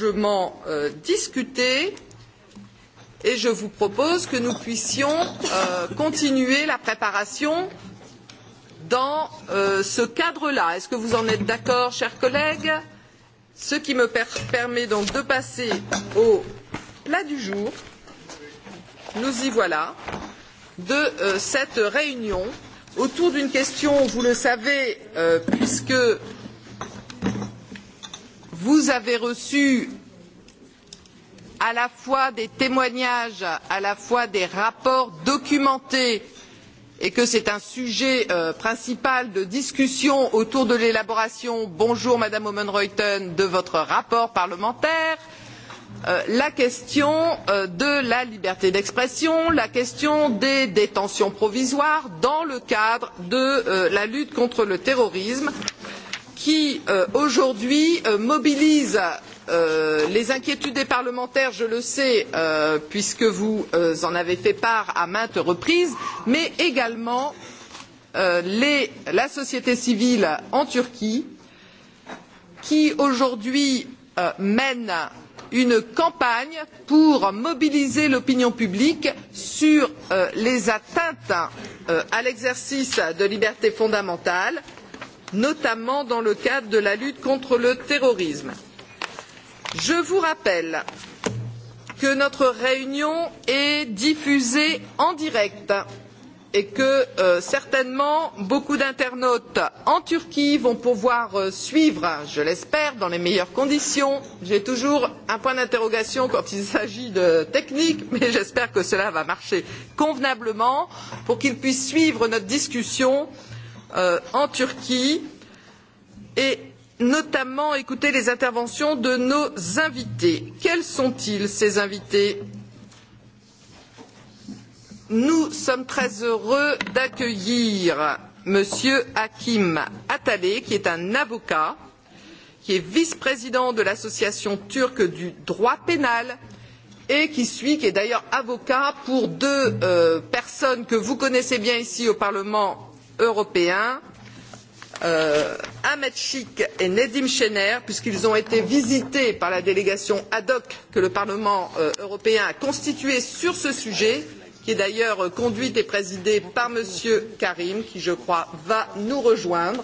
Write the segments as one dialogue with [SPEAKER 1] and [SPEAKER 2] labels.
[SPEAKER 1] largement euh, discuté et je vous propose que nous puissions euh, continuer la préparation dans euh, ce cadre là. est ce que vous en êtes d'accord chers collègues? ce qui me per permet donc de passer au plat du jour nous y voilà de euh, cette réunion autour d'une question vous le savez euh, puisque vous avez reçu à la fois des témoignages à la fois des rapports documentés et que c'est un sujet euh, principal de discussion autour de l'élaboration bonjour madame oomen ruijten de votre rapport parlementaire euh, la question euh, de la liberté d'expression la question des détentions provisoires dans le cadre de euh, la lutte contre le terrorisme et qui euh, aujourd'hui euh, mobilise euh, les inquiétudes des parlementaires, je le sais, euh, puisque vous euh, en avez fait part à maintes reprises, mais également euh, les, la société civile en Turquie, qui aujourd'hui euh, mène une campagne pour mobiliser l'opinion publique sur euh, les atteintes euh, à l'exercice de libertés fondamentales notamment dans le cadre de la lutte contre le terrorisme. je vous rappelle que notre réunion est diffusée en direct et que euh, certainement beaucoup d'internautes en turquie vont pouvoir euh, suivre je l'espère dans les meilleures conditions j'ai toujours un point d'interrogation quand il s'agit de technique mais j'espère que cela va marcher convenablement pour qu'ils puissent suivre notre discussion et euh, en Turquie et notamment écouter les interventions de nos invités. Quels sont-ils, ces invités Nous sommes très heureux d'accueillir Monsieur Hakim Attalé, qui est un avocat, qui est vice-président de l'Association turque du droit pénal et qui suit, qui est d'ailleurs avocat pour deux euh, personnes que vous connaissez bien ici au Parlement européen euh, Ahmed Chik et Nedim Chener, puisqu'ils ont été visités par la délégation ad hoc que le Parlement euh, européen a constituée sur ce sujet, qui est d'ailleurs euh, conduite et présidée par M. Karim, qui, je crois, va nous rejoindre.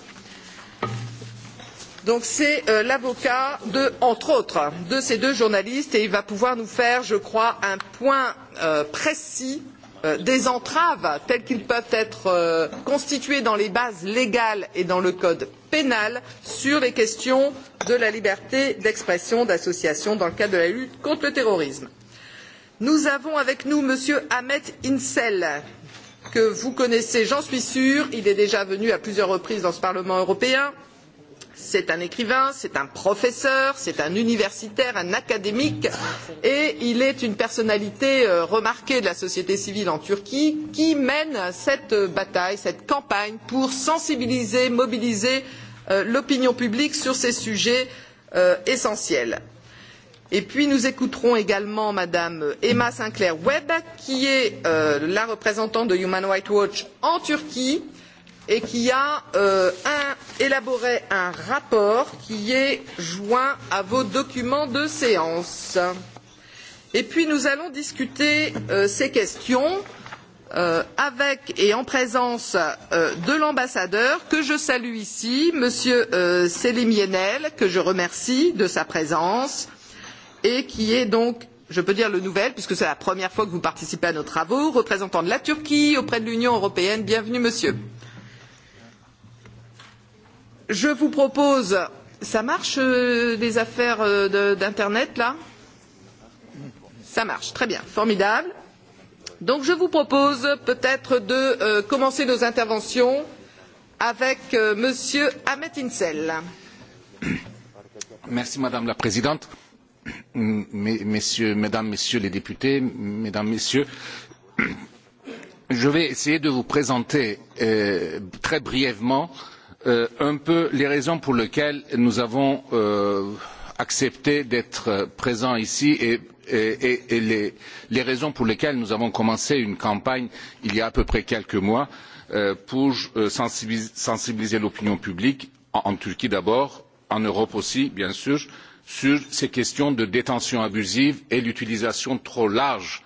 [SPEAKER 1] Donc c'est euh, l'avocat, entre autres, de ces deux journalistes, et il va pouvoir nous faire, je crois, un point euh, précis euh, Euh, des entraves telles qu'elles peuvent être euh, constituées dans les bases légales et dans le code pénal sur les questions de la liberté d'expression d'association dans le cadre de la lutte contre le terrorisme. nous avons avec nous m. ahmet insel que vous connaissez j'en suis sûre il est déjà venu à plusieurs reprises dans ce parlement européen c'est un écrivain, c'est un professeur, c'est un universitaire, un académique, et il est une personnalité euh, remarquée de la société civile en Turquie qui mène cette euh, bataille, cette campagne pour sensibiliser, mobiliser euh, l'opinion publique sur ces sujets essentiels. Et puis nous écouterons également Madame Emma Sinclair Webb, qui est euh, la représentante de Human Rights Watch en Turquie, euh, et qui a euh, un, élaboré un rapport qui est joint à vos documents de séance. Et puis nous allons discuter euh, ces questions euh, avec et en présence euh, de l'ambassadeur que je salue ici, Monsieur euh, Selim Yenel, que je remercie de sa présence et qui est donc je peux dire le nouvel puisque c'est la première fois que vous participez à nos travaux représentant de la Turquie auprès de l'Union européenne. Bienvenue, monsieur. Merci je vous propose ça marche euh, les affaires euh, d'internet là ça marche très bien formidable donc je vous propose peut être de euh, commencer nos interventions avec euh, monsieur Ahmet Insel.
[SPEAKER 2] Merci madame la présidente. Messieurs, mesdames, messieurs les députés, mesdames, messieurs, je vais essayer de vous présenter euh, très brièvement euh, euh, un peu les raisons pour lesquelles nous avons euh, accepté d'être présents ici et, et, et les, les raisons pour lesquelles nous avons commencé une campagne il y a à peu près quelques mois euh, pour euh, sensibiliser, sensibiliser l'opinion publique en, en Turquie d'abord, en Europe aussi bien sûr, sur ces questions de détention abusive et l'utilisation trop large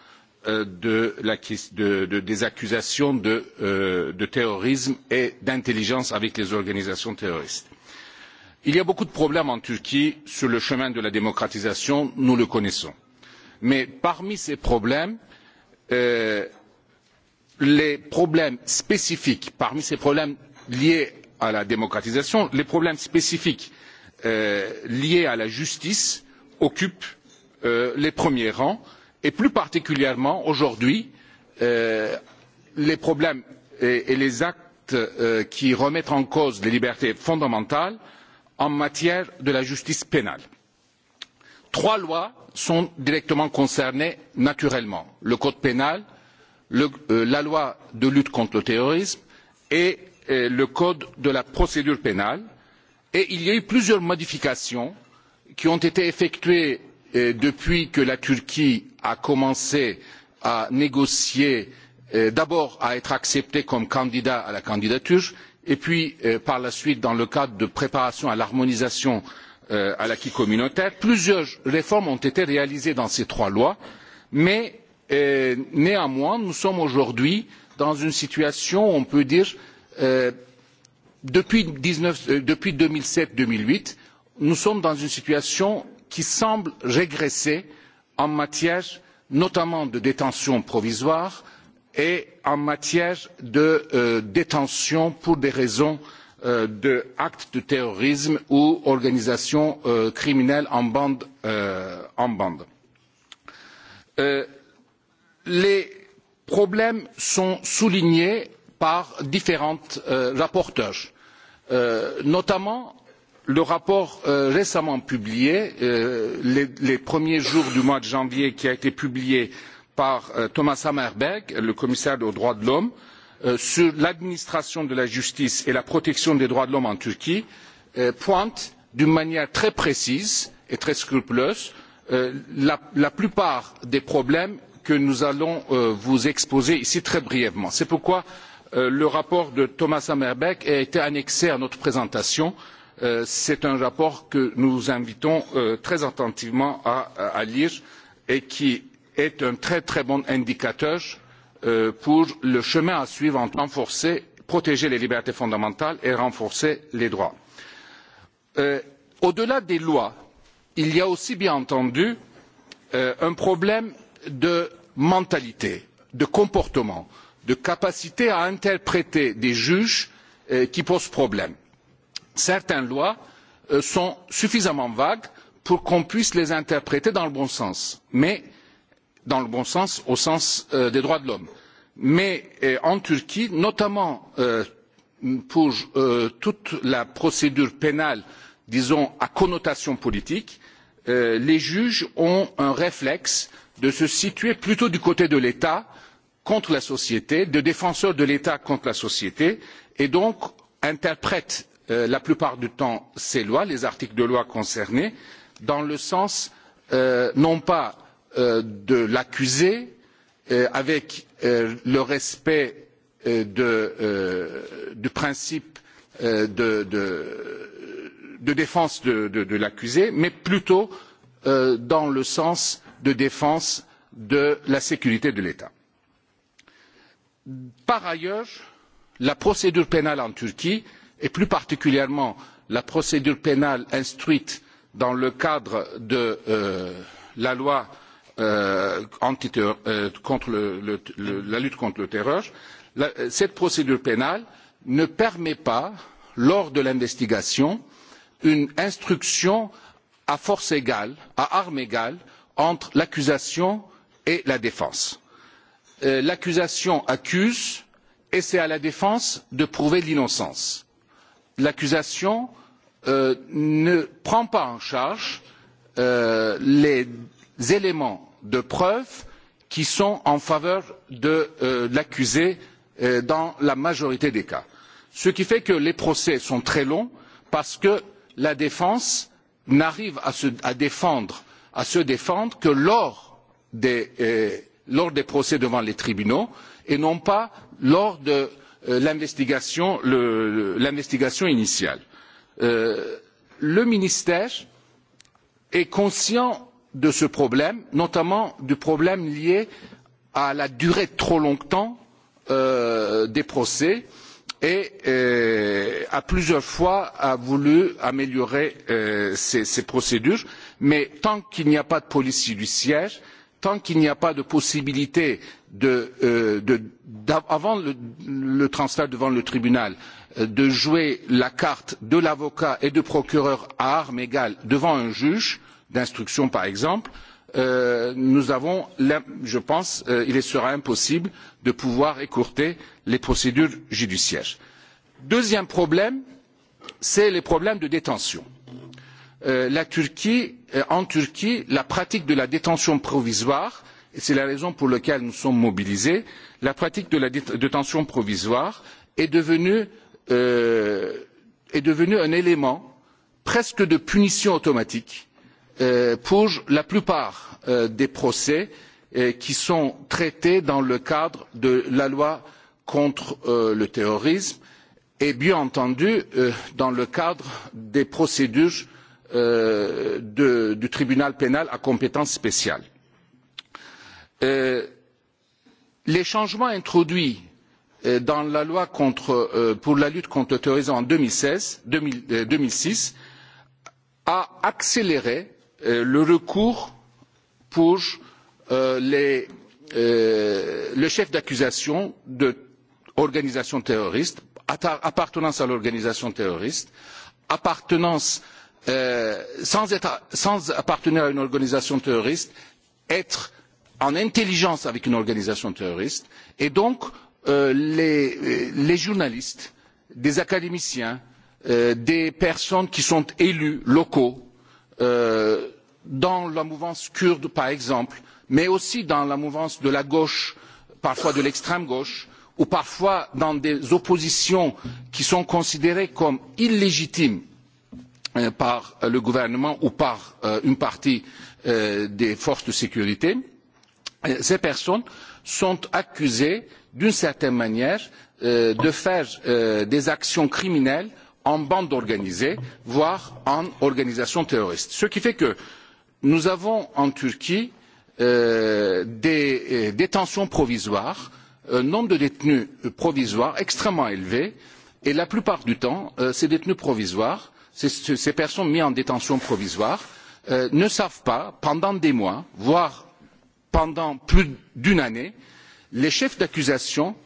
[SPEAKER 2] Euh, de la, de, de, des accusations de, euh, de terrorisme et d'intelligence avec les organisations terroristes. Il y a beaucoup de problèmes en Turquie sur le chemin de la démocratisation, nous le connaissons. Mais parmi ces problèmes, euh, les problèmes spécifiques, parmi ces problèmes liés à la démocratisation, les problèmes spécifiques euh, liés à la justice occupent euh, les premiers rangs. Euh, et plus particulièrement aujourd'hui euh, les problèmes et, et les actes euh, qui remettent en cause les libertés fondamentales en matière de la justice pénale. Trois lois sont directement concernées naturellement le code pénal, le, euh, la loi de lutte contre le terrorisme et euh, le code de la procédure pénale et il y a eu plusieurs modifications qui ont été effectuées et depuis que la turquie a commencé à négocier euh, d'abord à être acceptée comme candidat à la candidature et puis euh, par la suite dans le cadre de préparation à l'harmonisation euh, à l'acquis communautaire plusieurs réformes ont été réalisées dans ces trois lois mais néanmoins nous sommes aujourd'hui dans une situation on peut dire depuis deux mille sept deux mille huit nous sommes dans une situation qui semble régresser en matière notamment de détention provisoire et en matière de euh, détention pour des raisons euh, d'actes de, de terrorisme ou d'organisation euh, criminelle en bande. Euh, en bande. Euh, les problèmes sont soulignés par différents euh, rapporteurs, euh, notamment le rapport euh, récemment publié euh, les, les premiers jours du mois de janvier qui a été publié par euh, Thomas Hammerberg, le commissaire aux droits de l'homme, euh, sur l'administration de la justice et la protection des droits de l'homme en Turquie euh, pointe d'une manière très précise et très scrupuleuse euh, la, la plupart des problèmes que nous allons euh, vous exposer ici très brièvement. C'est pourquoi euh, le rapport de Thomas Hammerbeck a été annexé à notre présentation euh, Euh, c'est un rapport que nous vous invitons euh, très attentivement à, à lire et qui est un très très bon indicateur euh, pour le chemin à suivre entre renforcer protéger les libertés fondamentales et renforcer les droits. au delà des lois il y a aussi bien entendu un problème de mentalité de comportement de capacité à interpréter des juges qui pose problème certaines lois euh, sont suffisamment vagues pour qu'on puisse les interpréter dans le bon sens mais dans le bon sens au sens euh, des droits de l'homme. Mais euh, en Turquie, notamment euh, pour euh, toute la procédure pénale, disons, à connotation politique, euh, les juges ont un réflexe de se situer plutôt du côté de l'État contre la société, de défenseurs de l'État contre la société, et donc interprètent euh, la plupart du temps ces lois, les articles de loi concernés, dans le sens euh, non pas euh, de l'accuser euh, avec euh, le respect euh, de, euh, du principe euh, de, de, de défense de, de, de l'accusé, mais plutôt euh, dans le sens de défense de la sécurité de l'État. Par ailleurs, la procédure pénale en Turquie euh, et plus particulièrement la procédure pénale instruite dans le cadre de euh, la loi euh, euh, contre le, le, le, la lutte contre le terrorisme, cette procédure pénale ne permet pas, lors de l'investigation, une instruction à force égale, à armes égales, entre l'accusation et la défense. Euh, l'accusation accuse et c'est à la défense de prouver l'innocence l'accusation euh, ne prend pas en charge euh, les éléments de preuve qui sont en faveur de euh, l'accusé euh, dans la majorité des cas. Ce qui fait que les procès sont très longs parce que la défense n'arrive à, se, à, défendre, à se défendre que lors des, euh, lors des procès devant les tribunaux et non pas lors de Euh, l'investigation initiale. Euh, le ministère est conscient de ce problème notamment du problème lié à la durée trop longtemps euh, des procès et euh, a plusieurs fois a voulu améliorer euh, ces, ces procédures mais tant qu'il n'y a pas de police judiciaire tant qu'il n'y a pas de possibilité de, euh, de, avant le, le transfert devant le tribunal euh, de jouer la carte de l'avocat et de procureur à armes égales devant un juge d'instruction par exemple euh, nous avons je pense euh, il sera impossible de pouvoir écourter les procédures judiciaires. deuxième problème c'est les problèmes de détention. Euh, la Turquie, euh, en Turquie, la pratique de la détention provisoire, et c'est la raison pour laquelle nous sommes mobilisés, la pratique de la détention provisoire est devenue, euh, est devenue un élément presque de punition automatique euh, pour la plupart euh, des procès euh, qui sont traités dans le cadre de la loi contre euh, le terrorisme et bien entendu euh, dans le cadre des procédures euh, de, du tribunal pénal à compétence spéciale. Euh, les changements introduits euh, dans la loi contre, euh, pour la lutte contre le terrorisme en 2016, 2000, euh, 2006 a accéléré euh, le recours pour euh, les, euh, le chef d'accusation d'organisation terroriste, appartenance à l'organisation terroriste, appartenance euh, sans, être, sans appartenir à une organisation terroriste, être en intelligence avec une organisation terroriste. Et donc, euh, les, euh, les journalistes, des académiciens, euh, des personnes qui sont élus locaux, euh, dans la mouvance kurde, par exemple, mais aussi dans la mouvance de la gauche, parfois de l'extrême gauche, ou parfois dans des oppositions qui sont considérées comme illégitimes Euh, par le gouvernement ou par euh, une partie euh, des forces de sécurité ces personnes sont accusées d'une certaine manière de faire des actions criminelles en bande organisée voire en organisation terroriste ce qui fait que nous avons en turquie des détentions provisoires un nombre de détenus provisoires extrêmement élevé et la plupart du temps ces détenus provisoires ces, ces personnes mises en détention provisoire euh, ne savent pas pendant des mois voire pendant plus d'une année les chefs d'accusation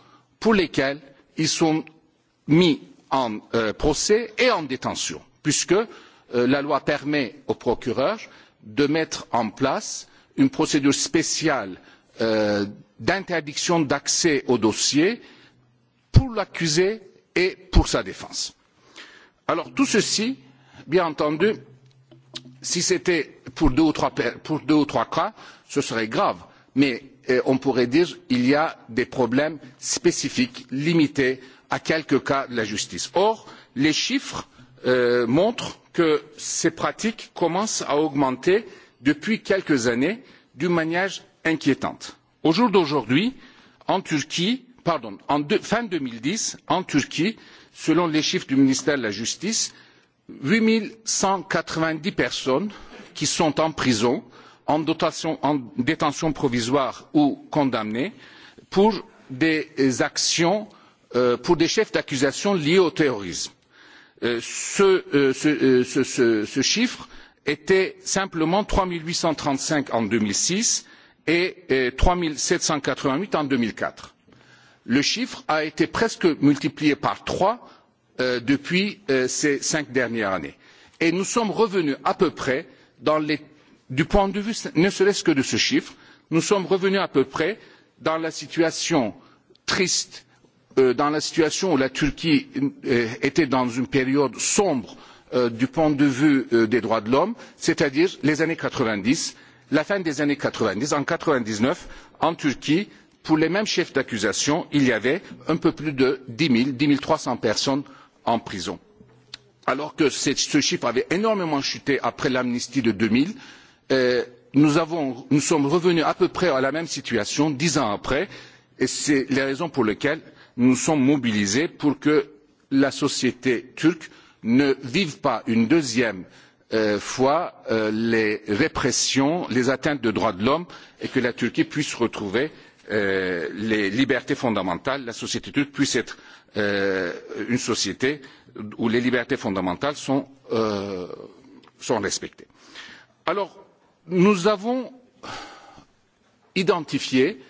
[SPEAKER 2] pour lesquels ils sont mis en euh, procès et en détention puisque euh, la loi permet au procureur de mettre en place une procédure spéciale euh, d'interdiction d'accès au dossier pour l'accusé et pour sa défense alors tout ceci bien entendu si c'était pour deux ou trois pour deux ou trois cas ce serait grave mais euh, on pourrait dire qu'il y a des problèmes spécifiques limités à quelques cas de la justice. or les chiffres euh, montrent que ces pratiques commencent à augmenter depuis quelques années d'une manière inquiétante. au jour d'aujourd'hui en turquie pardon en de, fin deux mille dix en turquie selon les chiffres du ministère de la justice huit cent quatre vingt dix personnes qui sont en prison en, dotation, en détention provisoire ou condamnées pour des actions euh, pour des chefs d'accusation liés au terrorisme. Euh, ce, euh, ce, euh, ce, ce, ce chiffre était simplement trois huit cent trente cinq en deux mille six et euh, trois sept cent quatre vingt huit en deux mille quatre le chiffre a été presque multiplié par trois euh, depuis euh, ces cinq dernières années et nous sommes revenus à peu près dans les, du point de vue ne serait ce que de ce chiffre nous sommes revenus à peu près dans la situation triste euh, dans la situation où la Turquie euh, était dans une période sombre euh, du point de vue euh, des droits de l'homme, c'est-à-dire les années 90, la fin des années 90, en 99, en Turquie, pour les mêmes chefs d'accusation il y avait un peu plus de dix zéro dix trois cents personnes en prison alors que ce chiffre avait énormément chuté après l'amnistie de deux mille euh, nous, avons, nous sommes revenus à peu près à la même situation dix ans après et c'est la raison pour laquelle nous nous sommes mobilisés pour que la société turque ne vive pas une deuxième euh, fois euh, les répressions les atteintes aux droits de l'homme et que la turquie puisse retrouver euh, les libertés fondamentales, la société turque puisse être euh, une société où les libertés fondamentales sont, euh, sont respectées. Alors, nous avons identifié,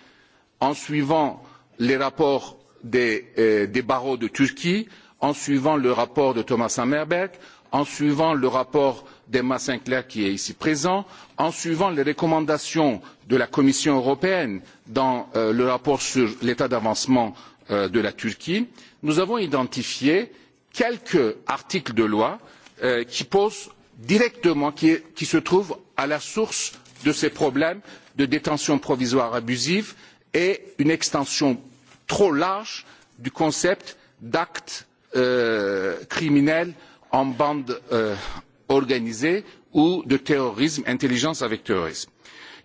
[SPEAKER 2] en suivant les rapports des, euh, des barreaux de Turquie, en suivant le rapport de Thomas Hammerberg, en suivant le rapport euh, d'emma sinclaire qui est ici présent en suivant les recommandations de la commission européenne dans euh, le rapport sur l'état d'avancement euh, de la turquie nous avons identifié quelques articles de loi euh, qui posent directement qui, qui se trouvent à la source de ces problèmes de détention provisoire abusive et une extension trop large du concept d'actes euh, criminels en bande, euh, organisée ou de terrorisme intelligence avec terrorisme.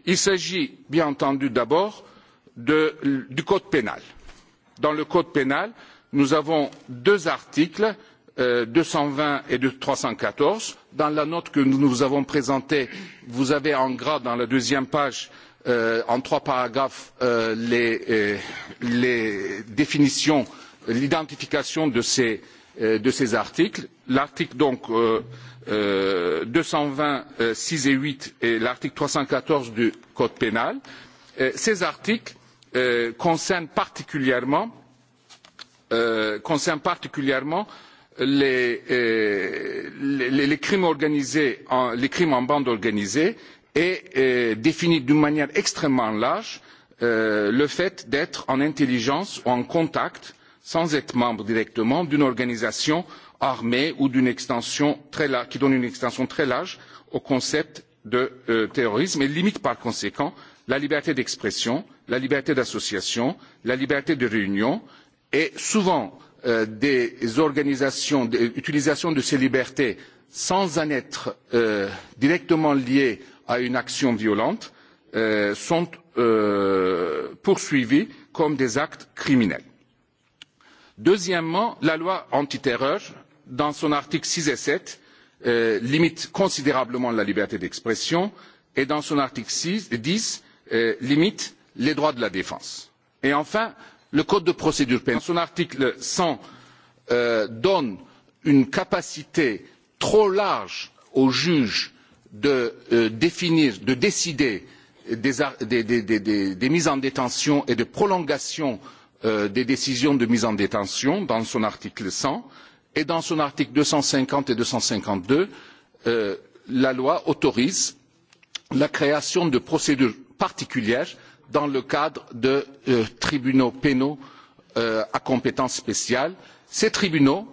[SPEAKER 2] il s'agit bien entendu d'abord du code pénal. dans le code pénal nous avons deux articles euh, deux cent vingt et trois cent quatorze dans la note que nous vous avons présentée vous avez en gras dans la deuxième page euh, en trois paragraphes euh, les, euh, les définitions l'identification de ces Euh, de ces articles. L'article donc euh, euh, deux cent vingt six et huit et l'article trois cent quatorze du code pénal. Ces articles concernent particulièrement, concernent particulièrement les, les, les crimes organisés, en, les crimes en bande organisée et, et définit d'une manière extrêmement large euh, le fait d'être en intelligence ou en contact sans être membre directement d'une organisation armée ou d'une extension très large, qui donne une extension très large au concept de euh, terrorisme et limite par conséquent la liberté d'expression, la liberté d'association, la liberté de réunion et souvent euh, des organisations, des, utilisation de ces libertés sans en être euh, directement liées à une action violente euh, sont euh, poursuivies comme des actes criminels deuxièmement la loi antiterror dans son article six et sept euh, limite considérablement la liberté d'expression et dans son article dix euh, limite les droits de la défense. et enfin le code de procédure pénale dans son article cent euh, donne une capacité trop large au juge de euh, définir de décider des, des, des, des mises en détention et de prolongation euh, euh, des décisions de mise en détention dans son article cent et dans son article deux cent cinquante et deux cent cinquante deux euh, la loi autorise la création de procédures particulières dans le cadre de euh, tribunaux pénaux euh, à compétence spéciale. ces tribunaux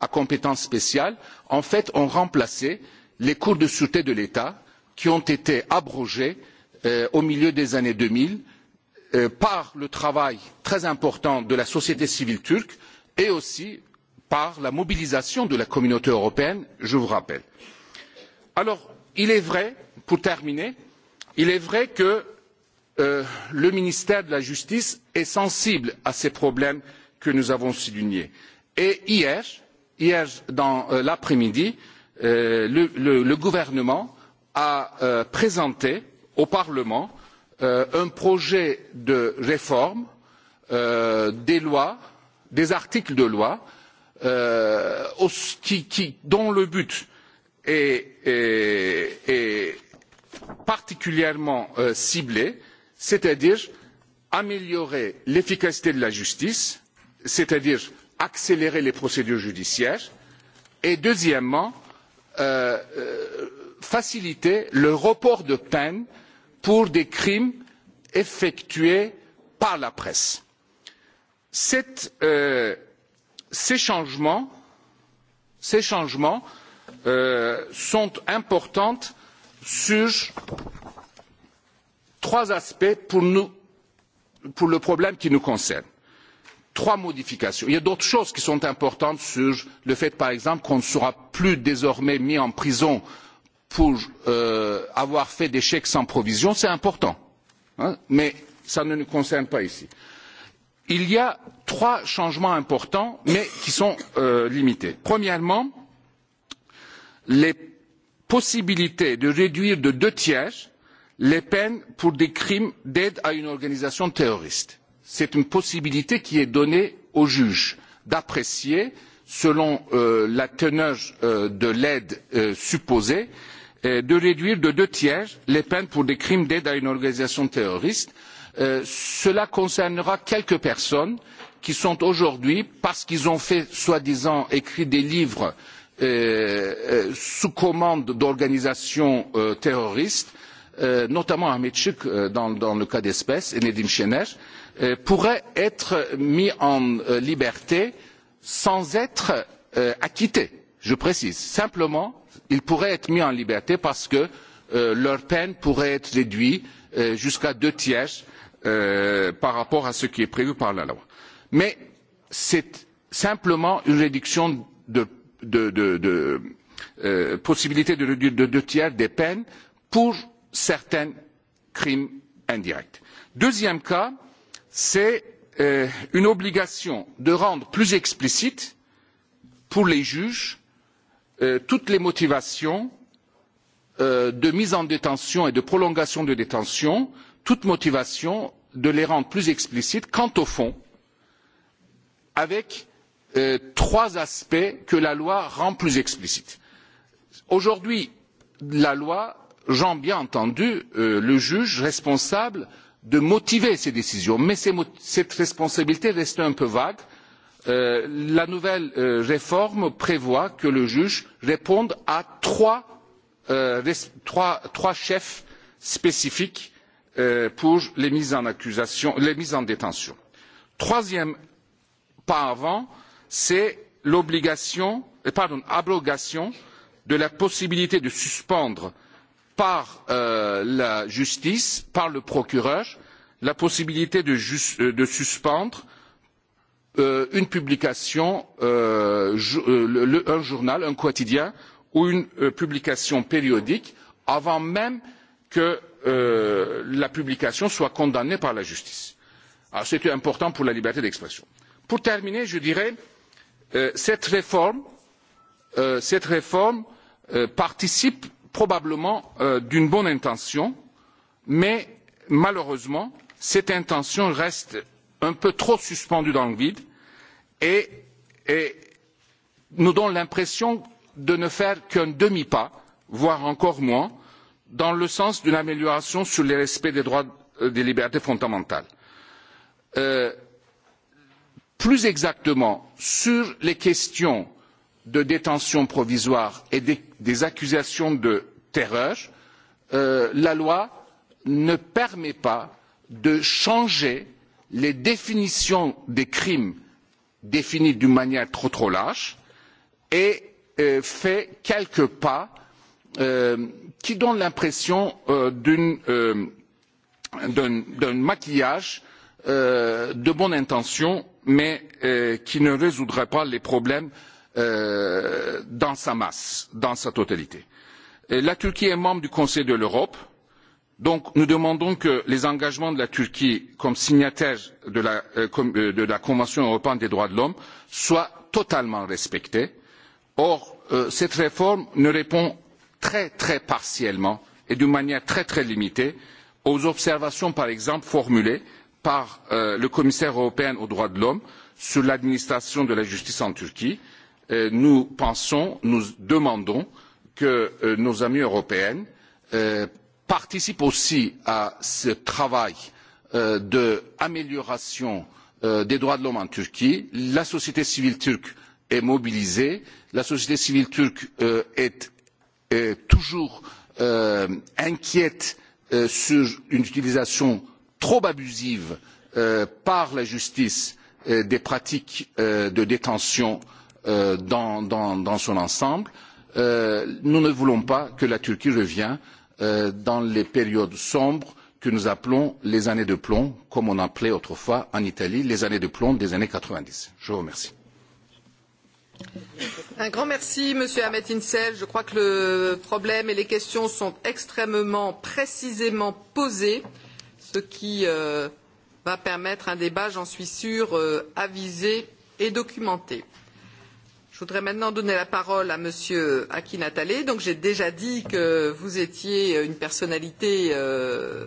[SPEAKER 2] à compétence spéciale en fait ont remplacé les cours de sûreté de l'état qui ont été abrogées euh, au milieu des années deux mille Euh, par le travail très important de la société civile turque et aussi par la mobilisation de la communauté européenne je vous le rappelle. alors il est vrai pour terminer que euh, le ministère de la justice est sensible à ces problèmes que nous avons soulignés et hier, hier dans euh, l'après midi euh, le, le, le gouvernement a euh, présenté au parlement euh, un projet de réforme euh, des lois, des articles de loi, euh, au, qui, qui, dont le but est, est, est particulièrement euh, ciblé, c'est-à-dire améliorer l'efficacité de la justice, c'est-à-dire accélérer les procédures judiciaires, et deuxièmement, euh, euh faciliter le report de peine euh, pour des crimes effectués par la presse. Cette, euh, ces changements, ces changements euh, sont importants sur trois aspects pour, nous, pour le problème qui nous concerne. Trois modifications. Il y a d'autres choses qui sont importantes sur le fait, par exemple, qu'on ne sera plus désormais mis en prison euh, pour euh, avoir fait des chèques sans provision, c'est important, hein, mais ça ne nous concerne pas ici. Il y a trois changements importants, mais qui sont euh, limités. Premièrement, les possibilités de réduire de deux tiers les peines pour des crimes d'aide à une organisation terroriste. C'est une possibilité qui est donnée au juge d'apprécier, selon euh, la teneur euh, de l'aide euh, supposée, euh, Euh, de réduire de deux tiers les peines pour des crimes d'aide à une organisation terroriste. Euh, cela concernera quelques personnes qui sont aujourd'hui parce qu'ils ont fait soi disant écrit des livres euh, euh, sous commande d'organisations euh, terroristes euh, notamment Ahmed Chik dans, dans le cas d'espèce et Nedim Chener, pourraient être mis en liberté sans être acquittés je précise simplement ils pourraient être mis en liberté parce que euh, leur peine pourrait être réduite euh, jusqu'à deux tiers euh, par rapport à ce qui est prévu par la loi. Mais c'est simplement une réduction de, de, de, de euh, possibilité de réduire de deux tiers des peines pour certains crimes indirects. Deuxième cas, c'est euh, une obligation de rendre plus explicite pour les juges euh, toutes les motivations euh, de mise en détention et de prolongation de détention, toutes motivations de les rendre plus explicites quant au fond, avec euh, trois aspects que la loi rend plus explicites. Aujourd'hui, la loi, j'ai bien entendu euh, le juge responsable de motiver ses décisions, mais ces, cette responsabilité reste un peu vague euh, la nouvelle euh, réforme prévoit que le juge réponde à trois, euh, trois, trois chefs spécifiques euh, pour les mises en accusation, les mises en détention. Troisième pas avant, c'est l'obligation, euh, pardon, abrogation de la possibilité de suspendre par euh, la justice, par le procureur, la possibilité de, euh, de suspendre euh, une publication, euh, ju euh, le, le, un journal, un quotidien ou une euh, publication périodique avant même que euh, la publication soit condamnée par la justice. C'était important pour la liberté d'expression. Pour terminer, je dirais euh, cette réforme, euh, cette réforme euh, participe probablement euh, d'une bonne intention, mais malheureusement, cette intention reste un peu trop suspendus dans le vide et, et nous donne l'impression de ne faire qu'un demi pas voire encore moins dans le sens d'une amélioration sur le respect des droits et euh, des libertés fondamentales. Euh, plus exactement sur les questions de détention provisoire et des, des accusations de terreur euh, la loi ne permet pas de changer les définitions des crimes définies d'une manière trop trop large et euh, fait quelques pas euh, qui donnent l'impression euh, d'une euh, d'un maquillage euh, de bonne intention, mais euh, qui ne résoudrait pas les problèmes euh, dans sa masse, dans sa totalité. Et euh, la Turquie est membre du Conseil de l'Europe. Donc, nous demandons que les engagements de la Turquie comme signataire de la, euh, euh, de la Convention européenne des droits de l'homme soient totalement respectés. Or, euh, cette réforme ne répond très très partiellement et d'une manière très très limitée aux observations, par exemple, formulées par euh, le commissaire européen aux droits de l'homme sur l'administration de la justice en Turquie. Euh, nous pensons, nous demandons que euh, nos amis européennes euh, participe aussi à ce travail euh, d'amélioration euh, des droits de l'homme en Turquie. La société civile turque est mobilisée. La société civile turque euh, est toujours inquiète sur une utilisation trop abusive par la justice des pratiques de détention dans son ensemble. Nous ne voulons pas que la Turquie revienne euh, dans les périodes sombres que nous appelons les années de plomb, comme on appelait autrefois en Italie les années de plomb des années 90. Je vous remercie.
[SPEAKER 1] Un grand merci, Monsieur Ahmed Insel. Je crois que le problème et les questions sont extrêmement précisément posées, ce qui euh, va permettre un débat, j'en suis sûre, euh, avisé et documenté. Euh, je voudrais maintenant donner la parole à monsieur aki natale. donc j'ai déjà dit que vous étiez une personnalité euh,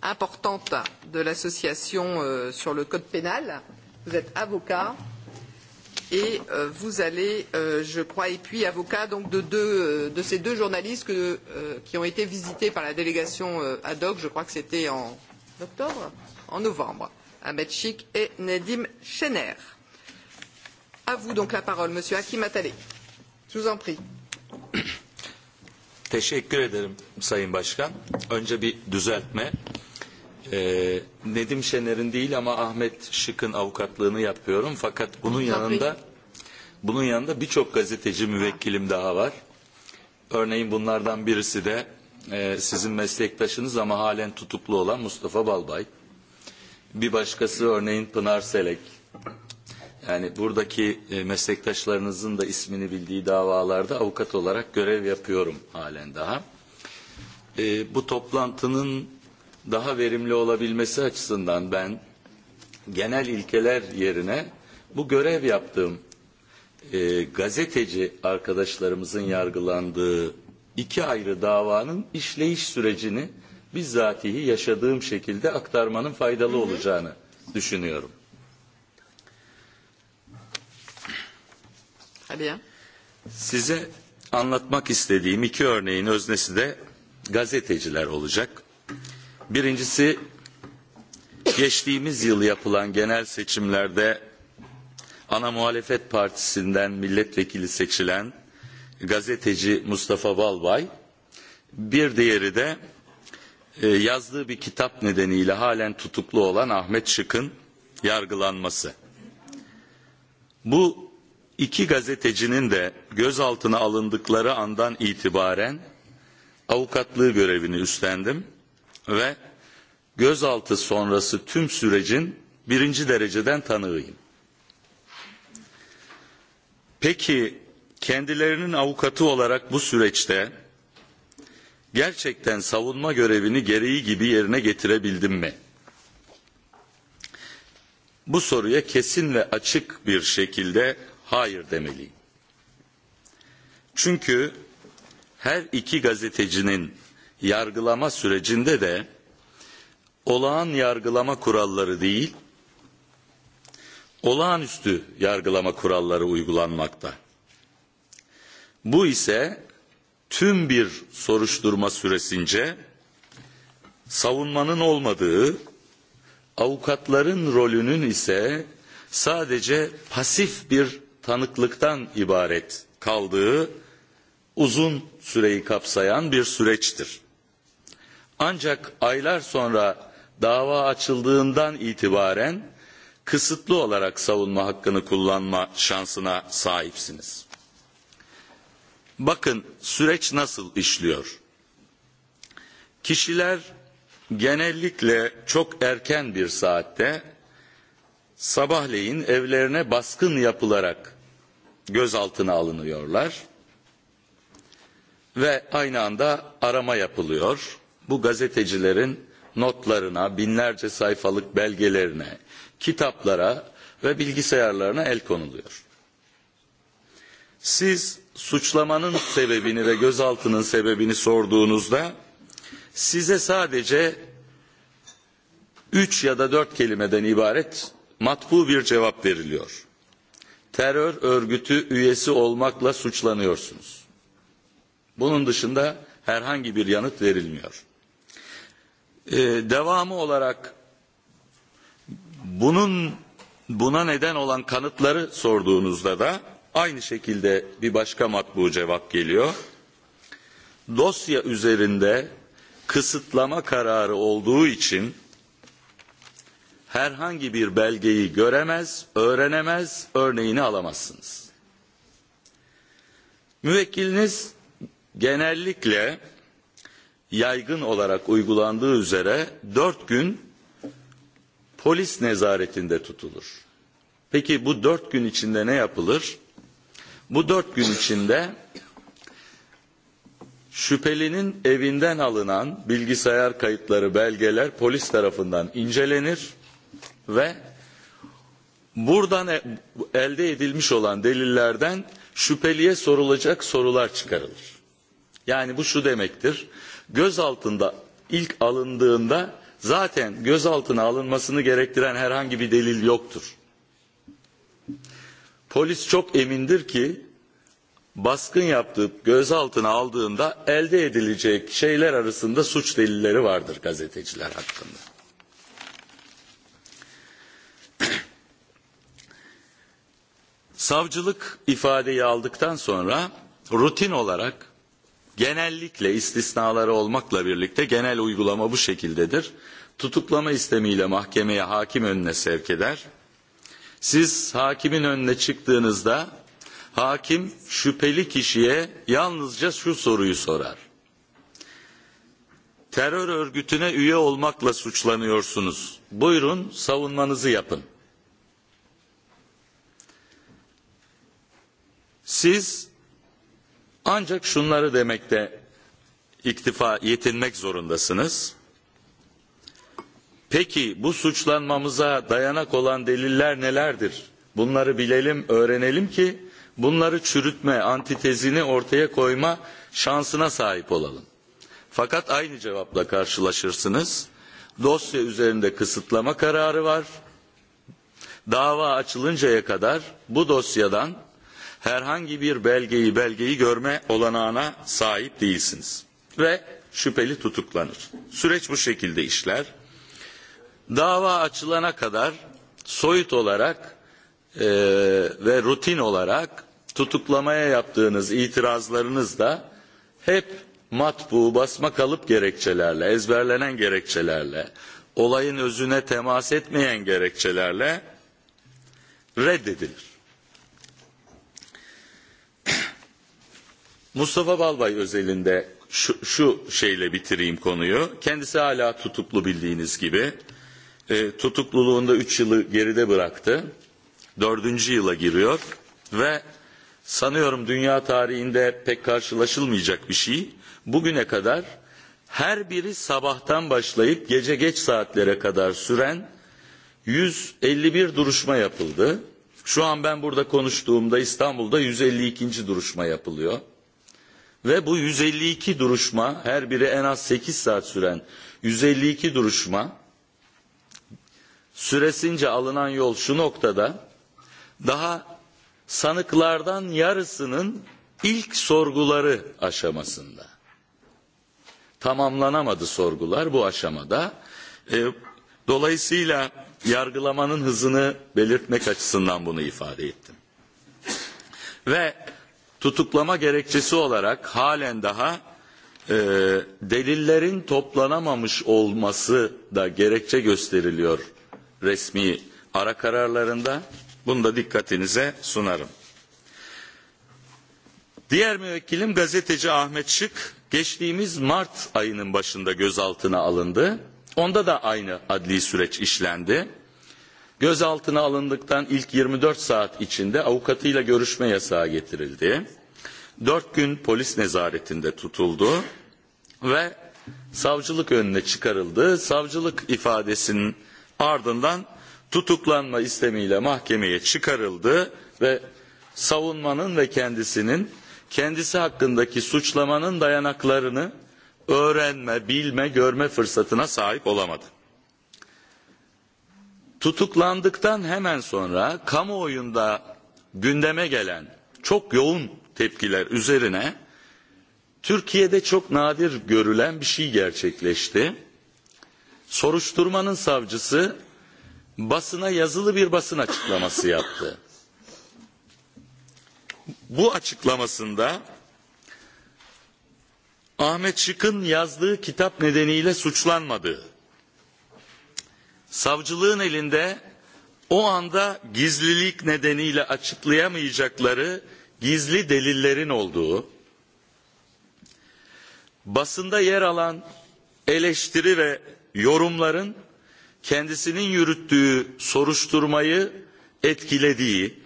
[SPEAKER 1] importante de l'association euh, sur le code pénal vous êtes avocat et euh, vous allez euh, je crois et puis avocat donc de deux euh, de ces deux journalistes que, euh, qui ont été visités par la délégation ad hoc je crois que c'était en octobre en novembre Ahmed Chik et Nedim Chener. À vous donc la parole, Monsieur Hakim Atale. Je vous en prie.
[SPEAKER 3] Teşekkür ederim Sayın Başkan. Önce bir düzeltme. Ee, Nedim Şener'in değil ama Ahmet Şık'ın avukatlığını yapıyorum. Fakat bunun yanında bunun yanında birçok gazeteci müvekkilim daha var. Örneğin bunlardan birisi de e, sizin meslektaşınız ama halen tutuklu olan Mustafa Balbay. Bir başkası örneğin Pınar Selek, Yani buradaki e, meslektaşlarınızın da ismini bildiği davalarda avukat olarak görev yapıyorum halen daha. E, bu toplantının daha verimli olabilmesi açısından ben genel ilkeler yerine bu görev yaptığım e, gazeteci arkadaşlarımızın yargılandığı iki ayrı davanın işleyiş sürecini bizzatihi yaşadığım şekilde aktarmanın faydalı hı hı. olacağını düşünüyorum. Très bien. Size anlatmak istediğim iki örneğin öznesi de gazeteciler olacak. Birincisi geçtiğimiz yıl yapılan genel seçimlerde ana muhalefet partisinden milletvekili seçilen gazeteci Mustafa Balbay, bir diğeri de e, yazdığı bir kitap nedeniyle halen tutuklu olan Ahmet Şık'ın yargılanması. Bu iki gazetecinin de gözaltına alındıkları andan itibaren avukatlığı görevini üstlendim ve gözaltı sonrası tüm sürecin birinci dereceden tanığıyım. Peki kendilerinin avukatı olarak bu süreçte gerçekten savunma görevini gereği gibi yerine getirebildim mi? Bu soruya kesin ve açık bir şekilde hayır demeliyim. Çünkü her iki gazetecinin yargılama sürecinde de olağan yargılama kuralları değil, olağanüstü yargılama kuralları uygulanmakta. Bu ise tüm bir soruşturma süresince savunmanın olmadığı, avukatların rolünün ise sadece pasif bir tanıklıktan ibaret kaldığı uzun süreyi kapsayan bir süreçtir. Ancak aylar sonra dava açıldığından itibaren kısıtlı olarak savunma hakkını kullanma şansına sahipsiniz. Bakın süreç nasıl işliyor? Kişiler genellikle çok erken bir saatte sabahleyin evlerine baskın yapılarak gözaltına alınıyorlar ve aynı anda arama yapılıyor. Bu gazetecilerin notlarına, binlerce sayfalık belgelerine, kitaplara ve bilgisayarlarına el konuluyor. Siz suçlamanın sebebini ve gözaltının sebebini sorduğunuzda size sadece üç ya da dört kelimeden ibaret matbu bir cevap veriliyor terör örgütü üyesi olmakla suçlanıyorsunuz. Bunun dışında herhangi bir yanıt verilmiyor. Ee, devamı olarak bunun buna neden olan kanıtları sorduğunuzda da aynı şekilde bir başka matbu cevap geliyor. Dosya üzerinde kısıtlama kararı olduğu için herhangi bir belgeyi göremez, öğrenemez, örneğini alamazsınız. Müvekkiliniz genellikle yaygın olarak uygulandığı üzere dört gün polis nezaretinde tutulur. Peki bu dört gün içinde ne yapılır? Bu dört gün içinde şüphelinin evinden alınan bilgisayar kayıtları, belgeler polis tarafından incelenir ve buradan e, elde edilmiş olan delillerden şüpheliye sorulacak sorular çıkarılır. Yani bu şu demektir. Gözaltında ilk alındığında zaten gözaltına alınmasını gerektiren herhangi bir delil yoktur. Polis çok emindir ki baskın yaptığı gözaltına aldığında elde edilecek şeyler arasında suç delilleri vardır gazeteciler hakkında. Savcılık ifadeyi aldıktan sonra rutin olarak genellikle istisnaları olmakla birlikte genel uygulama bu şekildedir. Tutuklama istemiyle mahkemeye hakim önüne sevk eder. Siz hakimin önüne çıktığınızda hakim şüpheli kişiye yalnızca şu soruyu sorar. Terör örgütüne üye olmakla suçlanıyorsunuz. Buyurun savunmanızı yapın. Siz ancak şunları demekte iktifa yetinmek zorundasınız. Peki bu suçlanmamıza dayanak olan deliller nelerdir? Bunları bilelim, öğrenelim ki bunları çürütme, antitezini ortaya koyma şansına sahip olalım. Fakat aynı cevapla karşılaşırsınız. Dosya üzerinde kısıtlama kararı var. Dava açılıncaya kadar bu dosyadan herhangi bir belgeyi belgeyi görme olanağına sahip değilsiniz ve şüpheli tutuklanır. Süreç bu şekilde işler. Dava açılana kadar soyut olarak e, ve rutin olarak tutuklamaya yaptığınız itirazlarınız da hep matbu, basma kalıp gerekçelerle, ezberlenen gerekçelerle, olayın özüne temas etmeyen gerekçelerle reddedilir. Mustafa Balbay özelinde şu, şu şeyle bitireyim konuyu. Kendisi hala tutuklu bildiğiniz gibi. E, tutukluluğunda 3 yılı geride bıraktı. 4. yıla giriyor ve sanıyorum dünya tarihinde pek karşılaşılmayacak bir şey. Bugüne kadar her biri sabahtan başlayıp gece geç saatlere kadar süren 151 duruşma yapıldı. Şu an ben burada konuştuğumda İstanbul'da 152. duruşma yapılıyor. Ve bu 152 duruşma her biri en az 8 saat süren 152 duruşma süresince alınan yol şu noktada daha sanıklardan yarısının ilk sorguları aşamasında tamamlanamadı sorgular bu aşamada. E, dolayısıyla yargılamanın hızını belirtmek açısından bunu ifade ettim. Ve tutuklama gerekçesi olarak halen daha e, delillerin toplanamamış olması da gerekçe gösteriliyor resmi ara kararlarında. Bunu da dikkatinize sunarım. Diğer müvekkilim gazeteci Ahmet Şık geçtiğimiz Mart ayının başında gözaltına alındı. Onda da aynı adli süreç işlendi gözaltına alındıktan ilk 24 saat içinde avukatıyla görüşme yasağı getirildi. 4 gün polis nezaretinde tutuldu ve savcılık önüne çıkarıldı. Savcılık ifadesinin ardından tutuklanma istemiyle mahkemeye çıkarıldı ve savunmanın ve kendisinin kendisi hakkındaki suçlamanın dayanaklarını öğrenme, bilme, görme fırsatına sahip olamadı tutuklandıktan hemen sonra kamuoyunda gündeme gelen çok yoğun tepkiler üzerine Türkiye'de çok nadir görülen bir şey gerçekleşti. Soruşturmanın savcısı basına yazılı bir basın açıklaması yaptı. Bu açıklamasında Ahmet Şık'ın yazdığı kitap nedeniyle suçlanmadığı savcılığın elinde o anda gizlilik nedeniyle açıklayamayacakları gizli delillerin olduğu, basında yer alan eleştiri ve yorumların kendisinin yürüttüğü soruşturmayı etkilediği,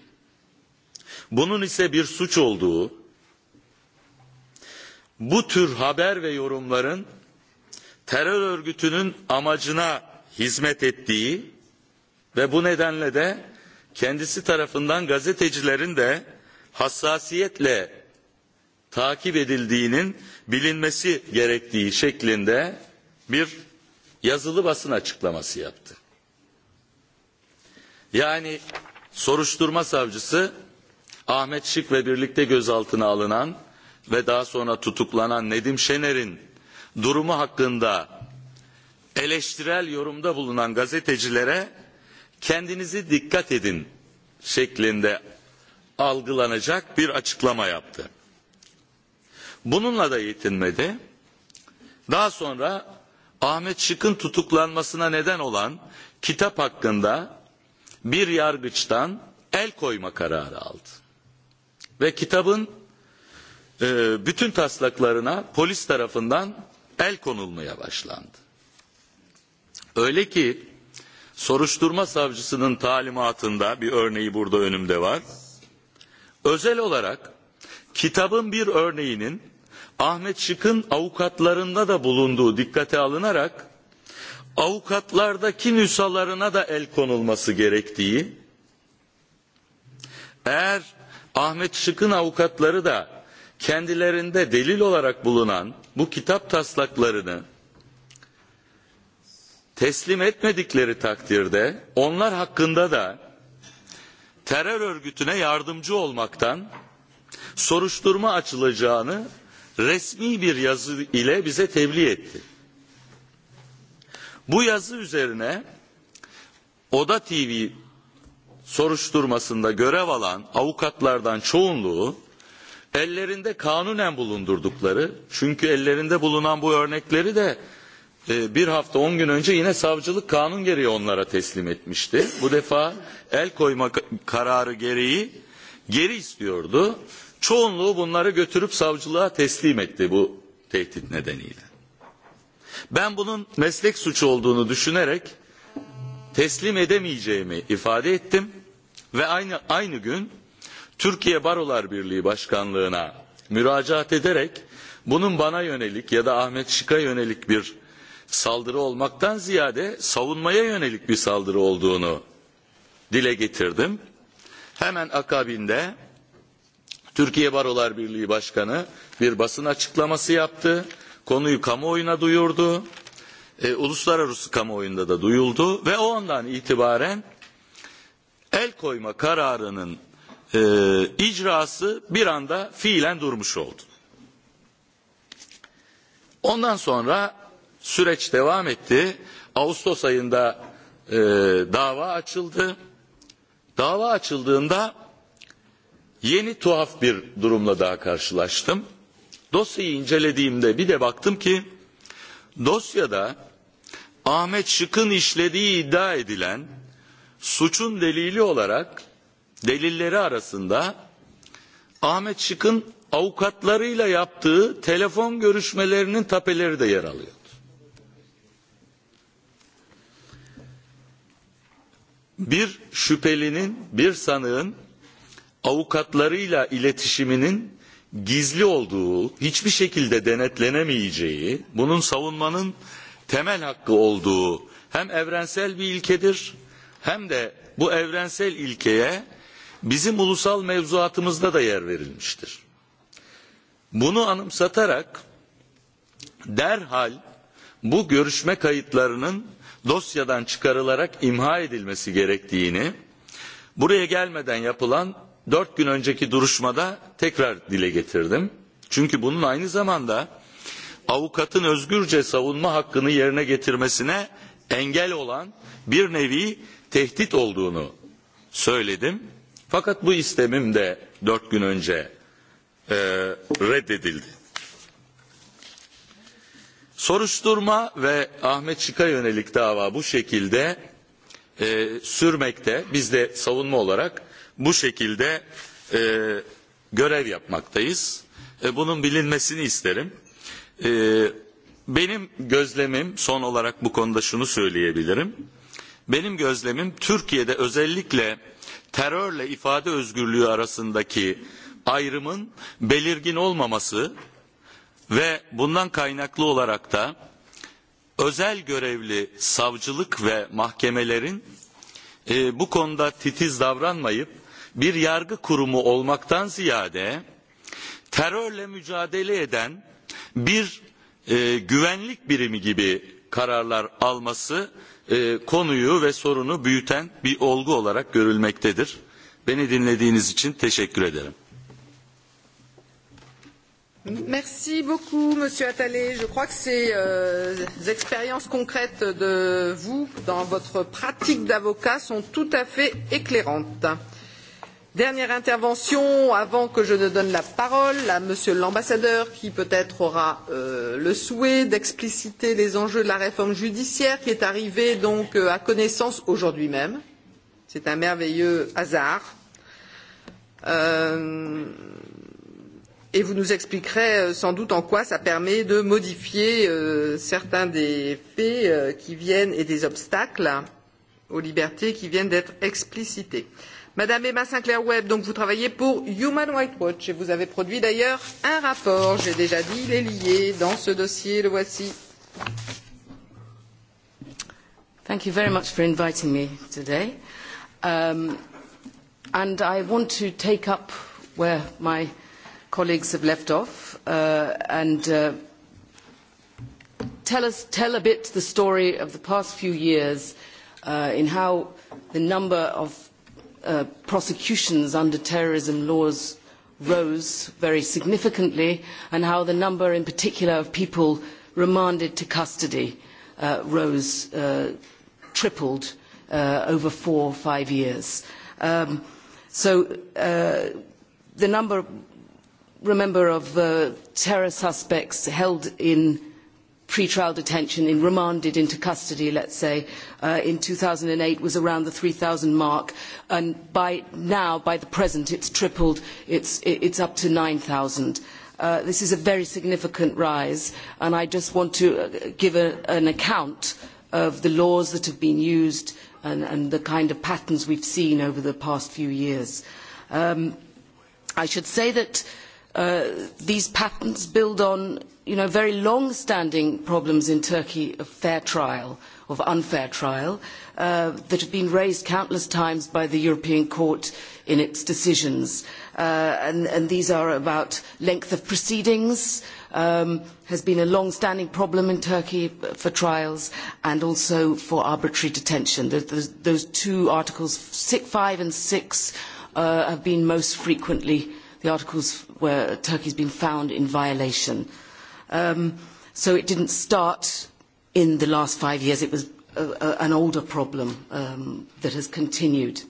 [SPEAKER 3] bunun ise bir suç olduğu, bu tür haber ve yorumların terör örgütünün amacına hizmet ettiği ve bu nedenle de kendisi tarafından gazetecilerin de hassasiyetle takip edildiğinin bilinmesi gerektiği şeklinde bir yazılı basın açıklaması yaptı. Yani soruşturma savcısı Ahmet Şık ve birlikte gözaltına alınan ve daha sonra tutuklanan Nedim Şener'in durumu hakkında eleştirel yorumda bulunan gazetecilere kendinizi dikkat edin şeklinde algılanacak bir açıklama yaptı. Bununla da yetinmedi. Daha sonra Ahmet Şık'ın tutuklanmasına neden olan kitap hakkında bir yargıçtan el koyma kararı aldı. Ve kitabın e, bütün taslaklarına polis tarafından el konulmaya başlandı. Öyle ki soruşturma savcısının talimatında bir örneği burada önümde var. Özel olarak kitabın bir örneğinin Ahmet Şık'ın avukatlarında da bulunduğu dikkate alınarak avukatlardaki nüshalarına da el konulması gerektiği, eğer Ahmet Şık'ın avukatları da kendilerinde delil olarak bulunan bu kitap taslaklarını teslim etmedikleri takdirde onlar hakkında da terör örgütüne yardımcı olmaktan soruşturma açılacağını resmi bir yazı ile bize tebliğ etti. Bu yazı üzerine Oda TV soruşturmasında görev alan avukatlardan çoğunluğu ellerinde kanunen bulundurdukları çünkü ellerinde bulunan bu örnekleri de bir hafta on gün önce yine savcılık kanun gereği onlara teslim etmişti. Bu defa el koyma kararı gereği geri istiyordu. Çoğunluğu bunları götürüp savcılığa teslim etti bu tehdit nedeniyle. Ben bunun meslek suçu olduğunu düşünerek teslim edemeyeceğimi ifade ettim ve aynı aynı gün Türkiye Barolar Birliği Başkanlığına müracaat ederek bunun bana yönelik ya da Ahmet Şık'a yönelik bir saldırı olmaktan ziyade savunmaya yönelik bir saldırı olduğunu dile getirdim. Hemen akabinde Türkiye Barolar Birliği Başkanı bir basın açıklaması yaptı. Konuyu kamuoyuna duyurdu. E, uluslararası kamuoyunda da duyuldu ve o andan itibaren el koyma kararının e, icrası bir anda fiilen durmuş oldu. Ondan sonra Süreç devam etti. Ağustos ayında e, dava açıldı. Dava açıldığında yeni tuhaf bir durumla daha karşılaştım. Dosyayı incelediğimde bir de baktım ki dosyada Ahmet Şık'ın işlediği iddia edilen suçun delili olarak delilleri arasında Ahmet Şık'ın avukatlarıyla yaptığı telefon görüşmelerinin tapeleri de yer alıyor. bir şüphelinin, bir sanığın avukatlarıyla iletişiminin gizli olduğu, hiçbir şekilde denetlenemeyeceği, bunun savunmanın temel hakkı olduğu hem evrensel bir ilkedir hem de bu evrensel ilkeye bizim ulusal mevzuatımızda da yer verilmiştir. Bunu anımsatarak derhal bu görüşme kayıtlarının dosyadan çıkarılarak imha edilmesi gerektiğini buraya gelmeden yapılan dört gün önceki duruşmada tekrar dile getirdim. Çünkü bunun aynı zamanda avukatın özgürce savunma hakkını yerine getirmesine engel olan bir nevi tehdit olduğunu söyledim. Fakat bu istemim de dört gün önce e, reddedildi. Soruşturma ve Ahmet Şık'a yönelik dava bu şekilde e, sürmekte. Biz de savunma olarak bu şekilde e, görev yapmaktayız. E, bunun bilinmesini isterim. E, benim gözlemim son olarak bu konuda şunu söyleyebilirim. Benim gözlemim Türkiye'de özellikle terörle ifade özgürlüğü arasındaki ayrımın belirgin olmaması ve bundan kaynaklı olarak da özel görevli savcılık ve mahkemelerin e, bu konuda titiz davranmayıp bir yargı kurumu olmaktan ziyade terörle mücadele eden bir e, güvenlik birimi gibi kararlar alması e, konuyu ve sorunu büyüten bir olgu olarak görülmektedir. Beni dinlediğiniz için teşekkür ederim.
[SPEAKER 1] Merci beaucoup, Monsieur Attalé. Je crois que ces euh, expériences concrètes de vous dans votre pratique d'avocat sont tout à fait éclairantes. Dernière intervention avant que je ne donne la parole à Monsieur l'ambassadeur, qui peut-être aura euh, le souhait d'expliciter les enjeux de la réforme judiciaire qui est arrivée donc euh, à connaissance aujourd'hui même. C'est un merveilleux hasard. Euh, et vous nous expliquerez euh, sans doute en quoi ça permet de modifier euh, certains des faits euh, qui viennent et des obstacles aux libertés qui viennent d'être explicités. Madame Emma Sinclair Webb, donc vous travaillez pour Human Rights Watch et vous avez produit d'ailleurs un rapport, j'ai déjà dit, il est lié dans ce dossier, le voici.
[SPEAKER 4] Thank you very much for inviting me today. Um, and I want to take up where my uh, colleagues have left off uh, and uh, tell us tell a bit the story of the past few years uh, in how the number of uh, prosecutions under terrorism laws rose very significantly and how the number in particular of people remanded to custody uh, rose uh, tripled uh, over four or five years. Um, so uh, the number remember of uh, terror suspects held in pre-trial detention, in remanded into custody, let's say, uh, in 2008 was around the 3,000 mark. And by now, by the present, it's tripled. It's, it's up to 9,000. Uh, this is a very significant rise, and I just want to uh, give a, an account of the laws that have been used and, and the kind of patterns we've seen over the past few years. Um, I should say that uh, uh, these patents build on you know, very long-standing problems in Turkey of fair trial, of unfair trial, uh, that have been raised countless times by the European Court in its decisions. Uh, and, and these are about length of proceedings, um, has been a long-standing problem in Turkey for trials and also for arbitrary detention. Those, those, those two articles, six, 5 and 6, uh, have been most frequently the articles where Turkey's been found in violation. Um, so it didn't start in the last five years. It was a, a, an older problem um, that has continued.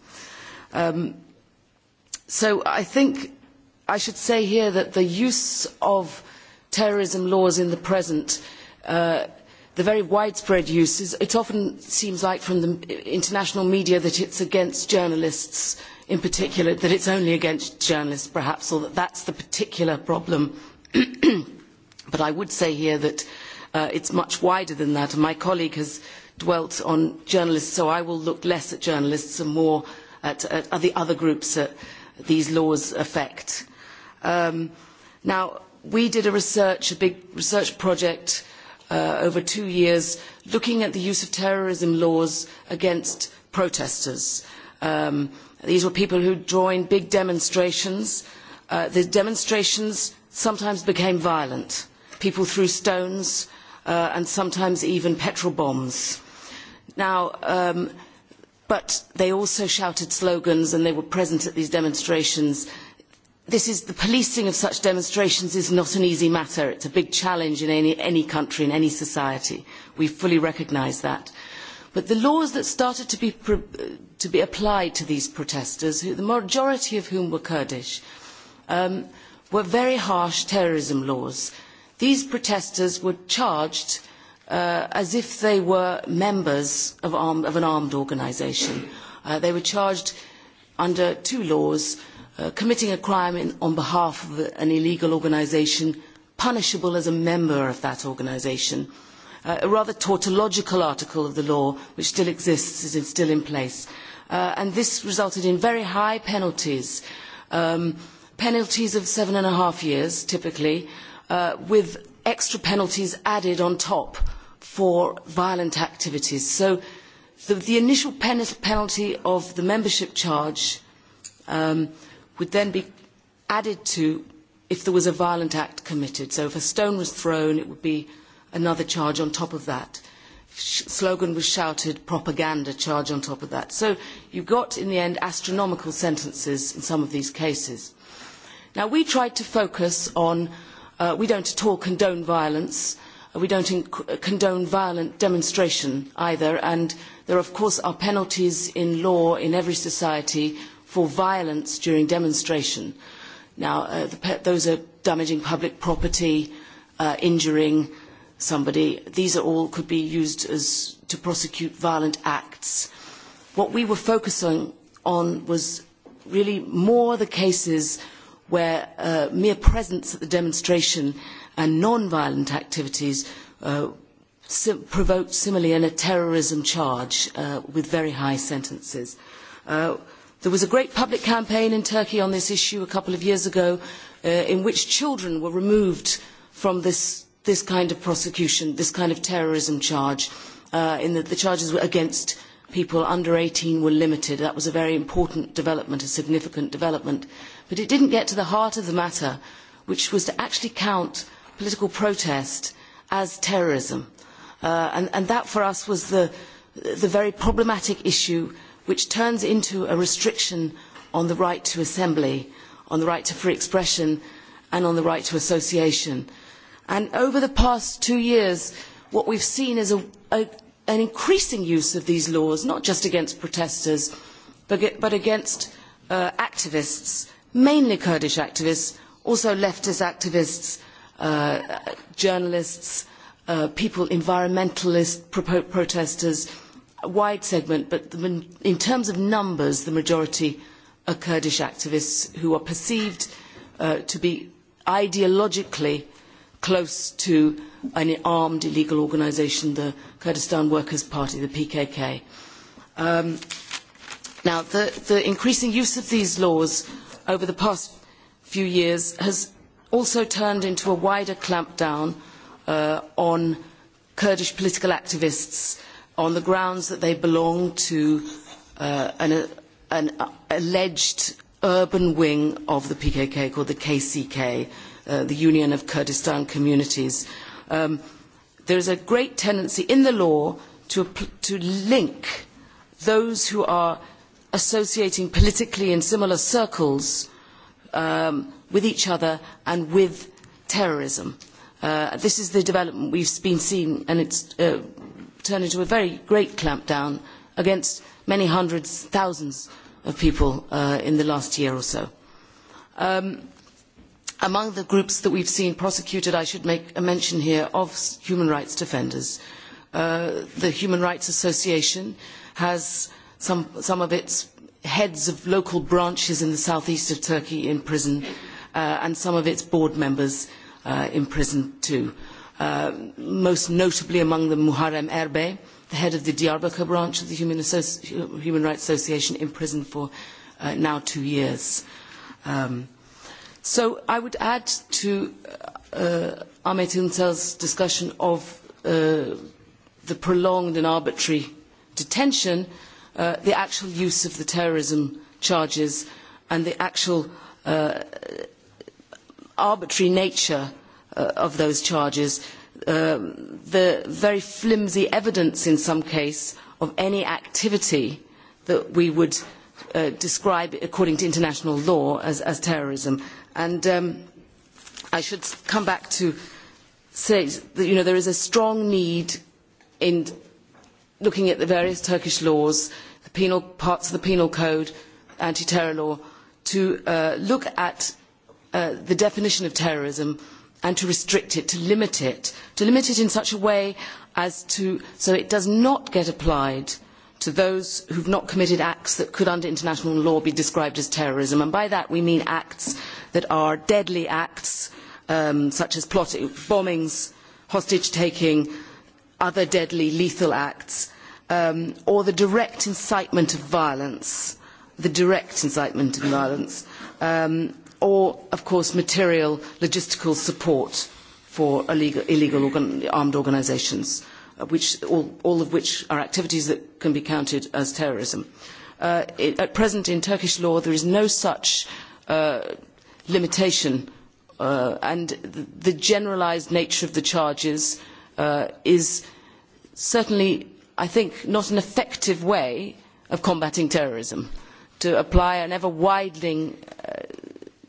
[SPEAKER 4] Um, so I think I should say here that the use of terrorism laws in the present uh, the very widespread uses, it often seems like from the international media that it's against journalists in particular, that it's only against journalists perhaps, or that that's the particular problem. but I would say here that uh, it's much wider than that. And my colleague has dwelt on journalists, so I will look less at journalists and more at, at, at the other groups that these laws affect. Um, now, we did a research, a big research project uh, uh, over two years looking at the use of terrorism laws against protesters. Um, these were people who joined big demonstrations. Uh, the demonstrations sometimes became violent. People threw stones uh, and sometimes even petrol bombs. Now, um, but they also shouted slogans and they were present at these demonstrations this is the policing of such demonstrations is not an easy matter. It's a big challenge in any, any country, in any society. We fully recognise that. But the laws that started to be, to be applied to these protesters, who, the majority of whom were Kurdish, um, were very harsh terrorism laws. These protesters were charged uh, as if they were members of, armed, of an armed organisation. Uh, they were charged under two laws uh, committing a crime in, on behalf of an illegal organization punishable as a member of that organization. Uh, a rather tautological article of the law which still exists is still in place. Uh, and this resulted in very high penalties, um, penalties of seven and a half years typically, uh, with extra penalties added on top for violent activities. So the, the initial pen penalty of the membership charge um, – would then be added to if there was a violent act committed. So if a stone was thrown, it would be another charge on top of that. Sh slogan was shouted, propaganda charge on top of that. So you got, in the end, astronomical sentences in some of these cases. Now, we tried to focus on, uh, we don't at all condone violence. Uh, we don't inc- uh, condone violent demonstration either. And there, of course, are penalties in law in every society for violence during demonstration. Now, uh, the, those are damaging public property, uh, injuring somebody. These are all could be used as to prosecute violent acts. What we were focusing on was really more the cases where uh, mere presence at the demonstration and non-violent activities uh, sim provoked similarly in a terrorism charge uh, with very high sentences. Uh, There was a great public campaign in Turkey on this issue a couple of years ago uh, in which children were removed from this, this kind of prosecution, this kind of terrorism charge, uh, in that the charges were against people under 18 were limited. That was a very important development, a significant development. But it didn't get to the heart of the matter, which was to actually count political protest as terrorism. Uh, and, and that for us was the, the very problematic issue uh, which turns into a restriction on the right to assembly, on the right to free expression, and on the right to association. And over the past two years, what we've seen is a, a, an increasing use of these laws, not just against protesters, but, but against uh, activists, mainly Kurdish activists, also leftist activists, uh, journalists, uh, people, environmentalist pro protesters, uh, a wide segment, but the, in terms of numbers, the majority are Kurdish activists who are perceived uh, to be ideologically close to an armed illegal organisation, the Kurdistan Workers' Party, the PKK. Um, now, the, the increasing use of these laws over the past few years has also turned into a wider clampdown uh, on Kurdish political activists uh, on the grounds that they belong to uh, an, an alleged urban wing of the PKK called the KCK, uh, the Union of Kurdistan Communities. Um, there is a great tendency in the law to, to link those who are associating politically in similar circles um, with each other and with terrorism. Uh, this is the development we've been seeing, and it's uh, turn into a very great clampdown against many hundreds, thousands of people uh, in the last year or so. Um, among the groups that we've seen prosecuted, I should make a mention here of human rights defenders. Uh, the Human Rights Association has some, some of its heads of local branches in the southeast of Turkey in prison, uh, and some of its board members uh, in prison too. Uh, uh, most notably among them Muharrem Erbe, the head of the Diyarbakir branch of the Human, Associ Human Rights Association, in prison for uh, now two years. Um, so I would add to uh, uh Ahmet Ünsal's discussion of uh, the prolonged and arbitrary detention, uh, the actual use of the terrorism charges and the actual uh, arbitrary nature uh, uh, of those charges, um, the very flimsy evidence in some case of any activity that we would uh, describe according to international law as, as terrorism. And um, I should come back to say that you know, there is a strong need in looking at the various Turkish laws, the penal, parts of the penal code, anti-terror law, to uh, look at uh, the definition of terrorism uh, and to restrict it, to limit it, to limit it in such a way as to, so it does not get applied to those who have not committed acts that could under international law be described as terrorism. And by that we mean acts that are deadly acts, um, such as plotting, bombings, hostage-taking, other deadly lethal acts, um, or the direct incitement of violence, the direct incitement of violence. Um, or, of course, material logistical support for illegal, illegal organ, armed organizations, uh, which, all, all of which are activities that can be counted as terrorism. Uh, it, at present, in Turkish law, there is no such uh, limitation, uh, and the, the generalized nature of the charges uh, is certainly, I think, not an effective way of combating terrorism. To apply an ever widening uh,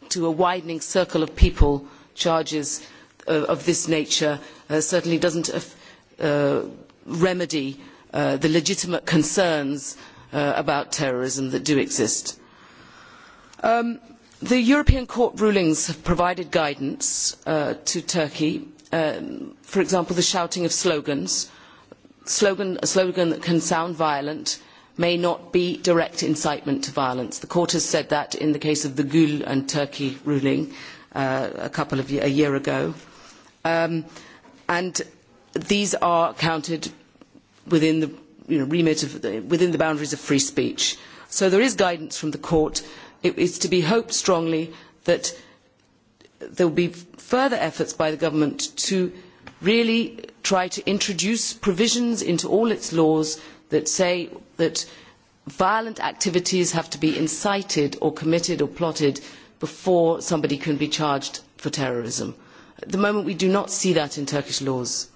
[SPEAKER 4] to a widening circle of people charges uh, of this nature uh, certainly doesn't uh, uh, remedy uh, the legitimate concerns uh, about terrorism that do exist. Um, the European Court rulings have provided guidance uh, to Turkey, um, for example, the shouting of slogans, slogan, a slogan that can sound violent may not be direct incitement to violence. The court has said that in the case of the Gül and Turkey ruling uh, a couple of a year ago. Um, and these are counted within the you know, remit of the, within the boundaries of free speech. So there is guidance from the court. It is to be hoped strongly that there will be further efforts by the government to really try to introduce provisions into all its laws that say that violent activities have to be incited or committed or plotted before somebody can be charged for terrorism. At the moment, we do not see that in Turkish laws.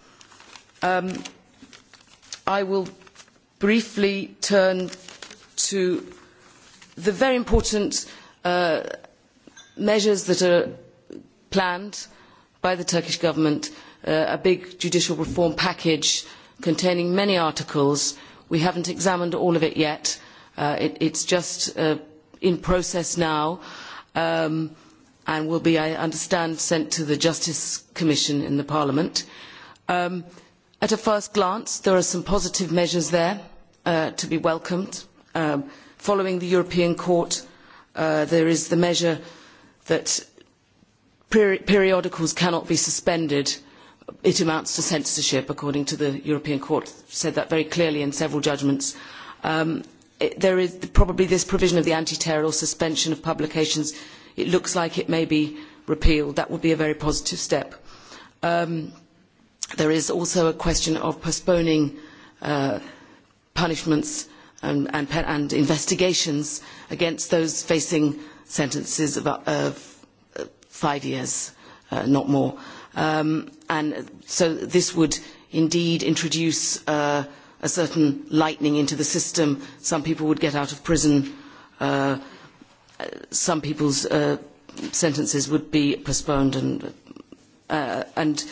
[SPEAKER 4] Um, I will briefly turn to the very important uh, measures that are planned by the Turkish government, uh, a big judicial reform package containing many articles uh, We haven't examined all of it yet. Uh, it, it's just uh, in process now um, and will be, I understand, sent to the Justice Commission in the Parliament. Um, at a first glance, there are some positive measures there uh, to be welcomed. Um, following the European Court, uh, there is the measure that peri periodicals cannot be suspended uh, it amounts to censorship, according to the European Court, said that very clearly in several judgments. Um, it, there is probably this provision of the anti-terror or suspension of publications. It looks like it may be repealed. That would be a very positive step. Um, there is also a question of postponing uh, punishments and, and, and investigations against those facing sentences of, of uh, five years, uh, not more. Uh, Um, and so this would indeed introduce uh, a certain lightning into the system. Some people would get out of prison. Uh, some people's uh, sentences would be postponed. And, uh, and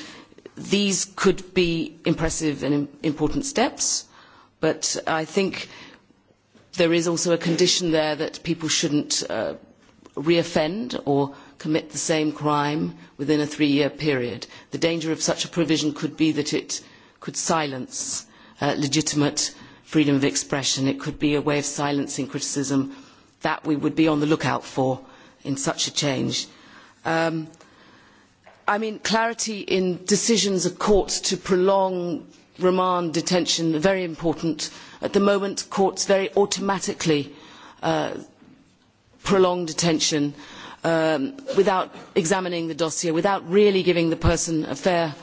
[SPEAKER 4] these could be impressive and important steps. But I think there is also a condition there that people shouldn't uh, reoffend or commit the same crime within a three-year period. The danger of such a provision could be that it could silence uh, legitimate freedom of expression. It could be a way of silencing criticism that we would be on the lookout for in such a change. Um, I mean, clarity in decisions of courts to prolong remand detention, very important. At the moment, courts very automatically uh, prolong detention uh, um, without examining the dossier, without really giving the person a fair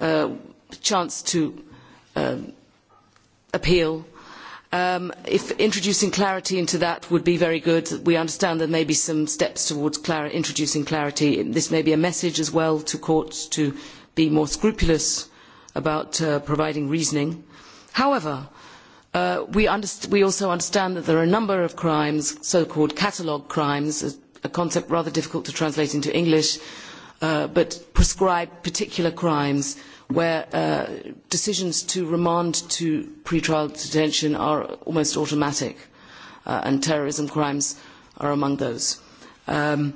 [SPEAKER 4] uh, chance to um, appeal. Um, if introducing clarity into that would be very good. We understand there may be some steps towards clar introducing clarity. This may be a message as well to courts to be more scrupulous about uh, providing reasoning. However, uh, we, underst we also understand that there are a number of crimes, so-called catalogue crimes, a concept rather difficult to translate into English, uh, but prescribe particular crimes where uh, decisions to remand to pretrial detention are almost automatic, uh, and terrorism crimes are among those. Um,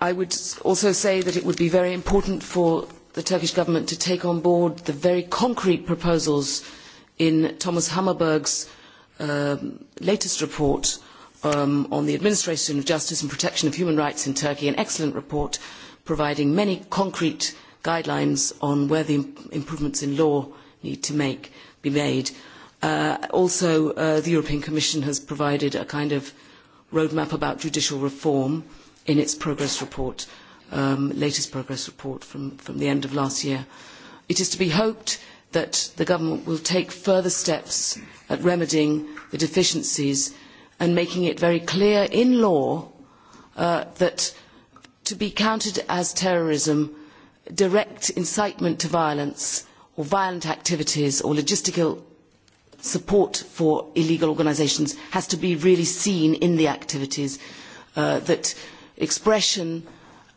[SPEAKER 4] I would also say that it would be very important for the Turkish government to take on board the very concrete proposals in Thomas Hammerberg's um, latest report uh, um, on the administration of justice and protection of human rights in Turkey, an excellent report providing many concrete guidelines on where the imp improvements in law need to make, be made. Uh, also, uh, the European Commission has provided a kind of roadmap about judicial reform in its progress report, um, latest progress report from, from the end of last year. It is to be hoped that the government will take further steps at remedying the deficiencies and making it very clear in law uh, that to be counted as terrorism, direct incitement to violence or violent activities or logistical support for illegal organisations has to be really seen in the activities, uh, that expression,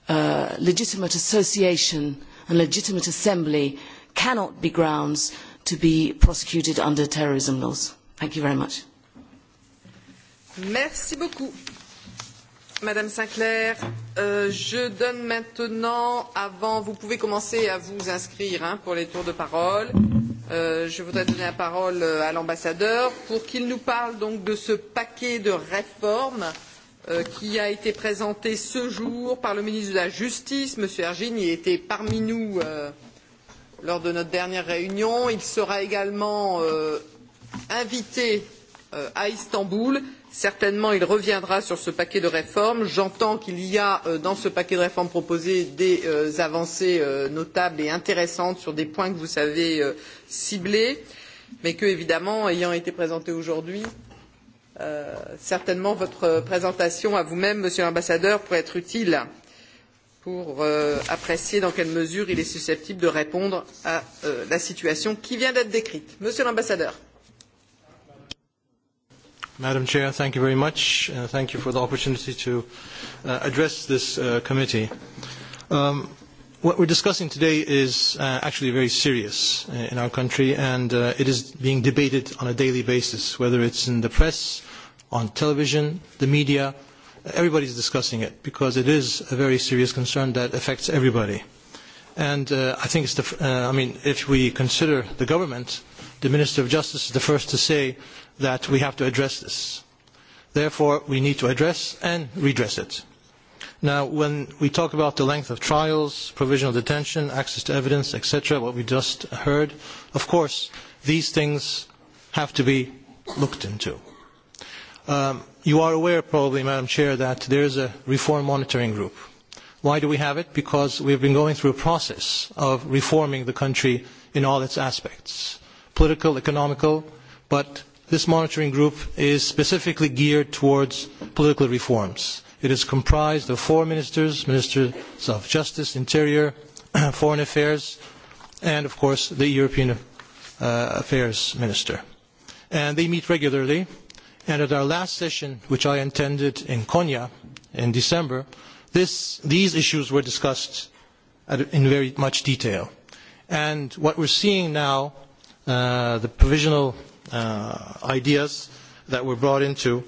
[SPEAKER 4] uh, legitimate association and legitimate assembly cannot be grounds to be prosecuted under terrorism laws. Thank you very much.
[SPEAKER 1] Merci beaucoup. Madame Sinclair, euh, je donne maintenant, avant, vous pouvez commencer à vous inscrire hein, pour les tours de parole. Euh, je voudrais donner la parole euh, à l'ambassadeur pour qu'il nous parle donc de ce paquet de réformes euh, qui a été présenté ce jour par le ministre de la Justice, M. Ergine. Il était parmi nous euh, lors de notre dernière réunion. Il sera également euh, invité euh, à Istanbul. Euh, Certainement, il reviendra sur ce paquet de réformes. J'entends qu'il y a euh, dans ce paquet de réformes proposé des euh, avancées euh, notables et intéressantes sur des points que vous savez euh, ciblés, mais que, évidemment, ayant été présenté aujourd'hui, euh, certainement votre présentation à vous-même, Monsieur l'ambassadeur, pourrait être utile pour euh, apprécier dans quelle mesure il est susceptible de répondre à euh, la situation qui vient d'être décrite. Monsieur l'ambassadeur.
[SPEAKER 5] Madam Chair, thank you very much. Uh, thank you for the opportunity to uh, address this uh, committee. Um, what we're discussing today is uh, actually very serious uh, in our country, and uh, it is being debated on a daily basis, whether it's in the press, on television, the media. Everybody's discussing it because it is a very serious concern that affects everybody. And uh, I think it's the, uh, I mean, if we consider the government, the Minister of Justice is the first to say that we have to address this. Therefore, we need to address and redress it. Now, when we talk about the length of trials, provisional detention, access to evidence, etc., what we just heard, of course, these things have to be looked into. Um, you are aware probably, Madam Chair, that there is a reform monitoring group. Why do we have it? Because we've been going through a process of reforming the country in all its aspects, political, economical, but This monitoring group is specifically geared towards political reforms. It is comprised of four ministers, ministers of justice, interior, foreign affairs, and of course the European uh, affairs minister. And they meet regularly. And at our last session, which I attended in Konya in December, this, these issues were discussed at, in very much detail. And what we're seeing now, uh, the provisional uh, ideas that were brought into,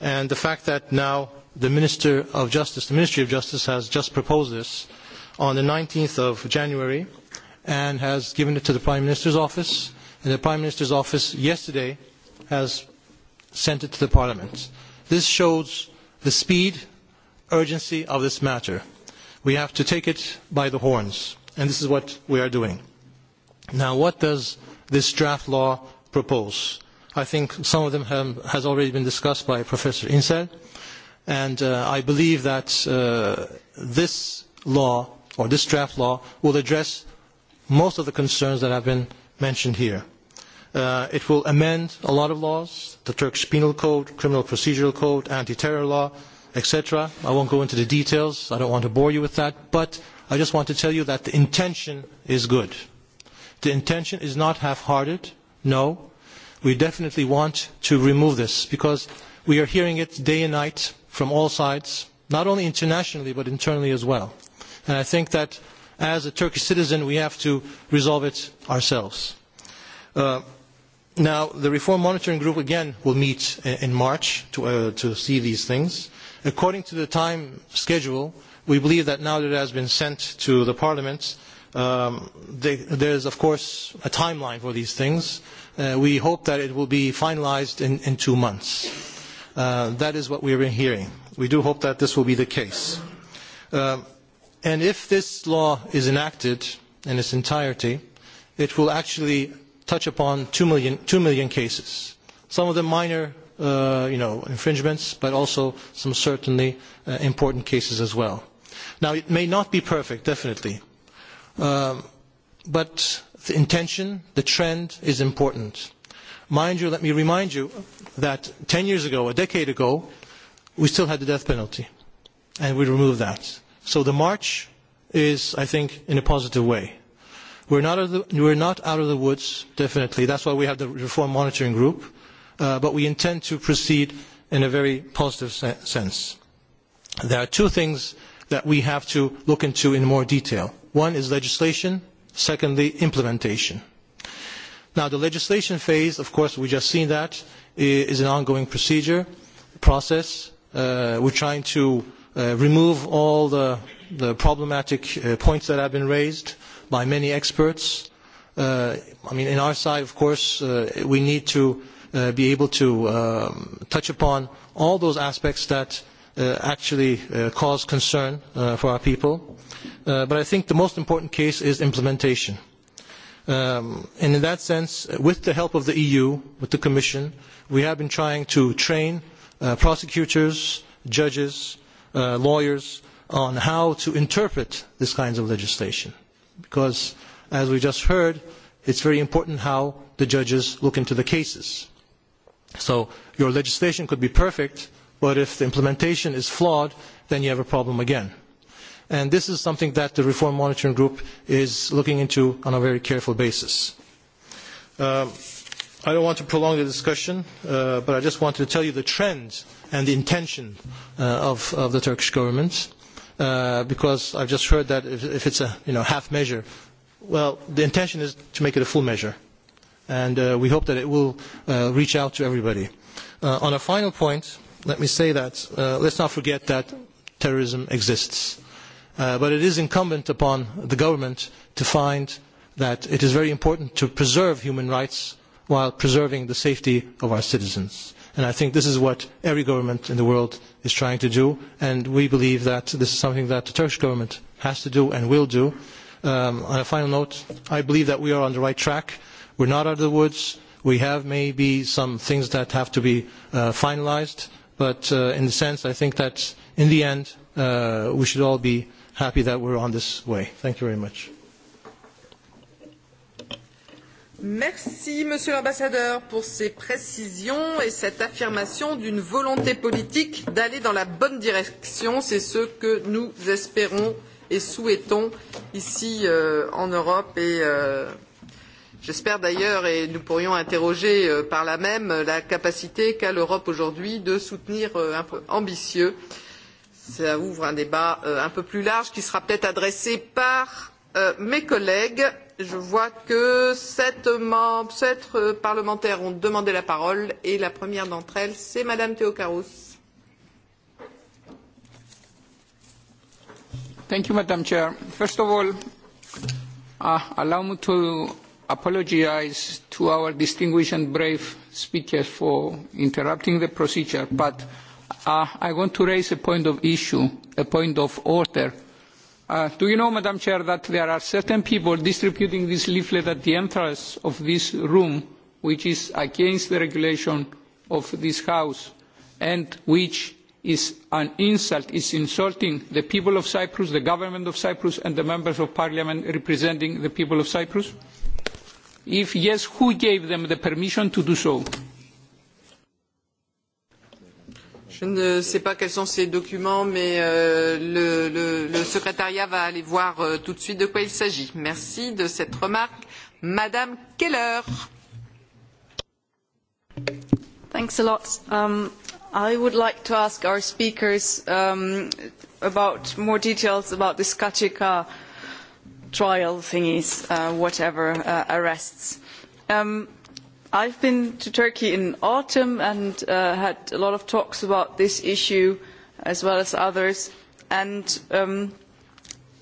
[SPEAKER 5] and the fact that now the Minister of Justice, the Ministry of Justice, has just proposed this on the 19th of January and has given it to the Prime Minister's office, and the Prime Minister's office yesterday has sent it to the Parliament. This shows the speed, urgency of this matter. We have to take it by the horns, and this is what we are doing. Now, what does this draft law propose. I think some of them have, has already been discussed by Professor Insel, and uh, I believe that uh, this law or this draft law will address most of the concerns that have been mentioned here. Uh, it will amend a lot of laws, the Turkish Penal Code, Criminal Procedural Code, Anti-Terror Law, etc. I won't go into the details. I don't want to bore you with that. But I just want to tell you that the intention is good. The intention is not half-hearted No, we definitely want to remove this because we are hearing it day and night from all sides, not only internationally but internally as well. And I think that as a Turkish citizen we have to resolve it ourselves. Uh, now, the Reform Monitoring Group again will meet in March to, uh, to see these things. According to the time schedule, we believe that now that it has been sent to the Parliament, Um, they, there's, of course, a timeline for these things. Uh, we hope that it will be finalized in, in two months. Uh, that is what we've been hearing. We do hope that this will be the case. Um, and if this law is enacted in its entirety, it will actually touch upon 2 million, 2 million cases. Some of them minor uh, you know, infringements, but also some certainly uh, important cases as well. Now, it may not be perfect, definitely Um, but the intention, the trend is important. Mind you, let me remind you that 10 years ago, a decade ago, we still had the death penalty, and we removed that. So the march is, I think, in a positive way. We're not, out of the, we're not out of the woods, definitely. That's why we have the Reform Monitoring Group. Uh, but we intend to proceed in a very positive se sense. There are two things that we have to look into in more detail. One is legislation, secondly, implementation. Now, the legislation phase, of course, we've just seen that, is an ongoing procedure, process. Uh, we're trying to uh, remove all the, the problematic uh, points that have been raised by many experts. Uh, I mean, in our side, of course, uh, we need to uh, be able to um, touch upon all those aspects that uh, actually uh, cause concern uh, for our people. Uh, but I think the most important case is implementation. Um, and in that sense, with the help of the EU, with the Commission, we have been trying to train uh, prosecutors, judges, uh, lawyers on how to interpret these kinds of legislation. Because, as we just heard, it's very important how the judges look into the cases. So your legislation could be perfect, But if the implementation is flawed, then you have a problem again. And this is something that the Reform Monitoring Group is looking into on a very careful basis. Um, I don't want to prolong the discussion, uh, but I just wanted to tell you the trend and the intention uh, of, of the Turkish government, uh, because I've just heard that if, if it's a you know, half measure, well, the intention is to make it a full measure. And uh, we hope that it will uh, reach out to everybody. Uh, on a final point, let me say that. Uh, let's not forget that terrorism exists. Uh, but it is incumbent upon the government to find that it is very important to preserve human rights while preserving the safety of our citizens. And I think this is what every government in the world is trying to do, and we believe that this is something that the Turkish government has to do and will do. Um, on a final note, I believe that we are on the right track. We're not out of the woods. We have maybe some things that have to be uh, finalized. Uh, but uh, in a sense, I think that in the end, uh, we should all be happy that we're on this way. Thank you very much.
[SPEAKER 1] Merci, Monsieur l'Ambassadeur, pour ces précisions et cette affirmation d'une volonté politique d'aller dans la bonne direction. C'est ce que nous espérons et souhaitons ici euh, en Europe et euh, J'espère d'ailleurs, et nous pourrions interroger euh, par là même la capacité qu'a l'Europe aujourd'hui de soutenir euh, un peu ambitieux. Ça ouvre un débat euh, un peu plus large qui sera peut-être adressé par euh, mes collègues. Je vois que sept, membres, sept euh, parlementaires ont demandé la parole et la première d'entre elles, c'est Madame Théocarous.
[SPEAKER 6] Thank you, Madam Chair. First of all, uh, allow me to apologize to our distinguished and brave speakers for interrupting the procedure, but uh, I want to raise a point of issue, a point of order. Uh, do you know, Madam Chair, that there are certain people distributing this leaflet at the entrance of this room, which is against the regulation of this House, and which is an insult, is insulting the people of Cyprus, the government of Cyprus, and the members of parliament representing the people of Cyprus? Mm -hmm If yes, who gave them the permission to do so?
[SPEAKER 1] Je ne sais pas quels sont ces documents, mais euh, le, le, le secrétariat va aller voir euh, tout de suite de quoi il s'agit. Merci
[SPEAKER 7] de cette remarque. Madame Keller. Thanks a lot. Um, I would like to ask our speakers um, about more details about this Kachika trial thingies, uh, whatever, uh, arrests. Um, I've been to Turkey in autumn and uh, had a lot of talks about this issue as well as others. And um,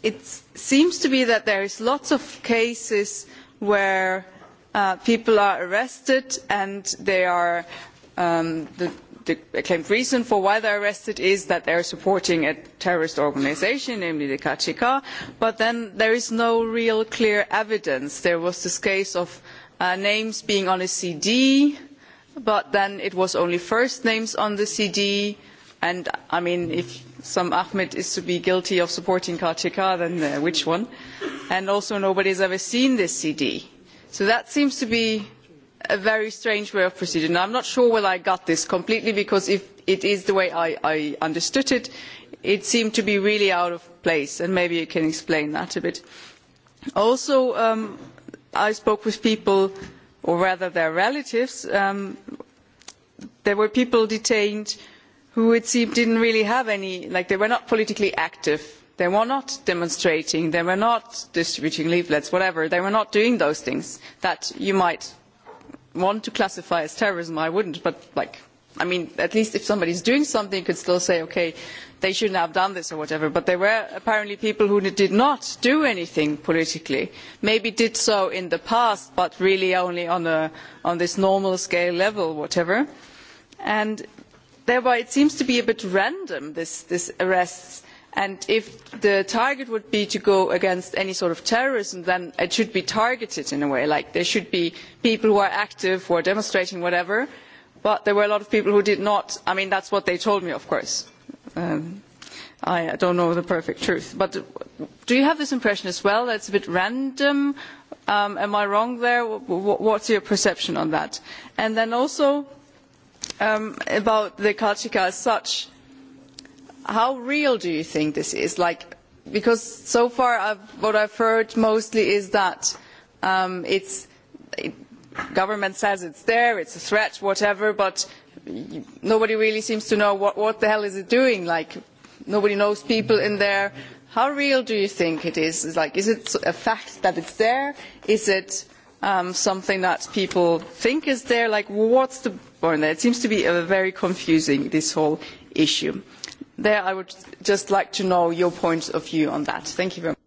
[SPEAKER 7] it seems to be that there is lots of cases where uh, people are arrested and they are, um, the the claimed reason for why they're arrested is that they're supporting a terrorist organization, namely the KCK, but then there is no real clear evidence. There was this case of uh, names being on a CD, but then it was only first names on the CD, and I mean, if some Ahmed is to be guilty of supporting KCK, then uh, which one? And also nobody's ever seen this CD. So that seems to be a very strange way of proceeding. i am not sure whether i got this completely because if it is the way i, I understood it it seemed to be really out of place and maybe you can explain that a bit. also um, i spoke with people or rather their relatives um, there were people detained who it seemed did not really have any like they were not politically active they were not demonstrating they were not distributing leaflets whatever they were not doing those things that you might want to classify as terrorism, I wouldn't, but like, I mean, at least if somebody's doing something, you could still say, okay, they shouldn't have done this or whatever. But there were apparently people who did not do anything politically, maybe did so in the past, but really only on, a, on this normal scale level, whatever. And thereby it seems to be a bit random, this, this arrests and if the target would be to go against any sort of terrorism then it should be targeted in a way like there should be people who are active who are demonstrating whatever but there were a lot of people who did not i mean that's what they told me of course um, I, I don't know the perfect truth but do you have this impression as well that's a bit random um, am I wrong there what's your perception on that and then also um, about the Kalchika as such how real do you think this is? Like, because so far I've, what I've heard mostly is that um, it's, it, government says it's there, it's a threat, whatever, but nobody really seems to know what, what the hell is it doing. Like, nobody knows people in there. How real do you think it is? It's like, is it a fact that it's there? Is it um, something that people think is there? Like, what's the point there? It seems to be a very confusing, this whole issue there I would just like to know your point of view on that. Thank you very much.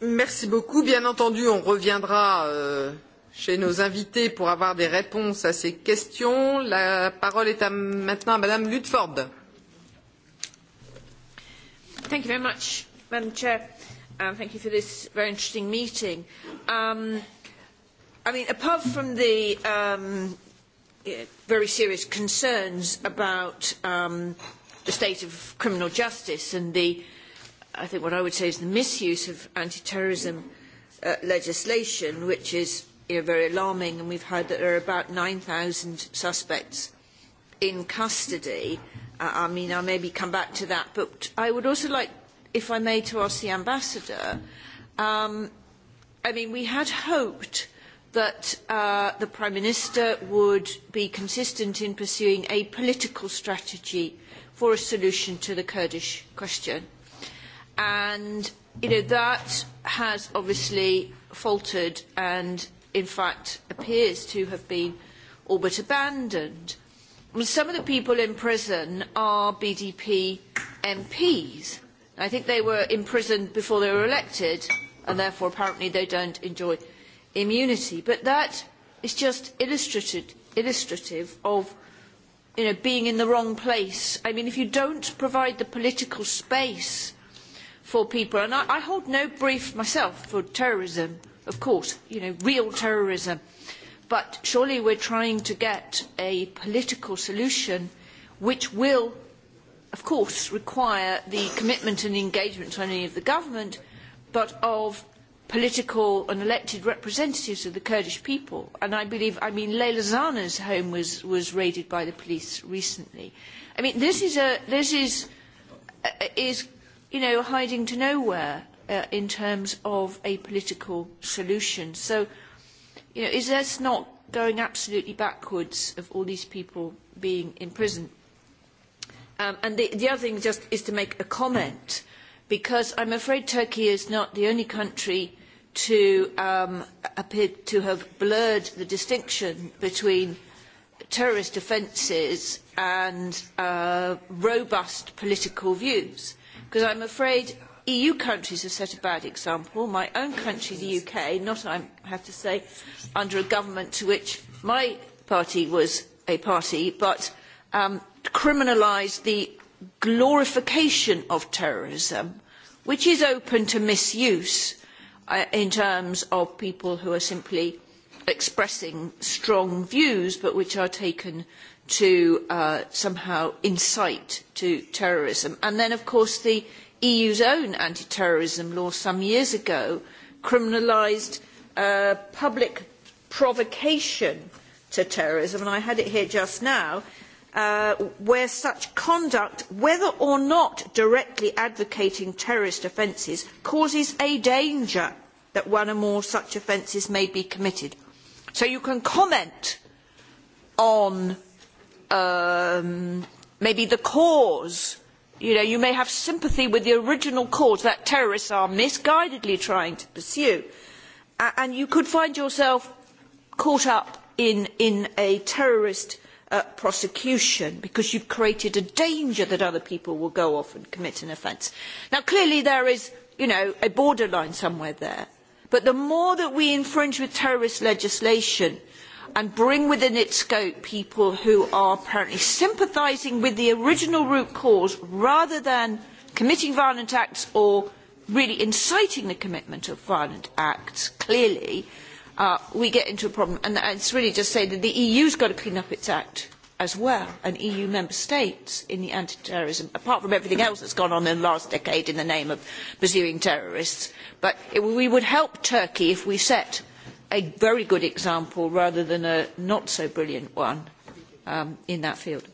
[SPEAKER 1] Merci beaucoup. Bien entendu, on reviendra euh, chez nos invités pour avoir des réponses à ces questions. La parole est à, maintenant à Madame Ludford.
[SPEAKER 8] Thank you very much, Madam Chair, and thank you for this very interesting meeting. Um, I mean, apart from the um, Uh, very serious concerns about um, the state of criminal justice and the, I think what I would say is the misuse of anti-terrorism uh, legislation, which is you know, very alarming, and we've heard that there are about 9,000 suspects in custody. Uh, I mean, I'll maybe come back to that, but I would also like, if I may, to ask the ambassador. Um, I mean, we had hoped that uh, the Prime Minister would be consistent in pursuing a political strategy for a solution to the Kurdish question. And, you know, that has obviously faltered and, in fact, appears to have been all but abandoned. Some of the people in prison are BDP MPs. I think they were imprisoned before they were elected, and therefore apparently they don't enjoy immunity. But that is just illustrated, illustrative of you know, being in the wrong place. I mean, if you don't provide the political space for people, and I, I hold no brief myself for terrorism, of course, you know, real terrorism, but surely we're trying to get a political solution which will, of course, require the commitment and engagement not only of the government, but of political and elected representatives of the Kurdish people. And I believe, I mean, Leyla Zana's home was, was raided by the police recently. I mean, this is, a, this is, uh, is you know, hiding to nowhere uh, in terms of a political solution. So, you know, is this not going absolutely backwards of all these people being in prison? Um, and the, the other thing just is to make a comment. Uh, because I'm afraid Turkey is not the only country to um, appear to have blurred the distinction between terrorist offences and uh, robust political views. Because I'm afraid EU countries have set a bad example. My own country, the UK, not, I have to say, under a government to which my party was a party, but um, criminalised the glorification of terrorism, which is open to misuse uh, in terms of people who are simply expressing strong views, but which are taken to uh, somehow incite to terrorism. And then, of course, the EU's own anti-terrorism law some years ago criminalised uh, public provocation to terrorism, and I had it here just now, uh, where such conduct, whether or not directly advocating terrorist offences, causes a danger that one or more such offences may be committed. So you can comment on um, maybe the cause. You know, you may have sympathy with the original cause that terrorists are misguidedly trying to pursue. Uh, and you could find yourself caught up in, in a terrorist uh, prosecution because you've created a danger that other people will go off and commit an offence. Now, clearly there is, you know, a borderline somewhere there. But the more that we infringe with terrorist legislation and bring within its scope people who are apparently sympathising with the original root cause rather than committing violent acts or really inciting the commitment of violent acts, clearly, uh, uh, we get into a problem. And it's really just saying that the EU's got to clean up its act as well, and EU member states in the anti-terrorism, apart from everything else that's gone on in the last decade in the name of pursuing terrorists. But it, we would help Turkey if we set a very good example rather than a not so brilliant one um, in that field.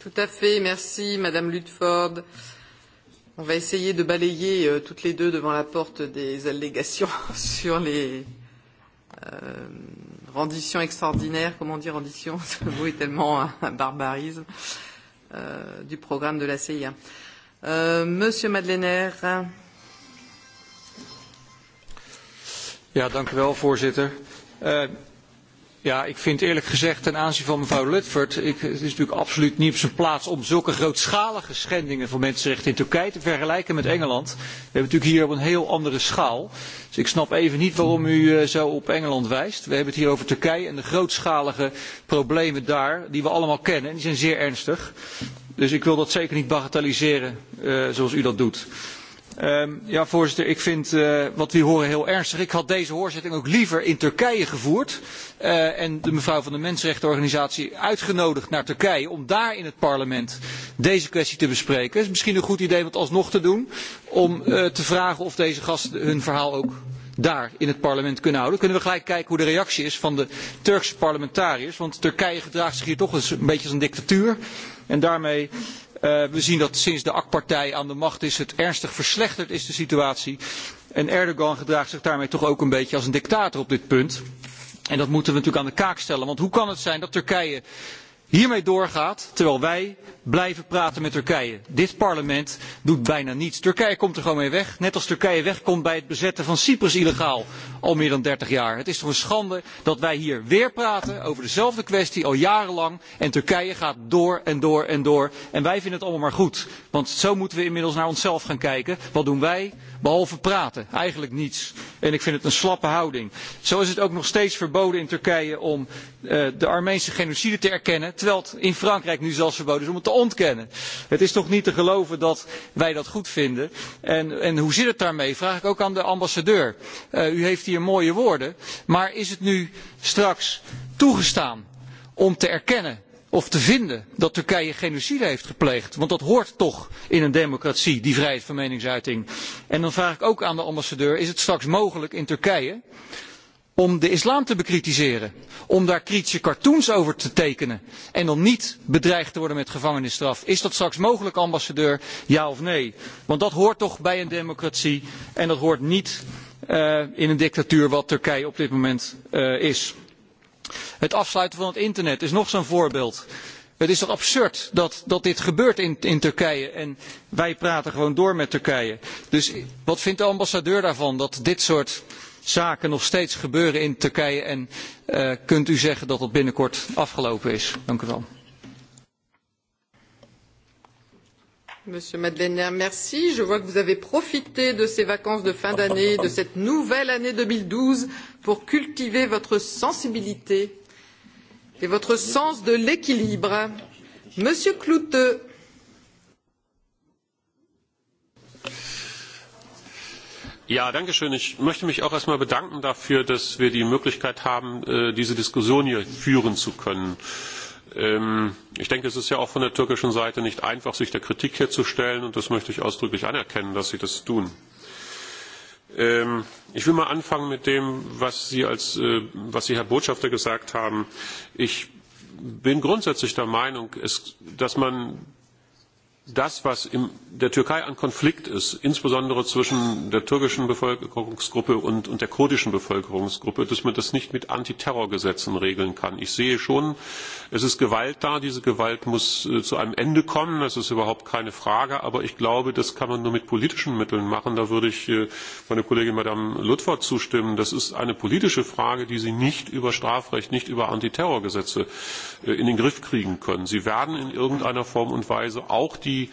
[SPEAKER 8] Tout à fait, merci Madame Ludford. Euh,
[SPEAKER 1] On va essayer de balayer euh, toutes les deux devant la porte des allégations sur les euh, renditions extraordinaires. Comment dire rendition Ce mot est tellement un, un barbarisme euh, du programme de la CIA. Euh, Monsieur Madeleiner.
[SPEAKER 9] Ja, dank u wel, voorzitter. Uh, Ja, ik vind eerlijk gezegd ten aanzien van mevrouw Ludford, ik, het is natuurlijk absoluut niet op zijn plaats om zulke grootschalige schendingen van mensenrechten in Turkije te vergelijken met Engeland. We hebben natuurlijk hier op een heel andere schaal. Dus ik snap even niet waarom u uh, zo op Engeland wijst. We hebben het hier over Turkije en de grootschalige problemen daar, die we allemaal kennen. En die zijn zeer ernstig. Dus ik wil dat zeker niet bagatelliseren uh, zoals u dat doet. Uh, Um, ja, voorzitter, ik vind uh, wat we horen heel ernstig. Ik had deze hoorzitting ook liever in Turkije gevoerd uh, en de mevrouw van de Mensenrechtenorganisatie uitgenodigd naar Turkije om daar in het parlement deze kwestie te bespreken. Het is misschien een goed idee om het alsnog te doen, om uh, te vragen of deze gasten hun verhaal ook daar in het parlement kunnen houden. Kunnen we gelijk kijken hoe de reactie is van de Turkse parlementariërs, want Turkije gedraagt zich hier toch eens een beetje als een dictatuur en daarmee Uh, we zien dat sinds de AK-partij aan de macht is het ernstig verslechterd is de situatie. En Erdogan gedraagt zich daarmee toch ook een beetje als een dictator op dit punt. En dat moeten we natuurlijk aan de kaak stellen. Want hoe kan het zijn dat Turkije hiermee doorgaat terwijl wij blijven praten met Turkije. Dit parlement doet bijna niets. Turkije komt er gewoon mee weg, net als Turkije wegkomt bij het bezetten van Cyprus illegaal al meer dan 30 jaar. Het is toch een schande dat wij hier weer praten over dezelfde kwestie al jarenlang en Turkije gaat door en door en door en wij vinden het allemaal maar goed. Want zo moeten we inmiddels naar onszelf gaan kijken. Wat doen wij behalve praten? Eigenlijk niets. En ik vind het een slappe houding. Zo is het ook nog steeds verboden in Turkije om uh, de Armeense genocide te erkennen, terwijl het in Frankrijk nu zelfs verboden is om het te ontkennen. Het is toch niet te geloven dat wij dat goed vinden. En, en hoe zit het daarmee? Vraag ik ook aan de ambassadeur. Uh, u heeft hier mooie woorden, maar is het nu straks toegestaan om te erkennen of te vinden dat Turkije genocide heeft gepleegd. Want dat hoort toch in een democratie, die vrijheid van meningsuiting. En dan vraag ik ook aan de ambassadeur, is het straks mogelijk in Turkije om de islam te bekritiseren, om daar kritische cartoons over te tekenen en om niet bedreigd te worden met gevangenisstraf. Is dat straks mogelijk, ambassadeur, ja of nee? Want dat hoort toch bij een democratie en dat hoort niet uh, in een dictatuur wat Turkije op dit moment uh, is. Het afsluiten van het internet is nog zo'n voorbeeld. Het is toch absurd dat, dat dit gebeurt in, in Turkije en wij praten gewoon door met Turkije. Dus wat vindt de ambassadeur daarvan dat dit soort uh, zaken nog steeds gebeuren in Turkije en uh, kunt u zeggen dat dat binnenkort afgelopen is? Dank u wel.
[SPEAKER 1] Monsieur Madeleine, merci. Je vois que vous avez profité de ces vacances de fin d'année, de cette nouvelle année 2012, pour cultiver votre sensibilité et votre sens de l'équilibre. Monsieur Clouteux,
[SPEAKER 10] Ja, danke schön. Ich möchte mich auch erstmal bedanken dafür, dass wir die Möglichkeit haben, äh, diese Diskussion hier führen zu können. Ähm, ich denke, es ist ja auch von der türkischen Seite nicht einfach, sich der Kritik hier zu stellen, und das möchte ich ausdrücklich anerkennen, dass Sie das tun. Ähm, ich will mal anfangen mit dem, was Sie, als, äh, was Sie Herr Botschafter gesagt haben. Ich bin grundsätzlich der Meinung, dass man das, was in der Türkei an Konflikt ist, insbesondere zwischen der türkischen Bevölkerungsgruppe und, und der kurdischen Bevölkerungsgruppe, dass man das nicht mit Antiterrorgesetzen regeln kann. Ich sehe schon, es ist Gewalt da, diese Gewalt muss äh, zu einem Ende kommen, das ist überhaupt keine Frage, aber ich glaube, das kann man nur mit politischen Mitteln machen. Da würde ich äh, meiner Kollegin Madame Ludford zustimmen. Das ist eine politische Frage, die Sie nicht über Strafrecht, nicht über Antiterrorgesetze äh, in den Griff kriegen können. Sie werden in irgendeiner Form und Weise auch die die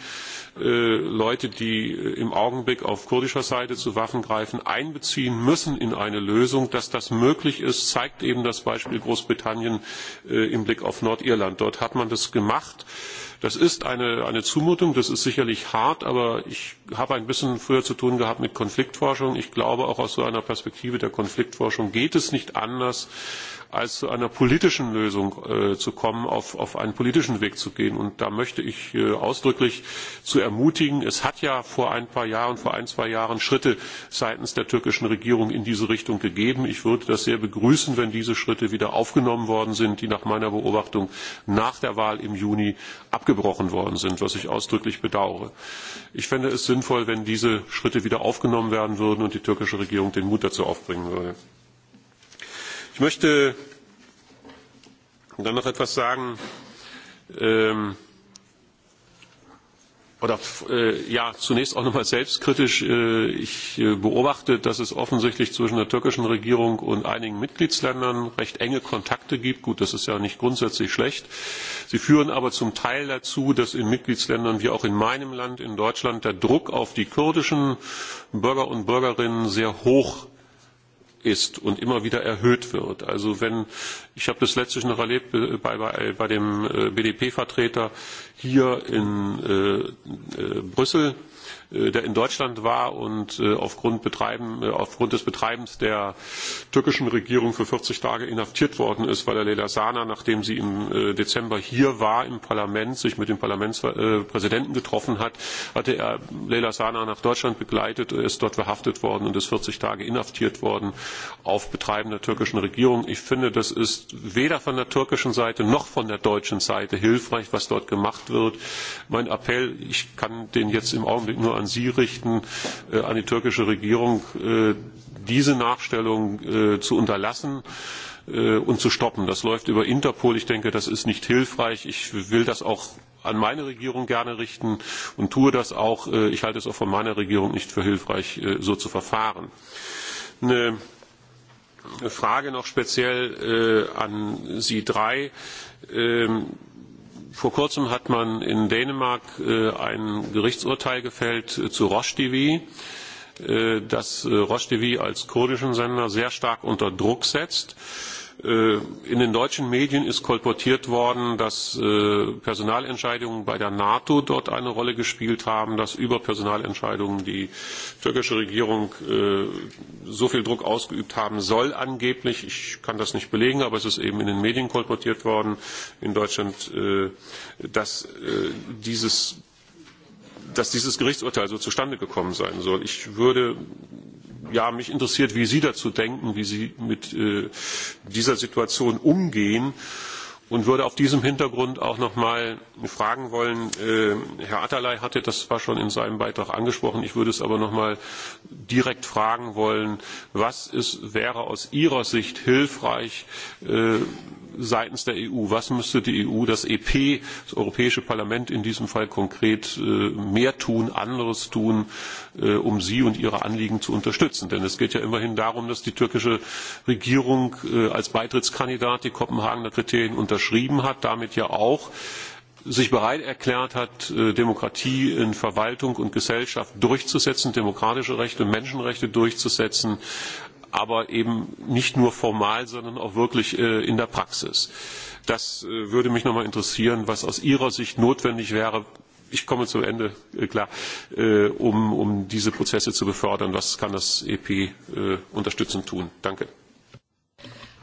[SPEAKER 10] äh, Leute, die äh, im Augenblick auf kurdischer Seite zu Waffen greifen, einbeziehen müssen in eine Lösung. Dass das möglich ist, zeigt eben das Beispiel Großbritannien äh, im Blick auf Nordirland. Dort hat man das gemacht. Das ist eine, eine Zumutung, das ist sicherlich hart, aber ich habe ein bisschen früher zu tun gehabt mit Konfliktforschung. Ich glaube, auch aus so einer Perspektive der Konfliktforschung geht es nicht anders, als zu einer politischen Lösung äh, zu kommen, auf, auf einen politischen Weg zu gehen. Und da möchte ich äh, ausdrücklich zu ermutigen, es hat ja vor ein paar Jahren, vor ein, zwei Jahren Schritte seitens der türkischen Regierung in diese Richtung gegeben. Ich würde das sehr begrüßen, wenn diese Schritte wieder aufgenommen worden sind, die nach meiner Beobachtung nach der Wahl im Juni abgebrochen worden sind, was ich ausdrücklich bedauere. Ich fände es sinnvoll, wenn diese Schritte wieder aufgenommen werden würden und die türkische Regierung den Mut dazu aufbringen würde. Ich möchte dann noch etwas sagen ähm, oder äh, ja zunächst auch nochmal selbstkritisch. Äh, ich äh, beobachte, dass es offensichtlich zwischen der türkischen Regierung und einigen Mitgliedsländern recht enge Kontakte gibt. Gut, das ist ja nicht grundsätzlich schlecht. Sie führen aber zum Teil dazu, dass in Mitgliedsländern wie auch in meinem Land, in Deutschland, der Druck auf die kurdischen Bürger und Bürgerinnen sehr hoch ist und immer wieder erhöht wird. Also wenn ich habe das letztlich noch erlebt äh, bei, bei, äh, bei dem äh, BDP-Vertreter hier in äh, äh, Brüssel, Äh, der in Deutschland war und äh, aufgrund, Betreiben, äh, aufgrund des Betreibens der türkischen Regierung für 40 Tage inhaftiert worden ist, weil er Leyla Sana, nachdem sie im Dezember hier war im Parlament, sich mit dem Parlamentspräsidenten getroffen hat, hatte er Leyla Sana nach Deutschland begleitet, er ist dort verhaftet worden und ist 40 Tage inhaftiert worden auf Betreiben der türkischen Regierung. Ich finde, das ist weder von der türkischen Seite noch von der deutschen Seite hilfreich, was dort gemacht wird. Mein Appell, ich kann den jetzt im Augenblick nur an an Sie richten, äh, an die türkische Regierung, äh, diese Nachstellung äh, zu unterlassen äh, und zu stoppen. Das läuft über Interpol. Ich denke, das ist nicht hilfreich. Ich will das auch an meine Regierung gerne richten und tue das auch. Äh, ich halte es auch von meiner Regierung nicht für hilfreich, äh, so zu verfahren. Eine Frage noch speziell äh, an Sie drei. Ähm, Vor kurzem hat man in Dänemark äh, ein Gerichtsurteil gefällt äh, zu Roche TV, äh, das äh, Roche TV als kurdischen Sender sehr stark unter Druck setzt. Äh, Äh, in den deutschen Medien ist kolportiert worden, dass äh, Personalentscheidungen bei der NATO dort eine Rolle gespielt haben, dass über Personalentscheidungen die türkische Regierung äh, so viel Druck ausgeübt haben soll angeblich. Ich kann das nicht belegen, aber es ist eben in den Medien kolportiert worden in Deutschland, dass dieses dass dieses Gerichtsurteil so zustande gekommen sein soll. Ich würde ja, mich interessiert, wie Sie dazu denken, wie Sie mit äh, dieser Situation umgehen und würde auf diesem Hintergrund auch noch mal fragen wollen, äh, Herr Atterlei hatte das zwar schon in seinem Beitrag angesprochen, ich würde es aber noch mal direkt fragen wollen, was ist, wäre aus Ihrer Sicht hilfreich, äh, seitens der EU? Was müsste die EU, das EP, das Europäische Parlament in diesem Fall konkret äh, mehr tun, anderes tun, äh, um Sie und Ihre Anliegen zu unterstützen? Denn es geht ja immerhin darum, dass die türkische Regierung äh, als Beitrittskandidat die Kopenhagener Kriterien unterschrieben hat, damit ja auch sich bereit erklärt hat, Demokratie in Verwaltung und Gesellschaft durchzusetzen, demokratische Rechte, Menschenrechte durchzusetzen, aber eben nicht nur formal, sondern auch wirklich äh, in der Praxis. Das äh, würde mich nochmal interessieren, was aus Ihrer Sicht notwendig wäre, ich komme zum Ende, äh, klar, äh, um, um diese Prozesse zu befördern. Was kann das EP äh, unterstützend tun? Danke.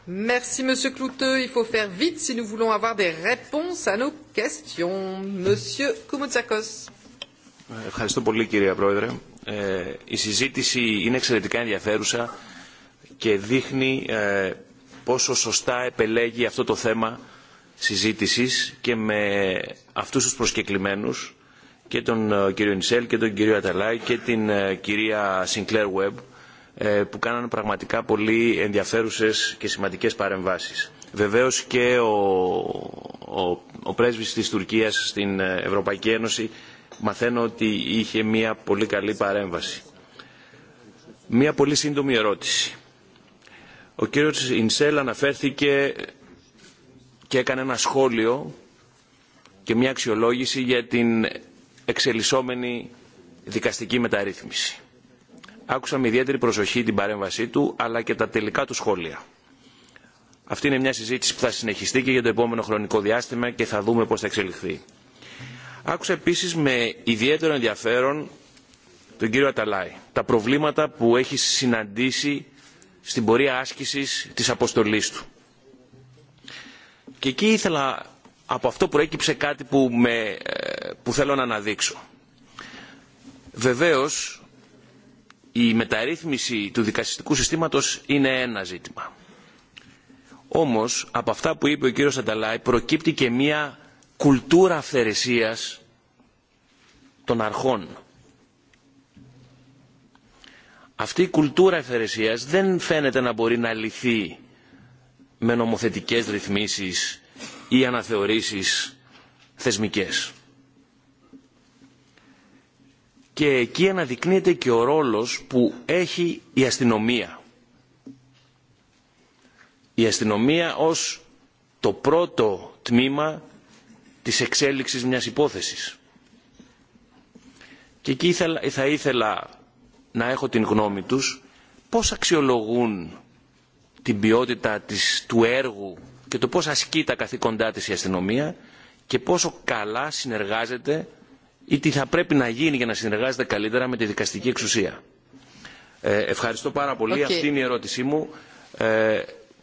[SPEAKER 1] Merci, Monsieur Clouteux. Il faut faire vite si nous voulons avoir des réponses à nos questions. Monsieur Koumoutsakos.
[SPEAKER 11] Ευχαριστώ πολύ, κυρία Πρόεδρε. Ε, η συζήτηση είναι εξαιρετικά ενδιαφέρουσα και δείχνει ε, πόσο σωστά επελέγει αυτό το θέμα συζήτησης και με αυτούς τους προσκεκλημένους και τον κύριο Νισελ και τον κύριο Αταλάη και την κυρία Σινκλέρ Webb που κάνανε πραγματικά πολύ ενδιαφέρουσες και σημαντικές παρεμβάσεις. Βεβαίως και ο, ο, ο πρέσβης της Τουρκίας στην Ευρωπαϊκή Ένωση μαθαίνω ότι είχε μια πολύ καλή παρέμβαση. Μια πολύ σύντομη ερώτηση Ο κύριος Ινσέλ αναφέρθηκε και έκανε ένα σχόλιο και μια αξιολόγηση για την εξελισσόμενη δικαστική μεταρρύθμιση. Άκουσα με ιδιαίτερη προσοχή την παρέμβασή του, αλλά και τα τελικά του σχόλια. Αυτή είναι μια συζήτηση που θα συνεχιστεί και για το επόμενο χρονικό διάστημα και θα δούμε πώς θα εξελιχθεί. Άκουσα επίσης με ιδιαίτερο ενδιαφέρον τον κύριο Αταλάη, τα προβλήματα που έχει συναντήσει στην πορεία άσκησης της αποστολής του. Και εκεί ήθελα, από αυτό προέκυψε κάτι που, με, που θέλω να αναδείξω. Βεβαίως, η μεταρρύθμιση του δικαστικού συστήματος είναι ένα ζήτημα. Όμως, από αυτά που είπε ο κύριος Ανταλάη, προκύπτει και μία κουλτούρα αυθαιρεσίας των αρχών αυτή η κουλτούρα ευθαιρεσίας δεν φαίνεται να μπορεί να λυθεί με νομοθετικές ρυθμίσεις ή αναθεωρήσεις θεσμικές. Και εκεί αναδεικνύεται και ο ρόλος που έχει η αστυνομία. Η αστυνομία ως το πρώτο τμήμα της εξέλιξης μιας υπόθεσης. Και εκεί θα ήθελα να έχω την γνώμη τους πώς αξιολογούν την ποιότητα της, του έργου και το πώς ασκεί τα καθήκοντά της η αστυνομία και πόσο καλά συνεργάζεται ή τι θα πρέπει να γίνει για να συνεργάζεται καλύτερα με τη δικαστική εξουσία. Ε, ευχαριστώ πάρα πολύ. Okay. Αυτή είναι η ερώτησή μου. Ε,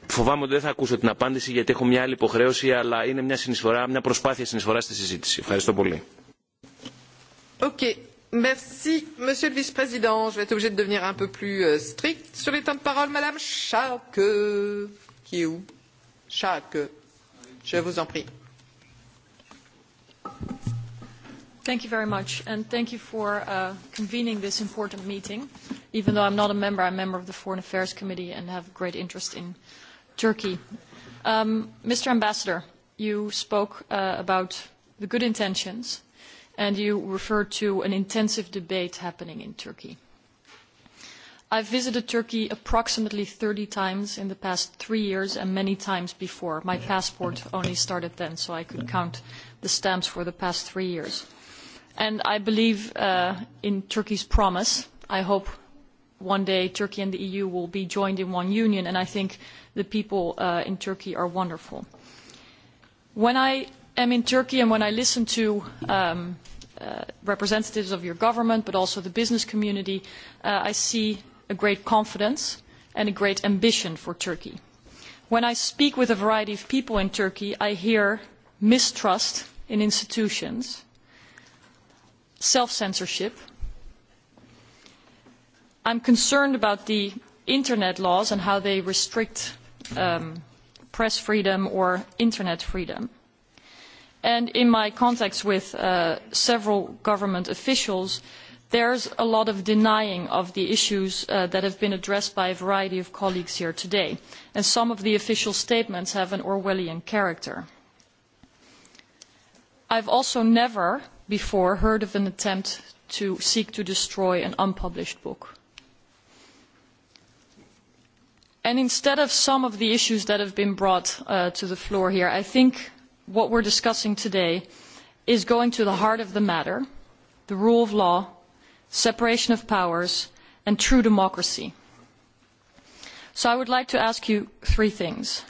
[SPEAKER 11] φοβάμαι ότι δεν θα ακούσω την απάντηση γιατί έχω μια άλλη υποχρέωση αλλά είναι μια, συνεισφορά, μια προσπάθεια συνεισφορά στη συζήτηση. Ευχαριστώ πολύ.
[SPEAKER 1] Okay. Merci, Monsieur le Vice-président. Je vais être obligée de devenir un peu plus euh, stricte sur les temps de parole. Madame Schalke, qui est où Schalke, je vous en prie.
[SPEAKER 12] Thank you very much, and thank you for uh, convening this important meeting. Even though I'm not a member, I'm a member of the Foreign Affairs Committee and have great interest in Turkey. Um, Mr. Ambassador, you spoke uh, about the good intentions and you referred to an intensive debate happening in Turkey. I've visited Turkey approximately 30 times in the past three years and many times before. My passport only started then, so I could count the stamps for the past three years. And I believe uh, in Turkey's promise. I hope one day Turkey and the EU will be joined in one union, and I think the people uh, in Turkey are wonderful. When I am in Turkey and when I listen to um, uh, representatives of your government, but also the business community, uh, I see a great confidence and a great ambition for Turkey. When I speak with a variety of people in Turkey, I hear mistrust in institutions, self-censorship. I'm concerned about the internet laws and how they restrict um, press freedom or internet freedom and in my contacts with uh, several government officials, there's a lot of denying of the issues uh, that have been addressed by a variety of colleagues here today. And some of the official statements have an Orwellian character. I've also never before heard of an attempt to seek to destroy an unpublished book. And instead of some of the issues that have been brought uh, to the floor here, I think what we're discussing today is going to the heart of the matter, the rule of law, separation of powers, and true democracy. So I would like to ask you three things.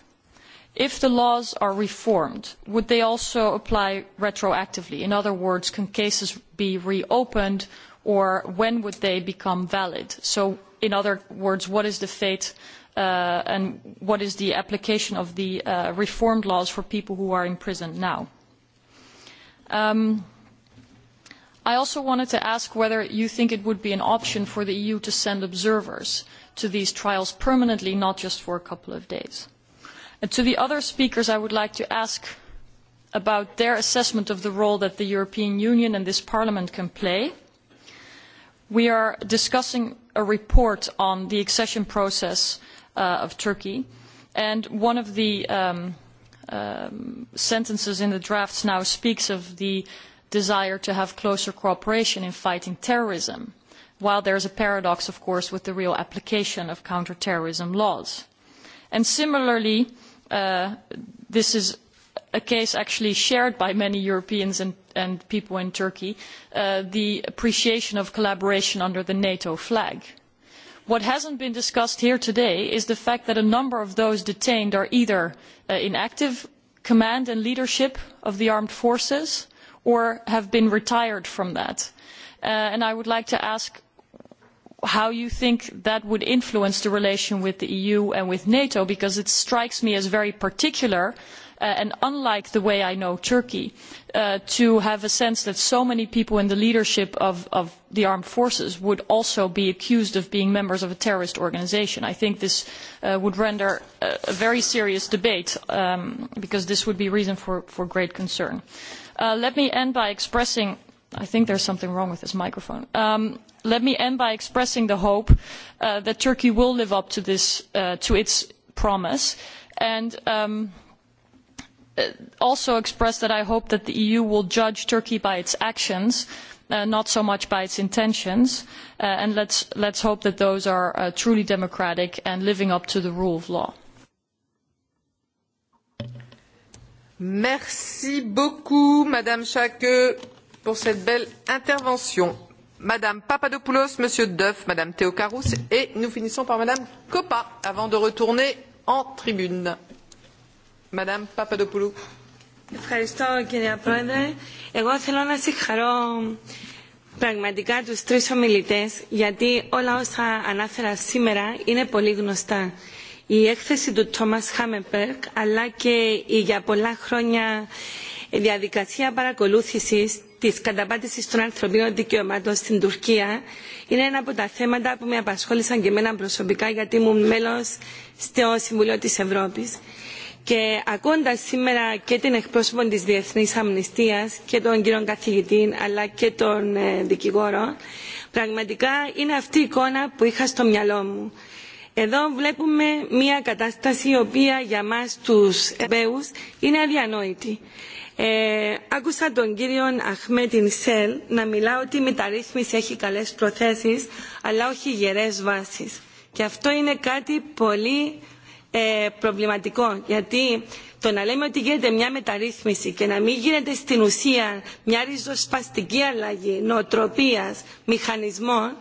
[SPEAKER 12] If the laws are reformed, would they also apply retroactively? In other words, can cases be reopened or when would they become valid? So in other words, what is the fate uh, and what is the application of the uh, reformed laws for people who are in prison now. Um, I also wanted to ask whether you think it would be an option for the EU to send observers to these trials permanently, not just for a couple of days. And to the other speakers, I would like to ask about their assessment of the role that the European Union and this Parliament can play. We are discussing a report on the accession process uh, uh, of Turkey. And one of the um, um, sentences in the drafts now speaks of the desire to have closer cooperation in fighting terrorism, while there's a paradox, of course, with the real application of counterterrorism laws. And similarly, uh, this is a case actually shared by many Europeans and, and people in Turkey, uh, the appreciation of collaboration under the NATO flag. Uh, what has not been discussed here today is the fact that a number of those detained are either uh, in active command and leadership of the armed forces or have been retired from that. Uh, and I would like to ask how you think that would influence the relation with the EU and with NATO, because it strikes me as very particular uh, uh, and unlike the way I know Turkey, uh, to have a sense that so many people in the leadership of, of the armed forces would also be accused of being members of a terrorist organization. I think this uh, would render a, a very serious debate um, because this would be reason for, for great concern. Uh, let me end by expressing I think there's something wrong with this microphone. Um, let me end by expressing the hope uh, that Turkey will live up to this, uh, to its promise, and um, Uh, also express that I hope that the EU will judge Turkey by its actions, uh, not so much by its intentions, uh, and let's, let's hope that those are uh, truly democratic and living up to the rule of law.
[SPEAKER 1] Merci beaucoup, Madame Chakeux, pour cette belle intervention. Madame Papadopoulos, Monsieur Duff, Madame Théocarous et nous finissons par Madame Coppa avant de retourner
[SPEAKER 13] en tribune. Madame Papadopoulou. Ευχαριστώ κυρία Πρόεδρε. Εγώ θέλω να συγχαρώ πραγματικά τους τρεις ομιλητές γιατί όλα όσα ανάφερα σήμερα είναι πολύ γνωστά. Η έκθεση του Τόμας Χάμεμπερκ αλλά και η για πολλά χρόνια διαδικασία παρακολούθησης της καταπάτησης των ανθρωπίνων δικαιωμάτων στην Τουρκία είναι ένα από τα θέματα που με απασχόλησαν και εμένα προσωπικά γιατί ήμουν μέλος στο Συμβουλίο της Ευρώπης. Και ακούοντας σήμερα και την εκπρόσωπο της Διεθνής Αμνηστίας και τον κύριο καθηγητή αλλά και τον ε, δικηγόρο, πραγματικά είναι αυτή η εικόνα που είχα στο μυαλό μου. Εδώ βλέπουμε μια κατάσταση η οποία για μας τους Ευρωπαίους είναι αδιανόητη. Ε, άκουσα τον κύριο Αχμέτιν Σελ να μιλά ότι η μεταρρύθμιση έχει καλές προθέσεις αλλά όχι γερές βάσεις. Και αυτό είναι κάτι πολύ ε, προβληματικό. Γιατί το να λέμε ότι γίνεται μια μεταρρύθμιση και να μην γίνεται στην ουσία μια ριζοσπαστική αλλαγή νοοτροπίας, μηχανισμών,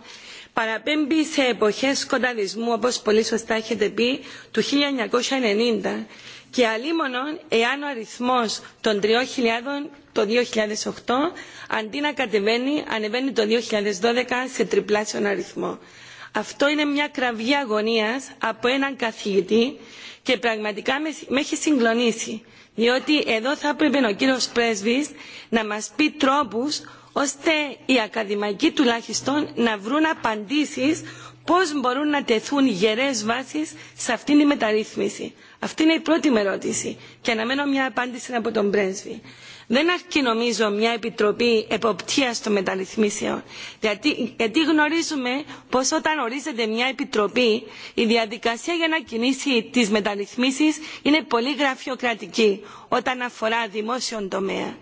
[SPEAKER 13] παραπέμπει σε εποχές σκοταδισμού, όπως πολύ σωστά έχετε πει, του 1990 και αλίμονον εάν ο αριθμός των 3.000 το 2008 αντί να κατεβαίνει, ανεβαίνει το 2012 σε τριπλάσιον αριθμό. Αυτό είναι μια κραυγή αγωνίας από έναν καθηγητή και πραγματικά με έχει συγκλονίσει. Διότι εδώ θα έπρεπε ο κύριος Πρέσβης να μας πει τρόπους ώστε οι ακαδημαϊκοί τουλάχιστον να βρουν απαντήσεις πώς μπορούν να τεθούν γερές βάσεις σε αυτήν τη μεταρρύθμιση. Αυτή είναι η πρώτη μου ερώτηση και αναμένω μια απάντηση από τον Πρέσβη. Δεν αρκεί νομίζω μια επιτροπή εποπτείας των μεταρρυθμίσεων. Γιατί, γιατί γνωρίζουμε πως όταν ορίζεται μια επιτροπή η διαδικασία για να κινήσει τις μεταρρυθμίσεις είναι πολύ γραφειοκρατική όταν αφορά δημόσιον τομέα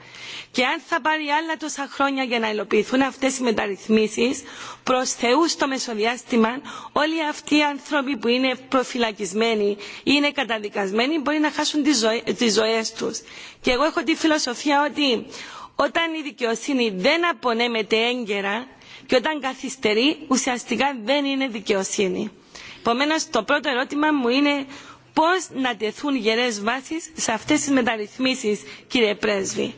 [SPEAKER 13] και αν θα πάρει άλλα τόσα χρόνια για να υλοποιηθούν αυτές οι μεταρρυθμίσεις προς Θεού στο μεσοδιάστημα όλοι αυτοί οι άνθρωποι που είναι προφυλακισμένοι ή είναι καταδικασμένοι μπορεί να χάσουν τις, ζωέ, τις ζωές τους. Και εγώ έχω τη φιλοσοφία ότι όταν η δικαιοσύνη δεν απονέμεται έγκαιρα και όταν καθυστερεί ουσιαστικά δεν είναι δικαιοσύνη. Επομένως το πρώτο ερώτημα μου είναι πώς να τεθούν γερές βάσεις σε αυτές τις μεταρρυθμίσεις, κύριε Πρέσβη.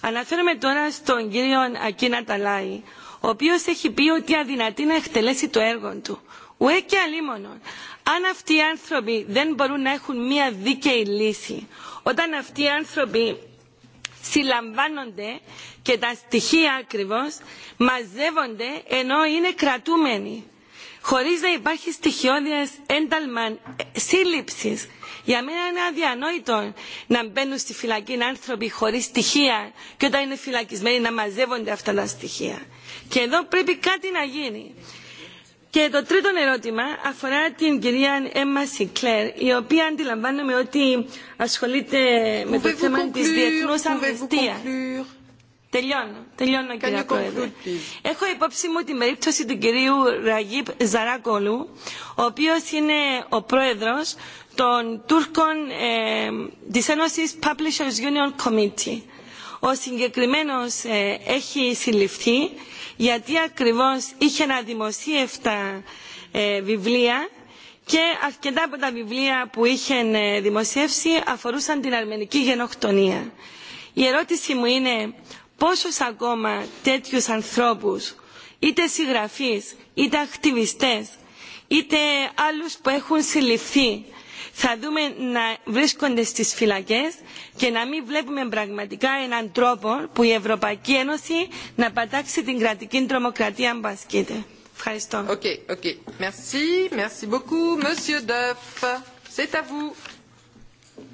[SPEAKER 13] Αναφέρομαι τώρα στον κύριο Ακίνα Ταλάη, ο οποίος έχει πει ότι αδυνατεί να εκτελέσει το έργο του. Ουέ και αλίμονον. Αν αυτοί οι άνθρωποι δεν μπορούν να έχουν μία δίκαιη λύση, όταν αυτοί οι άνθρωποι συλλαμβάνονται και τα στοιχεία ακριβώς μαζεύονται ενώ είναι κρατούμενοι χωρίς να υπάρχει στοιχειώδες ένταλμα σύλληψης. Για μένα είναι αδιανόητο να μπαίνουν στη φυλακή άνθρωποι χωρίς στοιχεία και όταν είναι φυλακισμένοι να μαζεύονται αυτά τα στοιχεία. Και εδώ πρέπει κάτι να γίνει. Και το τρίτο ερώτημα αφορά την κυρία Έμμα Σικλέρ, η οποία αντιλαμβάνομαι ότι ασχολείται με το θέμα της διεθνούς αμνηστίας. Τελειώνω, τελειώνω κύριε Πρόεδρε. Έχω υπόψη μου την περίπτωση του κυρίου Ραγίπ Ζαράκολου, ο οποίος είναι ο πρόεδρος των Τούρκων ε, της Ένωσης Publishers Union Committee. Ο συγκεκριμένος ε, έχει συλληφθεί γιατί ακριβώς είχε αναδημοσίευτα ε, βιβλία και αρκετά από τα βιβλία που είχε δημοσιεύσει αφορούσαν την αρμενική γενοκτονία. Η ερώτηση μου είναι πόσους ακόμα τέτοιους ανθρώπους, είτε συγγραφείς, είτε ακτιβιστές, είτε άλλους που έχουν συλληφθεί, θα δούμε να βρίσκονται στις φυλακές και να μην βλέπουμε πραγματικά έναν τρόπο που η Ευρωπαϊκή Ένωση να πατάξει την κρατική τρομοκρατία αν πασκείται. Ευχαριστώ. Okay, okay. Merci, merci beaucoup, Monsieur Duff.
[SPEAKER 1] C'est à vous.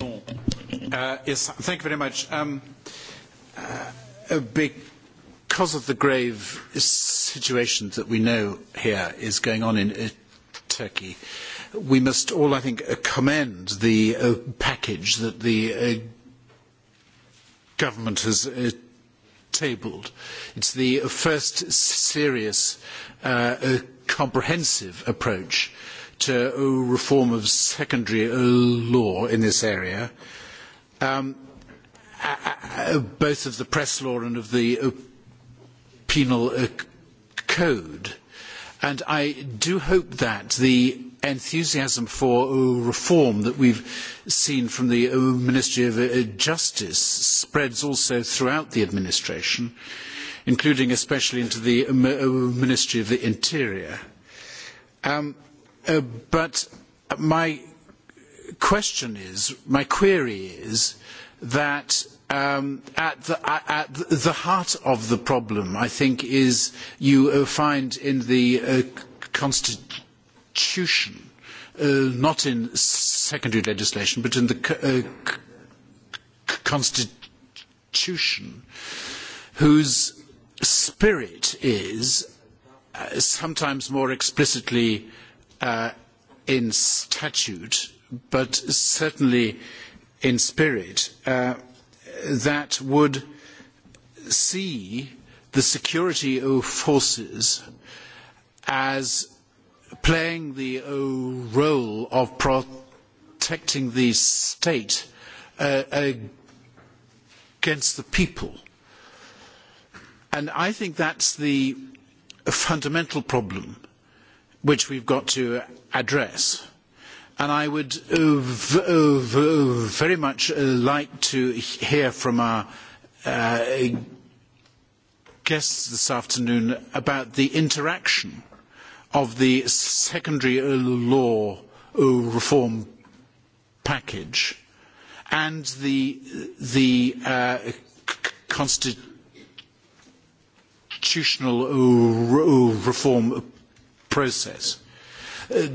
[SPEAKER 14] Uh, yes, thank you very much. Um, uh, Uh, because of the grave situation that we know here is going on in uh, Turkey, we must all, I think, uh, commend the uh, package that the uh, government has uh, tabled. It's the first serious, uh, uh, comprehensive approach to uh, reform of secondary uh, law in this area. Um, Uh, uh, both of the press law and of the uh, penal uh, code. And I do hope that the enthusiasm for uh, reform that we've seen from the uh, Ministry of uh, Justice spreads also throughout the administration, including especially into the uh, uh Ministry of the Interior. Um, uh, but my question is, my query is that um, at, the, uh, at the heart of the problem, I think, is you uh, find in the uh, Constitution, uh, not in secondary legislation, but in the uh, Constitution, whose spirit is uh, sometimes more explicitly uh, in statute, but certainly in spirit. Uh, that would see the security forces as playing the uh, role of protecting the state uh, against the people. And I think that's the fundamental problem which we've got to address. And I would uh, v- uh, v- uh, very much uh, like to hear from our uh, guests this afternoon about the interaction of the secondary uh, law uh, reform package and the, the uh, constitutional reform process. Uh,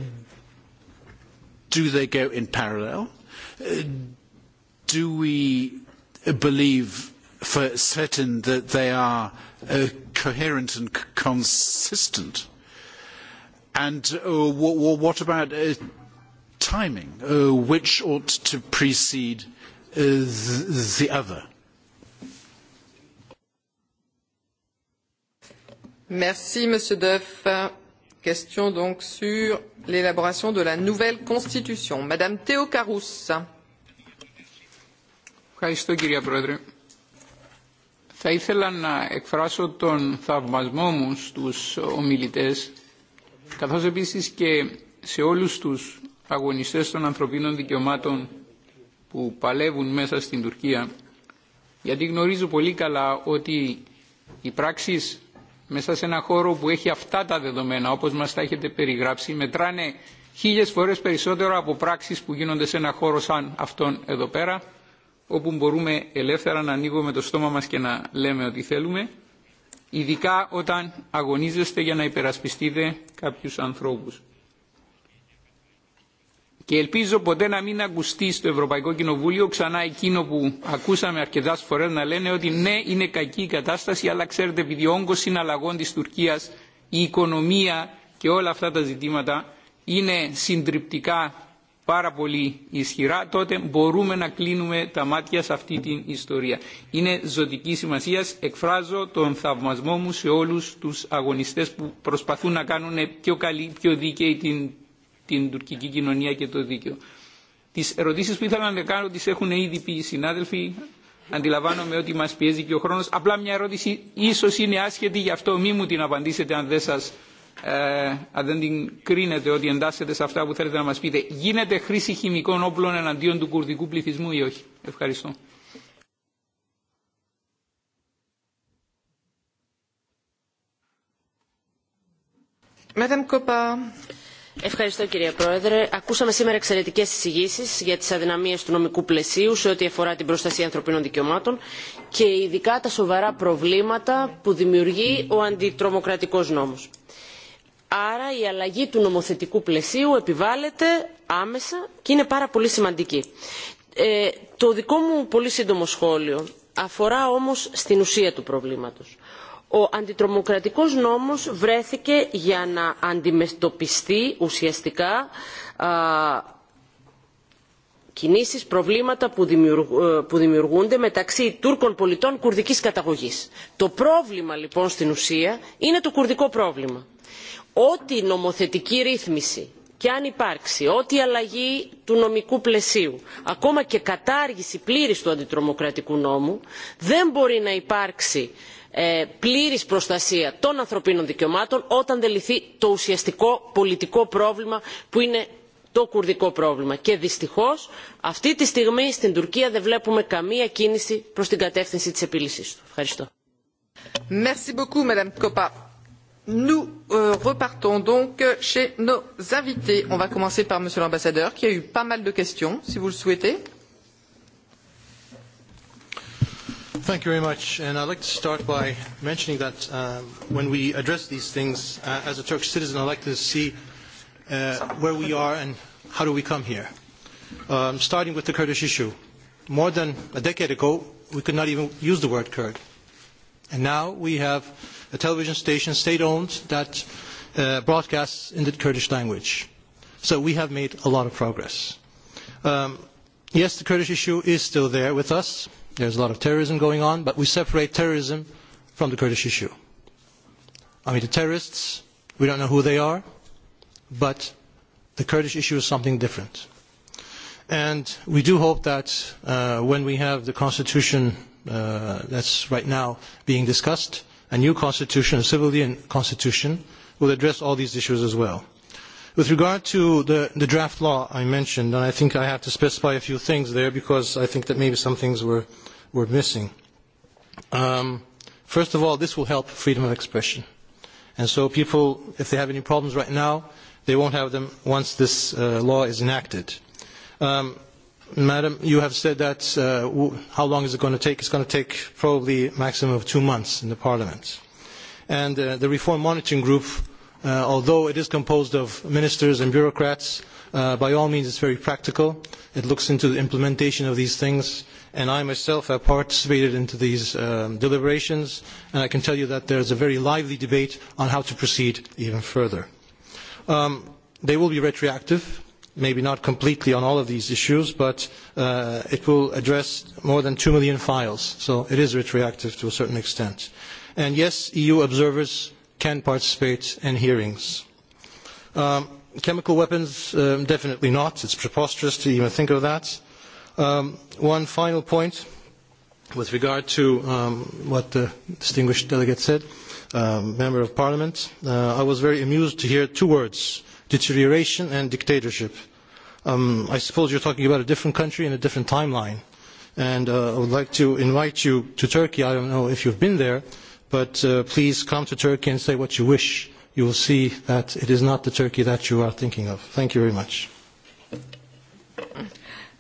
[SPEAKER 14] Do they go in parallel? Uh, do we believe for certain that they are uh, coherent and c- consistent? And uh, w- w- what about uh, timing? Uh, which ought to precede uh, th- the other?
[SPEAKER 1] Merci, Monsieur Duff. Question donc sur l'élaboration de la nouvelle constitution. Madame Théocarous.
[SPEAKER 6] Ευχαριστώ κυρία Πρόεδρε. Θα ήθελα να εκφράσω τον θαυμασμό μου στους ομιλητές, καθώς επίσης και σε όλους τους αγωνιστές των ανθρωπίνων δικαιωμάτων που παλεύουν μέσα στην Τουρκία, γιατί γνωρίζω πολύ καλά ότι οι πράξεις μέσα σε ένα χώρο που έχει αυτά τα δεδομένα όπως μας τα έχετε περιγράψει μετράνε χίλιες φορές περισσότερο από πράξεις που γίνονται σε ένα χώρο σαν αυτόν εδώ πέρα όπου μπορούμε ελεύθερα να ανοίγουμε το στόμα μας και να λέμε ό,τι θέλουμε ειδικά όταν αγωνίζεστε για να υπερασπιστείτε κάποιους ανθρώπους και ελπίζω ποτέ να μην ακουστεί στο Ευρωπαϊκό Κοινοβούλιο ξανά εκείνο που ακούσαμε αρκετά φορές να λένε ότι ναι είναι κακή η κατάσταση αλλά ξέρετε επειδή όγκος συναλλαγών της Τουρκίας, η οικονομία και όλα αυτά τα ζητήματα είναι συντριπτικά πάρα πολύ ισχυρά τότε μπορούμε να κλείνουμε τα μάτια σε αυτή την ιστορία. Είναι ζωτική σημασία. Εκφράζω τον θαυμασμό μου σε όλους τους αγωνιστές που προσπαθούν να κάνουν πιο καλή, πιο δίκαιη την την τουρκική κοινωνία και το δίκαιο. Τις ερωτήσεις που ήθελα να κάνω τις έχουν ήδη πει οι συνάδελφοι. Αντιλαμβάνομαι ότι μας πιέζει και ο χρόνος. Απλά μια ερώτηση ίσως είναι άσχετη, γι' αυτό μη μου την απαντήσετε αν δεν, σας, ε, αν δεν την κρίνετε ότι εντάσσεται σε αυτά που θέλετε να μας πείτε. Γίνεται χρήση χημικών όπλων εναντίον του κουρδικού πληθυσμού ή όχι. Ευχαριστώ.
[SPEAKER 15] Madame Coppa, Ευχαριστώ κύριε Πρόεδρε. Ακούσαμε σήμερα εξαιρετικέ εισηγήσει για τι αδυναμίε του νομικού πλαισίου σε ό,τι αφορά την προστασία ανθρωπίνων δικαιωμάτων και ειδικά τα σοβαρά προβλήματα που δημιουργεί ο αντιτρομοκρατικό νόμο. Άρα η αλλαγή του νομοθετικού πλαισίου επιβάλλεται άμεσα και είναι πάρα πολύ σημαντική. Ε, το δικό μου πολύ σύντομο σχόλιο αφορά όμως στην ουσία του προβλήματος ο αντιτρομοκρατικός νόμος βρέθηκε για να αντιμετωπιστεί ουσιαστικά α, κινήσεις, προβλήματα που, δημιουργού, που δημιουργούνται μεταξύ Τούρκων πολιτών κουρδικής καταγωγής. Το πρόβλημα λοιπόν στην ουσία είναι το κουρδικό πρόβλημα. Ό,τι νομοθετική ρύθμιση και αν υπάρξει ό,τι αλλαγή του νομικού πλαισίου ακόμα και κατάργηση πλήρης του αντιτρομοκρατικού νόμου δεν μπορεί να υπάρξει πλήρης προστασία των ανθρωπίνων δικαιωμάτων όταν δεν λυθεί το ουσιαστικό πολιτικό πρόβλημα που είναι το κουρδικό πρόβλημα. Και δυστυχώς αυτή τη στιγμή στην Τουρκία δεν βλέπουμε καμία κίνηση προς την κατεύθυνση της επίλυσης του. Ευχαριστώ.
[SPEAKER 1] Merci beaucoup, Madame Coppa. Nous euh, repartons donc chez nos invités. On va commencer par Monsieur l'ambassadeur qui a eu pas mal de
[SPEAKER 5] questions, si vous le souhaitez. Thank you very much. And I'd like to start by mentioning that um, when we address these things, uh, as a Turkish citizen, I'd like to see uh, where we are and how do we come here. Um, starting with the Kurdish issue. More than a decade ago, we could not even use the word Kurd. And now we have a television station, state-owned, that uh, broadcasts in the Kurdish language. So we have made a lot of progress. Um, yes, the Kurdish issue is still there with us. There's a lot of terrorism going on, but we separate terrorism from the Kurdish issue. I mean, the terrorists, we don't know who they are, but the Kurdish issue is something different. And we do hope that uh, when we have the constitution uh, that's right now being discussed, a new constitution, a civilian constitution, will address all these issues as well. With regard to the, the draft law I mentioned, and I think I have to specify a few things there because I think that maybe some things were, were missing. Um, first of all, this will help freedom of expression. And so people, if they have any problems right now, they won't have them once this uh, law is enacted. Um, Madam, you have said that uh, w how long is it going to take? It's going to take probably a maximum of two months in the Parliament. And uh, the Reform Monitoring Group Uh, although it is composed of ministers and bureaucrats, uh, by all means it's very practical. It looks into the implementation of these things, and I myself have participated into these um, deliberations, and I can tell you that there's a very lively debate on how to proceed even further. Um, they will be retroactive, maybe not completely on all of these issues, but uh, it will address more than 2 million files, so it is retroactive to a certain extent. And yes, EU observers can participate in hearings. Um, chemical weapons, um, definitely not. It's preposterous to even think of that. Um, one final point with regard to um, what the distinguished delegate said, um, Member of Parliament. Uh, I was very amused to hear two words, deterioration and dictatorship. Um, I suppose you're talking about a different country and a different timeline. And uh, I would like to invite you to Turkey. I don't know if you've been there. Uh, But uh, please come to Turkey and say what you wish. You will see that it is not the Turkey that you are thinking of. Thank you very much.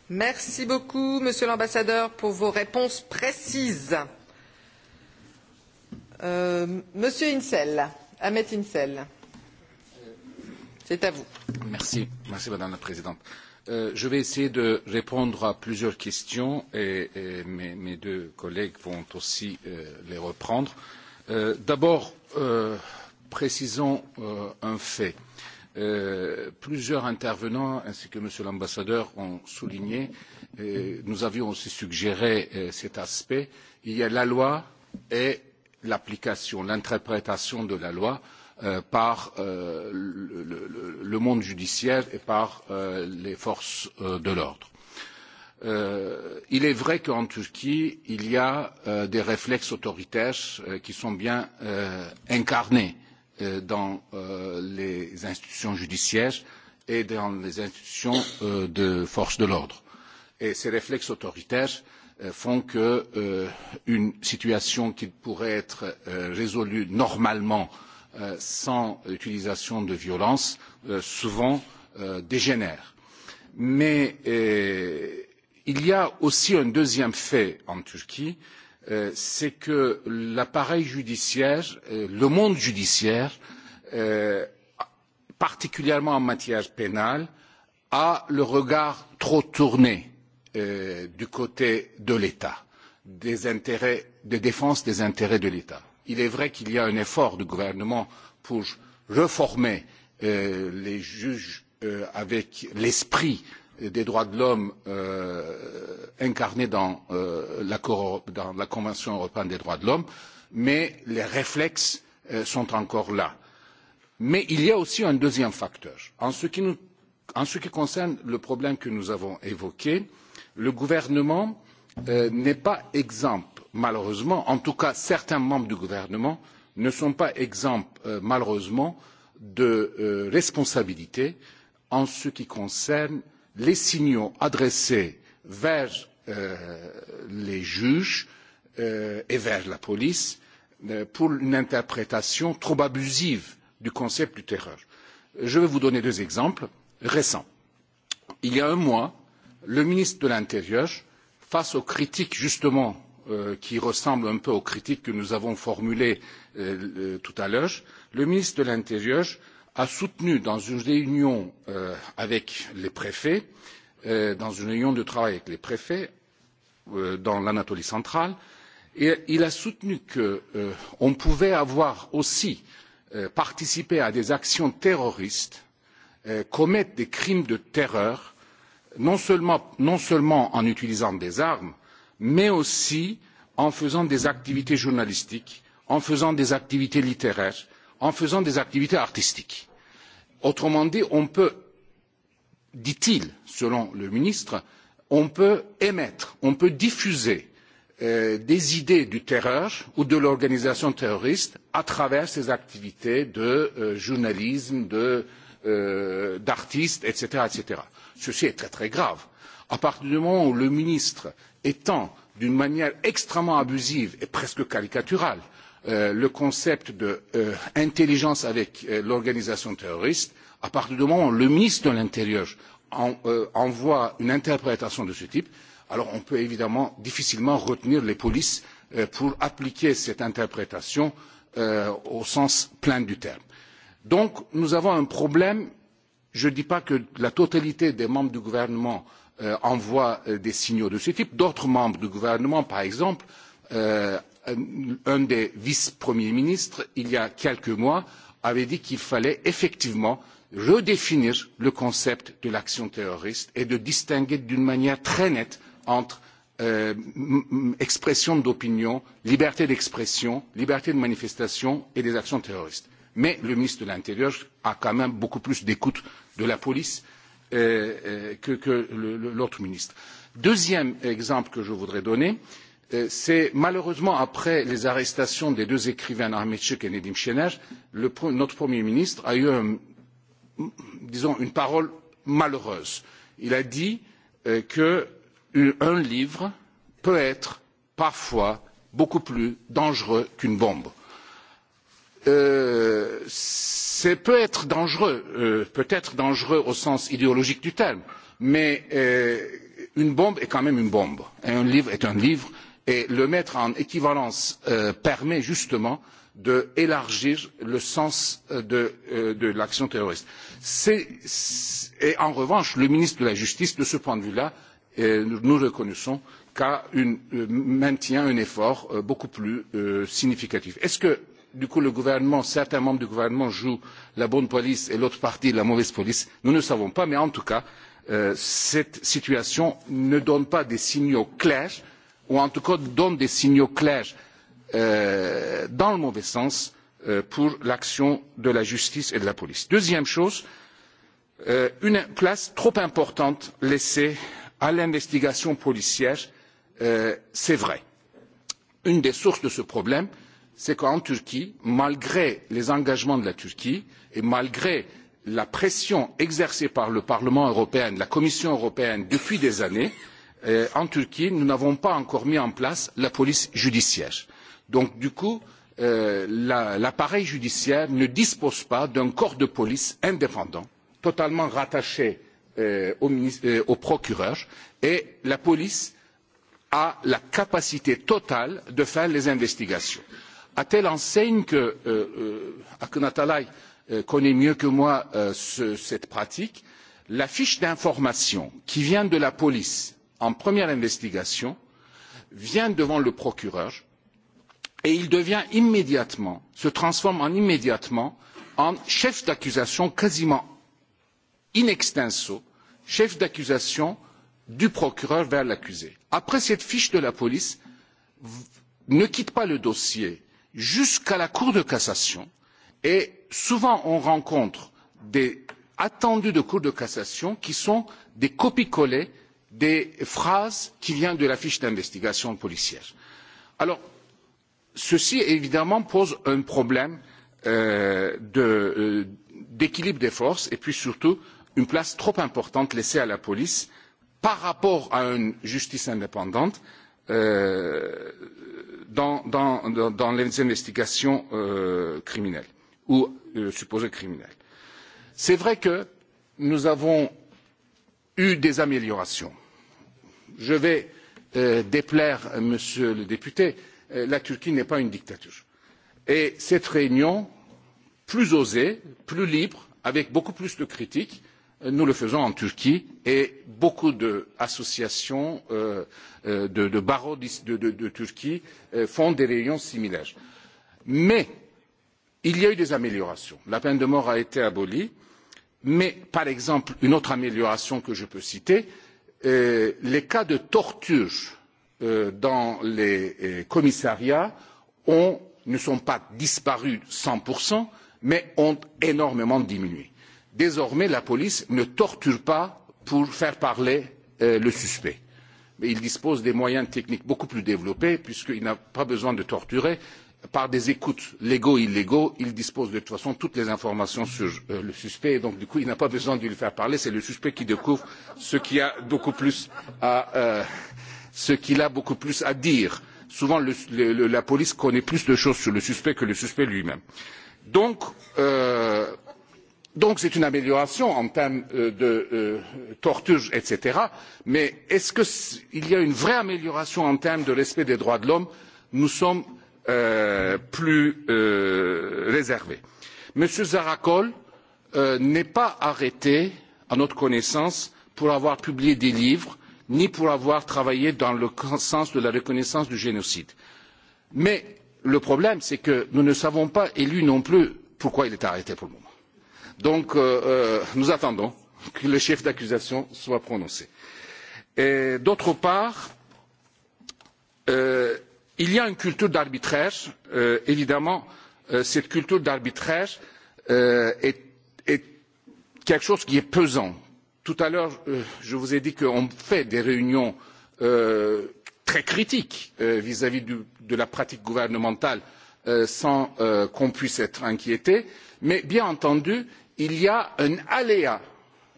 [SPEAKER 1] Merci beaucoup, Monsieur l'ambassadeur, pour vos réponses précises. Euh, Monsieur Insel, Ahmed Insel, c'est à vous. Merci,
[SPEAKER 2] merci Madame la Présidente. Euh, Euh, je vais essayer de répondre à plusieurs questions et, et mes, mes deux collègues vont aussi euh, les reprendre. Euh, D'abord, euh, précisons euh, un fait. Euh, plusieurs intervenants ainsi que Monsieur l'ambassadeur ont souligné, et nous avions aussi suggéré euh, cet aspect, il y a la loi et l'application, l'interprétation de la loi. Euh, euh, par euh, le, le, le monde judiciaire et par euh, les forces euh, de l'ordre. Euh, il est vrai qu'en Turquie, il y a euh, des réflexes autoritaires euh, qui sont bien euh, incarnés euh, dans euh, les institutions judiciaires et dans les institutions euh, de forces de l'ordre. Et ces réflexes autoritaires euh, font que euh, une situation qui pourrait être euh, résolue normalement euh, Euh, sans utilisation de violence euh, souvent euh, dégénère. mais il y a aussi un deuxième fait en turquie c'est que l'appareil judiciaire le monde judiciaire particulièrement en matière pénale a le regard trop tourné du côté de l'état des intérêts de défense des intérêts de l'état il est vrai qu'il y a un effort du gouvernement pour reformer euh, les juges euh, avec l'esprit des droits de l'homme euh, incarné dans, euh, la dans la Convention européenne des droits de l'homme, mais les réflexes euh, sont encore là. Mais il y a aussi un deuxième facteur. En ce qui, nous, en ce qui concerne le problème que nous avons évoqué, le gouvernement euh, n'est pas exempt malheureusement en tout cas certains membres du gouvernement ne sont pas exempts euh, malheureusement de euh, responsabilité en ce qui concerne les signaux adressés vers euh, les juges et vers la police pour une interprétation trop abusive du concept du terreur. je vais vous donner deux exemples récents. il y a un mois le ministre de l'intérieur face aux critiques justement euh, qui ressemble un peu aux critiques que nous avons formulées euh, le, euh, tout à l'heure, le ministre de l'Intérieur a soutenu dans une réunion euh, avec les préfets, euh, dans une réunion de travail avec les préfets euh, dans l'Anatolie centrale, et il a soutenu qu'on euh, on pouvait avoir aussi euh, participé à des actions terroristes, euh, commettre des crimes de terreur, non seulement, non seulement en utilisant des armes, mais aussi en faisant des activités journalistiques, en faisant des activités littéraires, en faisant des activités artistiques. Autrement dit, on peut, dit il, selon le ministre, on peut émettre, on peut diffuser euh, des idées du terreur ou de l'organisation terroriste à travers ces activités de euh, journalisme, euh, d'artistes, euh, etc., etc. Ceci est très très grave. À partir du moment où le ministre étend d'une manière extrêmement abusive et presque caricaturale euh, le concept d'intelligence euh, avec euh, l'organisation terroriste, à partir du moment où le ministre de l'Intérieur en, euh, envoie une interprétation de ce type, alors on peut évidemment difficilement retenir les polices euh, pour appliquer cette interprétation euh, au sens plein du terme. Donc nous avons un problème, je ne dis pas que la totalité des membres du gouvernement euh, euh, envoient euh, des signaux de ce type. D'autres membres du gouvernement, par exemple, euh, un des vice-premiers ministres, il y a quelques mois, avait dit qu'il fallait effectivement redéfinir le concept de l'action terroriste et de distinguer d'une manière très nette entre euh, expression d'opinion, liberté d'expression, liberté de manifestation et des actions terroristes. Mais le ministre de l'Intérieur a quand même beaucoup plus d'écoute de la police Euh, euh, que, que l'autre ministre. Deuxième exemple que je voudrais donner, euh, c'est malheureusement après les arrestations des deux écrivains Narmetchuk et Nedim Chener, le, notre Premier ministre a eu, un, disons, une parole malheureuse. Il a dit euh, qu'un livre peut être parfois beaucoup plus dangereux qu'une bombe euh, c'est peut être dangereux, euh, peut être dangereux au sens idéologique du terme, mais euh, une bombe est quand même une bombe, et un livre est un livre, et le mettre en équivalence euh, permet justement d'élargir le sens euh, de, euh, de l'action terroriste. C'est, et en revanche, le ministre de la Justice, de ce point de vue-là, euh, nous reconnaissons qu'a une, euh, maintient un effort euh, beaucoup plus euh, significatif. Est-ce que du coup le gouvernement certains membres du gouvernement jouent la bonne police et l'autre partie la mauvaise police nous ne savons pas mais en tout cas euh, cette situation ne donne pas des signaux clairs ou en tout cas donne des signaux clairs euh, dans le mauvais sens euh, pour l'action de la justice et de la police. deuxième chose euh, une place trop importante laissée à l'investigation policière euh, c'est vrai. une des sources de ce problème c'est qu'en Turquie, malgré les engagements de la Turquie et malgré la pression exercée par le Parlement européen, la Commission européenne depuis des années, euh, en Turquie, nous n'avons pas encore mis en place la police judiciaire. Donc, du coup, euh, l'appareil la, judiciaire ne dispose pas d'un corps de police indépendant, totalement rattaché euh, au, euh, au procureur, et la police a la capacité totale de faire les investigations à telle enseigne que euh, Akunatalaï euh, euh, connaît mieux que moi euh, ce, cette pratique, la fiche d'information qui vient de la police en première investigation vient devant le procureur et il devient immédiatement, se transforme en immédiatement en chef d'accusation quasiment in extenso, chef d'accusation du procureur vers l'accusé. Après cette fiche de la police ne quitte pas le dossier jusqu'à la Cour de cassation et souvent on rencontre des attendus de Cour de cassation qui sont des copies collées des phrases qui viennent de la fiche d'investigation policière. Alors, ceci évidemment pose un problème euh, d'équilibre de, euh, des forces et puis surtout une place trop importante laissée à la police par rapport à une justice indépendante euh, dans, dans, dans les investigations euh, criminelles ou euh, supposées criminelles. C'est vrai que nous avons eu des améliorations. Je vais euh, déplaire, euh, monsieur le député, euh, la Turquie n'est pas une dictature. Et cette réunion, plus osée, plus libre, avec beaucoup plus de critiques, nous le faisons en turquie et beaucoup d'associations euh, euh, de, de barreaux de, de, de turquie euh, font des réunions similaires. mais il y a eu des améliorations la peine de mort a été abolie mais par exemple une autre amélioration que je peux citer euh, les cas de torture euh, dans les euh, commissariats ont, ne sont pas disparus cent mais ont énormément diminué désormais la police ne torture pas pour faire parler euh, le suspect. Mais il dispose des moyens techniques beaucoup plus développés puisqu'il n'a pas besoin de torturer. Par des écoutes légaux et illégaux, il dispose de toute façon toutes les informations sur euh, le suspect et donc du coup il n'a pas besoin de lui faire parler. C'est le suspect qui découvre ce qu'il a beaucoup plus à, euh, ce qu'il a beaucoup plus à dire. Souvent le, le, la police connaît plus de choses sur le suspect que le suspect lui-même. Donc euh, donc c'est une amélioration en termes euh, de euh, torture etc. mais est ce qu'il y a une vraie amélioration en termes de respect des droits de l'homme? nous sommes euh, plus euh, réservés. m. zarakol euh, n'est pas arrêté à notre connaissance pour avoir publié des livres ni pour avoir travaillé dans le sens de la reconnaissance du génocide. mais le problème c'est que nous ne savons pas lui non plus pourquoi il est arrêté pour le moment donc euh, euh, nous attendons que le chef d'accusation soit prononcé. d'autre part euh, il y a une culture d'arbitraire euh, évidemment euh, cette culture d'arbitraire euh, est, est quelque chose qui est pesant. tout à l'heure je vous ai dit qu'on fait des réunions très critiques vis à vis du, de la pratique gouvernementale sans qu'on puisse être inquiété mais bien entendu il y a un aléa,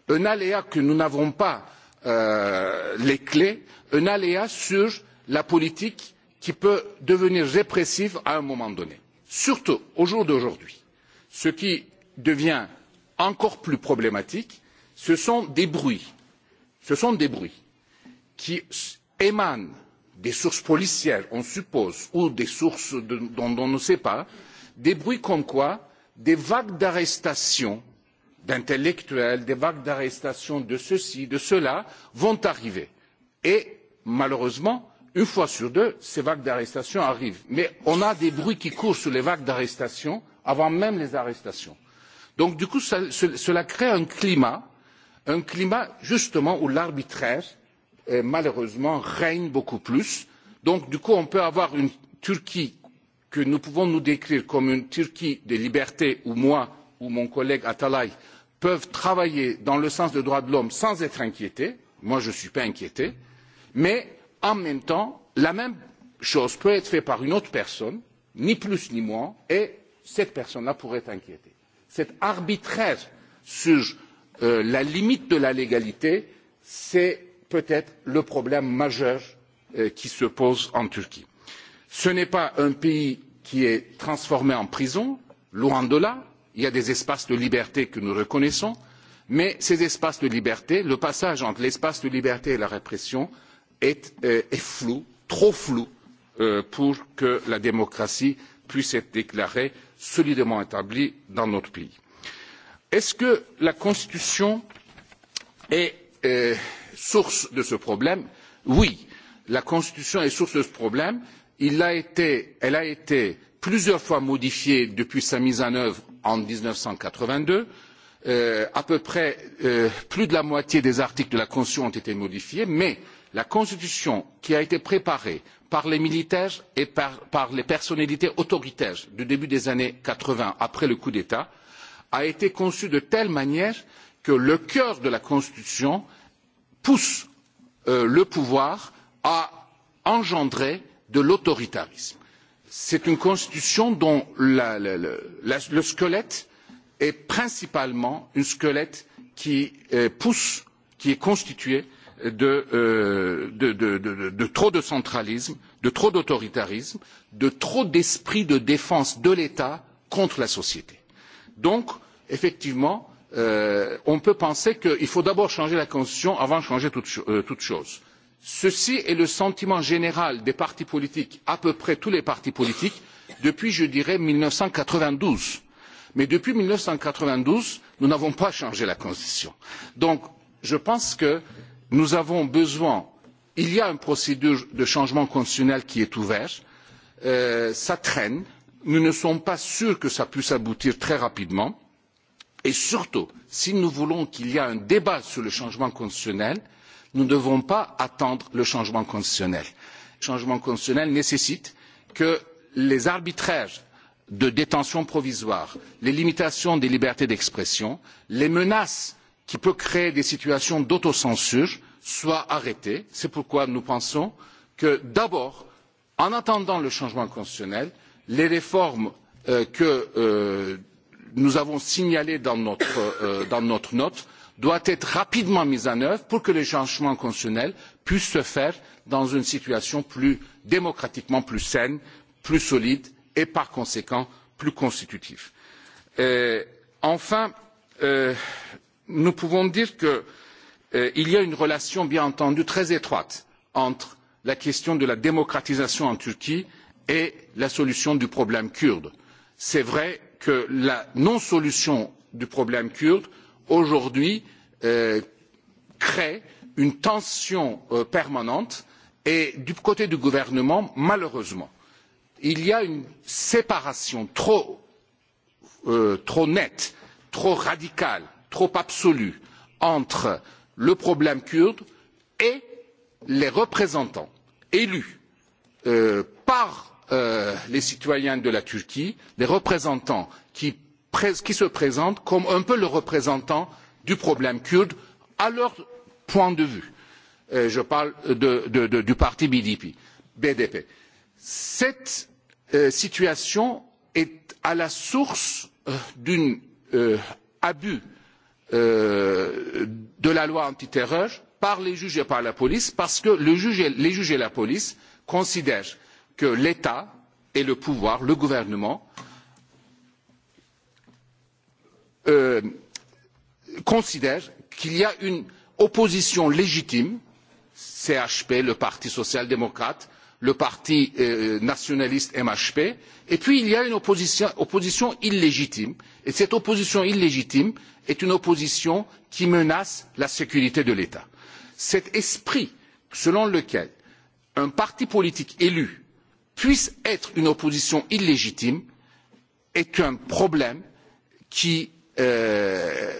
[SPEAKER 2] un aléa que nous n'avons pas euh, les clés, un aléa sur la politique qui peut devenir répressive à un moment donné. Surtout au jour d'aujourd'hui, ce qui devient encore plus problématique, ce sont des bruits, ce sont des bruits qui émanent des sources policières, on suppose, ou des sources de, dont on ne sait pas, des bruits comme quoi des vagues d'arrestations d'intellectuels, des vagues d'arrestations de ceci, de cela vont arriver. Et malheureusement, une fois sur deux, ces vagues d'arrestations arrivent. Mais on a des bruits qui courent sur les vagues d'arrestations avant même les arrestations. Donc du coup, ça, ce, cela crée un climat, un climat justement où l'arbitraire, eh, malheureusement, règne beaucoup plus. Donc du coup, on peut avoir une Turquie que nous pouvons nous décrire comme une Turquie des libertés ou moins ou mon collègue Atalay peuvent travailler dans le sens des droits de l'homme sans être inquiétés, moi je ne suis pas inquiété, mais en même temps, la même chose peut être faite par une autre personne, ni plus ni moins, et cette personne-là pourrait être inquiétée. Cet arbitraire sur euh, la limite de la légalité, c'est peut-être le problème majeur euh, qui se pose en Turquie. Ce n'est pas un pays qui est transformé en prison, loin de là, il y a des espaces de liberté que nous reconnaissons mais ces espaces de liberté le passage entre l'espace de liberté et la répression est, euh, est flou trop flou euh, pour que la démocratie puisse être déclarée solidement établie dans notre pays. est ce que la constitution est euh, source de ce problème? oui la constitution est source de ce problème. A été, elle a été plusieurs fois modifiée depuis sa mise en œuvre en mille neuf cent quatre vingt deux euh, à peu près euh, plus de la moitié des articles de la constitution ont été modifiés mais la constitution qui a été préparée par les militaires et par, par les personnalités autoritaires du début des années quatre vingts après le coup d'état a été conçue de telle manière que le cœur de la constitution pousse euh, le pouvoir à engendrer de l'autoritarisme c'est une constitution dont la, la, la, la, le squelette est principalement un squelette qui euh, pousse, qui est constitué de, euh, de, de, de, de trop de centralisme, de trop d'autoritarisme, de trop d'esprit de défense de l'État contre la société. Donc, effectivement, euh, on peut penser qu'il faut d'abord changer la Constitution avant de changer toute, euh, toute chose. Ceci est le sentiment général des partis politiques, à peu près tous les partis politiques, depuis, je dirais, 1992. Mais depuis 1992, nous n'avons pas changé la Constitution. Donc, je pense que nous avons besoin, il y a une procédure de changement constitutionnel qui est ouverte, euh, ça traîne, nous ne sommes pas sûrs que ça puisse aboutir très rapidement, et surtout, si nous voulons qu'il y ait un débat sur le changement constitutionnel, euh, Nous ne devons pas attendre le changement constitutionnel. Le changement constitutionnel nécessite que les arbitrages de détention provisoire, les limitations des libertés d'expression, les menaces qui peuvent créer des situations d'autocensure soient arrêtées. C'est pourquoi nous pensons que d'abord, en attendant le changement constitutionnel, les réformes euh, que euh, nous avons signalées dans notre, euh, dans notre note doit être rapidement mise en œuvre pour que les changements constitutionnels puissent se faire dans une situation plus démocratiquement plus saine, plus solide et par conséquent plus constitutive. Euh, enfin, euh, nous pouvons dire qu'il euh, y a une relation bien entendu très étroite entre la question de la démocratisation en Turquie et la solution du problème kurde. C'est vrai que la non solution du problème kurde aujourd'hui euh, crée une tension euh, permanente et du côté du gouvernement malheureusement il y a une séparation trop, euh, trop nette trop radicale trop absolue entre le problème kurde et les représentants élus euh, par euh, les citoyens de la turquie les représentants qui qui se présente comme un peu le représentant du problème kurde à leur point de vue. Euh, je parle de, de, de, du parti BDP. BDP. Cette euh, situation est à la source euh, d'un euh, abus euh, de la loi antiterreur par les juges et par la police parce que le juge et, les juges et la police considèrent que l'État et le pouvoir, le gouvernement, euh, euh, considère qu'il y a une opposition légitime chp le parti social démocrate le parti euh, nationaliste mhp et puis il y a une opposition, opposition illégitime et cette opposition illégitime est une opposition qui menace la sécurité de l'état. cet esprit selon lequel un parti politique élu puisse être une opposition illégitime est un problème qui euh,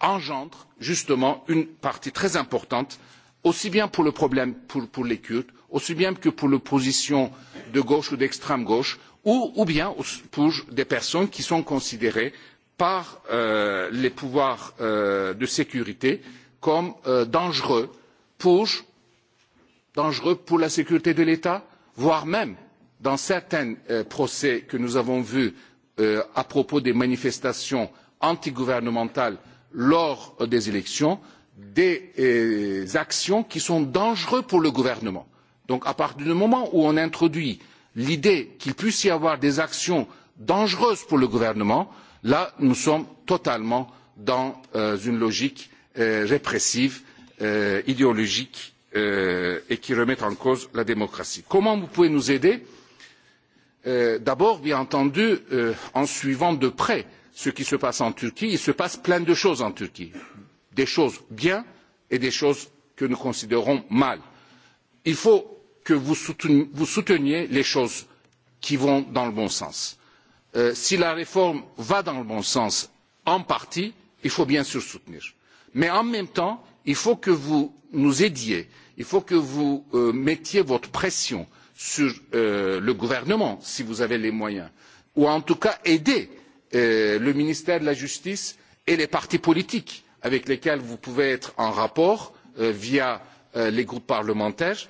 [SPEAKER 2] engendre justement une partie très importante, aussi bien pour le problème pour, pour les Kurdes, aussi bien que pour les positions de gauche ou d'extrême gauche, ou, ou bien pour des personnes qui sont considérées par euh, les pouvoirs euh, de sécurité comme euh, dangereux pour dangereux pour la sécurité de l'État, voire même dans certains euh, procès que nous avons vus euh, à propos des manifestations euh, antigouvernementale lors des élections des euh, actions qui sont dangereuses pour le gouvernement. donc à partir du moment où on introduit l'idée qu'il puisse y avoir des actions dangereuses pour le gouvernement là nous sommes totalement dans euh, une logique euh, répressive idéologique et qui remet en cause la démocratie. comment pouvez vous nous aider? d'abord bien entendu en suivant de près ce qui se passe en Turquie, il se passe plein de choses en Turquie, des choses bien et des choses que nous considérons mal. Il faut que vous souteniez, vous souteniez les choses qui vont dans le bon sens. Euh, si la réforme va dans le bon sens en partie, il faut bien sûr soutenir. Mais en même temps, il faut que vous nous aidiez, il faut que vous euh, mettiez votre pression sur euh, le gouvernement, si vous avez les moyens, ou en tout cas aider euh, euh, le ministère de la Justice et les partis politiques avec lesquels vous pouvez être en rapport euh, via euh, les groupes parlementaires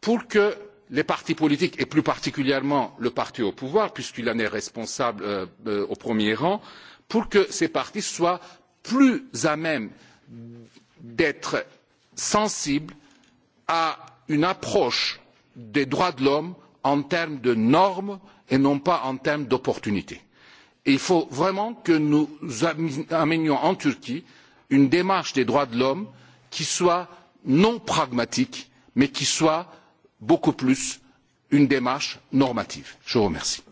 [SPEAKER 2] pour que les partis politiques et plus particulièrement le parti au pouvoir puisqu'il en est responsable euh, euh, au premier rang pour que ces partis soient plus à même d'être sensibles à une approche des droits de l'homme en termes de normes et non pas en termes d'opportunités il faut vraiment que nous amenions en turquie une démarche des droits de l'homme qui soit non pragmatique mais qui soit beaucoup plus une démarche normative. je vous remercie.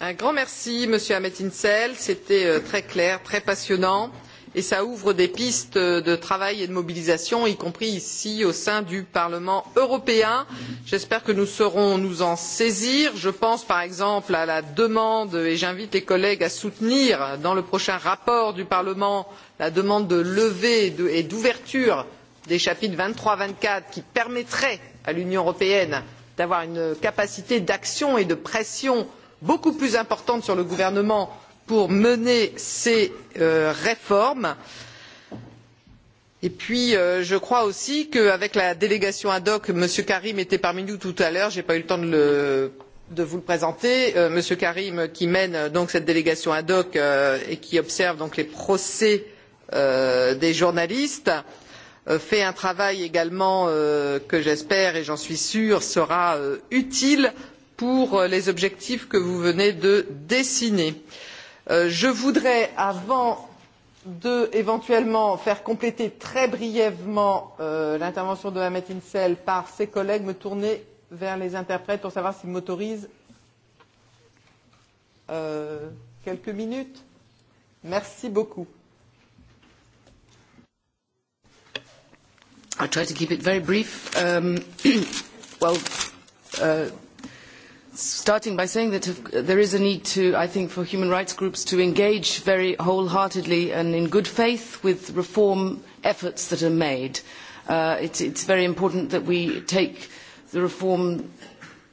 [SPEAKER 1] un grand merci monsieur ahmet insel c'était euh, très clair très passionnant et cela ouvre des pistes de travail et de mobilisation y compris ici au sein du parlement européen. j'espère que nous saurons nous en saisir. je pense par exemple à la demande et j'invite les collègues à soutenir dans le prochain rapport du parlement la demande de levée et d'ouverture des chapitres vingt trois et vingt quatre qui permettraient à l'union européenne d'avoir une capacité d'action et de pression beaucoup plus importante sur le gouvernement pour mener ces euh, réformes et puis euh, je crois aussi qu'avec la délégation ad hoc m. karim était parmi nous tout à l'heure je n'ai pas eu le temps de, le, de vous le présenter euh, m. karim qui mène euh, donc cette délégation ad hoc euh, et qui observe donc les procès euh, des journalistes fait un travail également que j'espère et j'en suis sûre sera utile pour les objectifs que vous venez de dessiner. Euh, Euh, je voudrais avant d'éventuellement faire compléter très brièvement euh, l'intervention de Hamet Insel par ses collègues me tourner vers les interprètes pour savoir s'ils m'autorisent euh, quelques minutes. Merci beaucoup.
[SPEAKER 4] I'll try to keep it very brief. Um, well, uh, starting by saying that if, uh, there is a need to, I think, for human rights groups to engage very wholeheartedly and in good faith with reform efforts that are made. Uh, it's, it's very important that we take the reform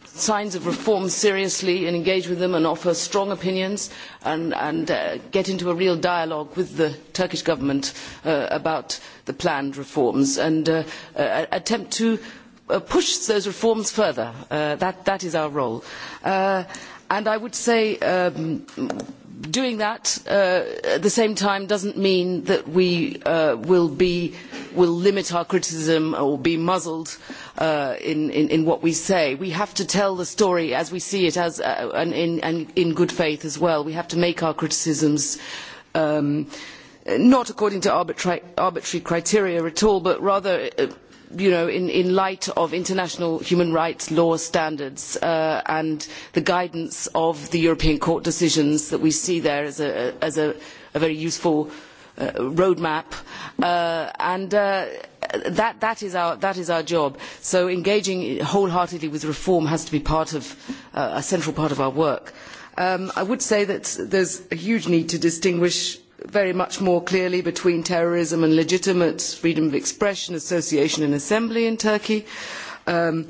[SPEAKER 4] signs of reform seriously and engage with them and offer strong opinions and, and uh, get into a real dialogue with the Turkish government uh, about the planned reforms and uh, uh, attempt to uh, uh, push those reforms further. Uh, that, that is our role. Uh, and I would say um, doing that uh, at the same time doesn't mean that we uh, will, be, will limit our criticism or be muzzled uh, in, in, in what we say. We have to tell the story as we see it as, uh, and, in, and in good faith as well. We have to make our criticisms um, not according to arbitrary, arbitrary criteria at all, but rather uh, you know, in, in light of international human rights law standards uh, and the guidance of the European Court decisions that we see there as a, as a, a very useful uh, roadmap. Uh, and uh, that, that, is our, that is our job. So engaging wholeheartedly with reform has to be part of, uh, a central part of our work. Um, I would say that there's a huge need to distinguish very much more clearly between terrorism and legitimate freedom of expression, association and assembly in Turkey. Um,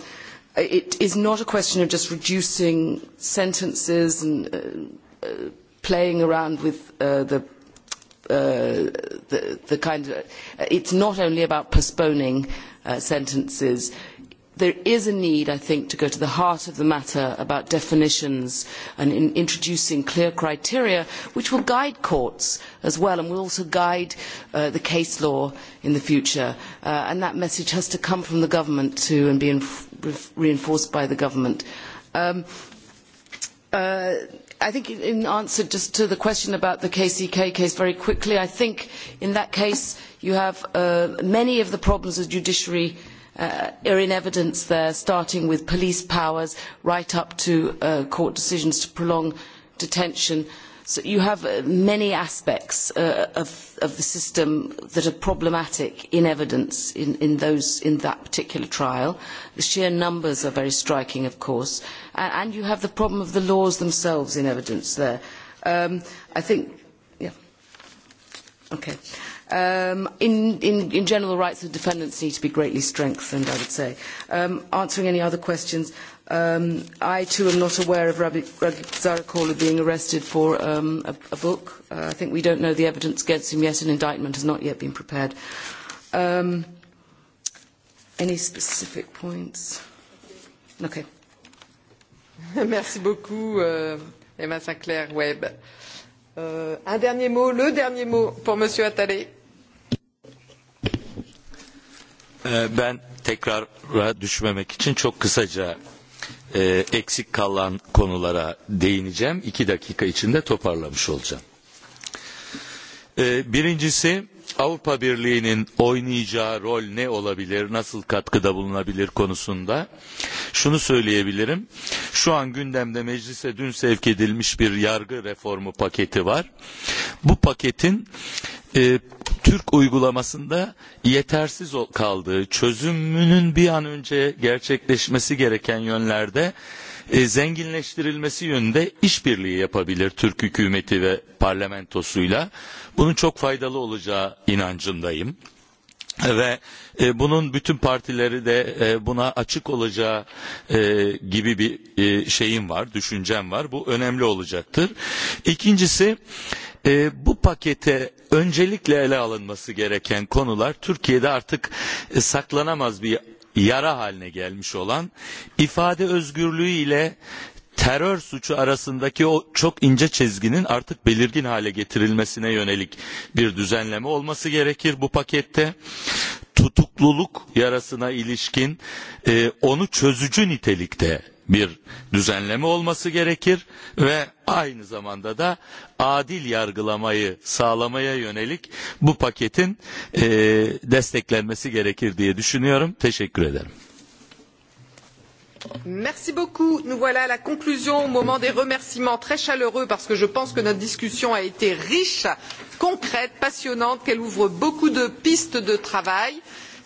[SPEAKER 4] it is not a question of just reducing sentences and uh, uh, playing around with uh, the, uh, the, the kind of... It's not only about postponing uh, sentences there is a need, I think, to go to the heart of the matter about definitions and in introducing clear criteria which will guide courts as well and will also guide uh, the case law in the future. Uh, and that message has to come from the government too and be inf- reinforced by the government. Um, uh, I think in answer just to the question about the KCK case very quickly, I think in that case you have uh, many of the problems of judiciary uh, uh, are in evidence there, starting with police powers right up to uh, court decisions to prolong detention. So you have uh, many aspects uh, of, of the system that are problematic in evidence in, in, those, in that particular trial. The sheer numbers are very striking, of course. And, and you have the problem of the laws themselves in evidence there. Um, I think, yeah. Okay. Uh, Um, in, in, in general, rights of defendants need to be greatly strengthened, I would say. Um, answering any other questions, um, I too am not aware of Rabbi, Rabbi Zarakola being arrested for um, a, a book. Uh, I think we don't know the evidence against him yet. An indictment has not yet been prepared. Um, any specific points? Okay. Merci
[SPEAKER 1] beaucoup, euh, Emma Sinclair-Webb. Euh, un dernier mot, le dernier mot pour Monsieur Attalé.
[SPEAKER 3] Ben tekrara düşmemek için çok kısaca e, eksik kalan konulara değineceğim. İki dakika içinde toparlamış olacağım. E, birincisi Avrupa Birliği'nin oynayacağı rol ne olabilir, nasıl katkıda bulunabilir konusunda şunu söyleyebilirim. Şu an gündemde meclise dün sevk edilmiş bir yargı reformu paketi var bu paketin e, Türk uygulamasında yetersiz kaldığı, çözümünün bir an önce gerçekleşmesi gereken yönlerde e, zenginleştirilmesi yönünde işbirliği yapabilir Türk hükümeti ve parlamentosuyla. Bunun çok faydalı olacağı inancındayım ve e, bunun bütün partileri de e, buna açık olacağı e, gibi bir e, şeyim var, düşüncem var. Bu önemli olacaktır. İkincisi e, bu pakete öncelikle ele alınması gereken konular Türkiye'de artık e, saklanamaz bir yara haline gelmiş olan ifade özgürlüğü ile terör suçu arasındaki o çok ince çizginin artık belirgin hale getirilmesine yönelik bir düzenleme olması gerekir bu pakette. Tutukluluk yarasına ilişkin e, onu çözücü nitelikte bir düzenleme olması gerekir ve aynı zamanda da adil yargılamayı sağlamaya yönelik bu paketin e, desteklenmesi gerekir diye düşünüyorum. Teşekkür ederim.
[SPEAKER 1] Merci beaucoup. Nous voilà à la conclusion au moment des remerciements très chaleureux parce que je pense que notre discussion a été riche, concrète, passionnante, qu'elle ouvre beaucoup de pistes de travail.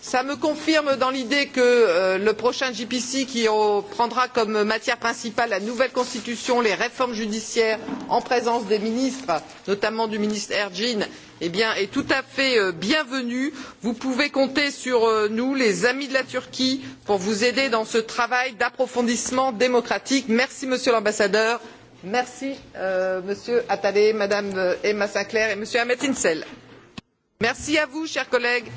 [SPEAKER 1] Ça me confirme dans l'idée que euh, le prochain GPC qui prendra comme matière principale la nouvelle constitution, les réformes judiciaires en présence des ministres, notamment du ministre Ergin, eh bien, est tout à fait euh, bienvenue. vous pouvez compter sur euh, nous les amis de la turquie pour vous aider dans ce travail d'approfondissement démocratique. merci monsieur l'ambassadeur merci euh, monsieur attalay madame euh, emma sinclaire et monsieur ahmet insel. merci à vous chers collègues.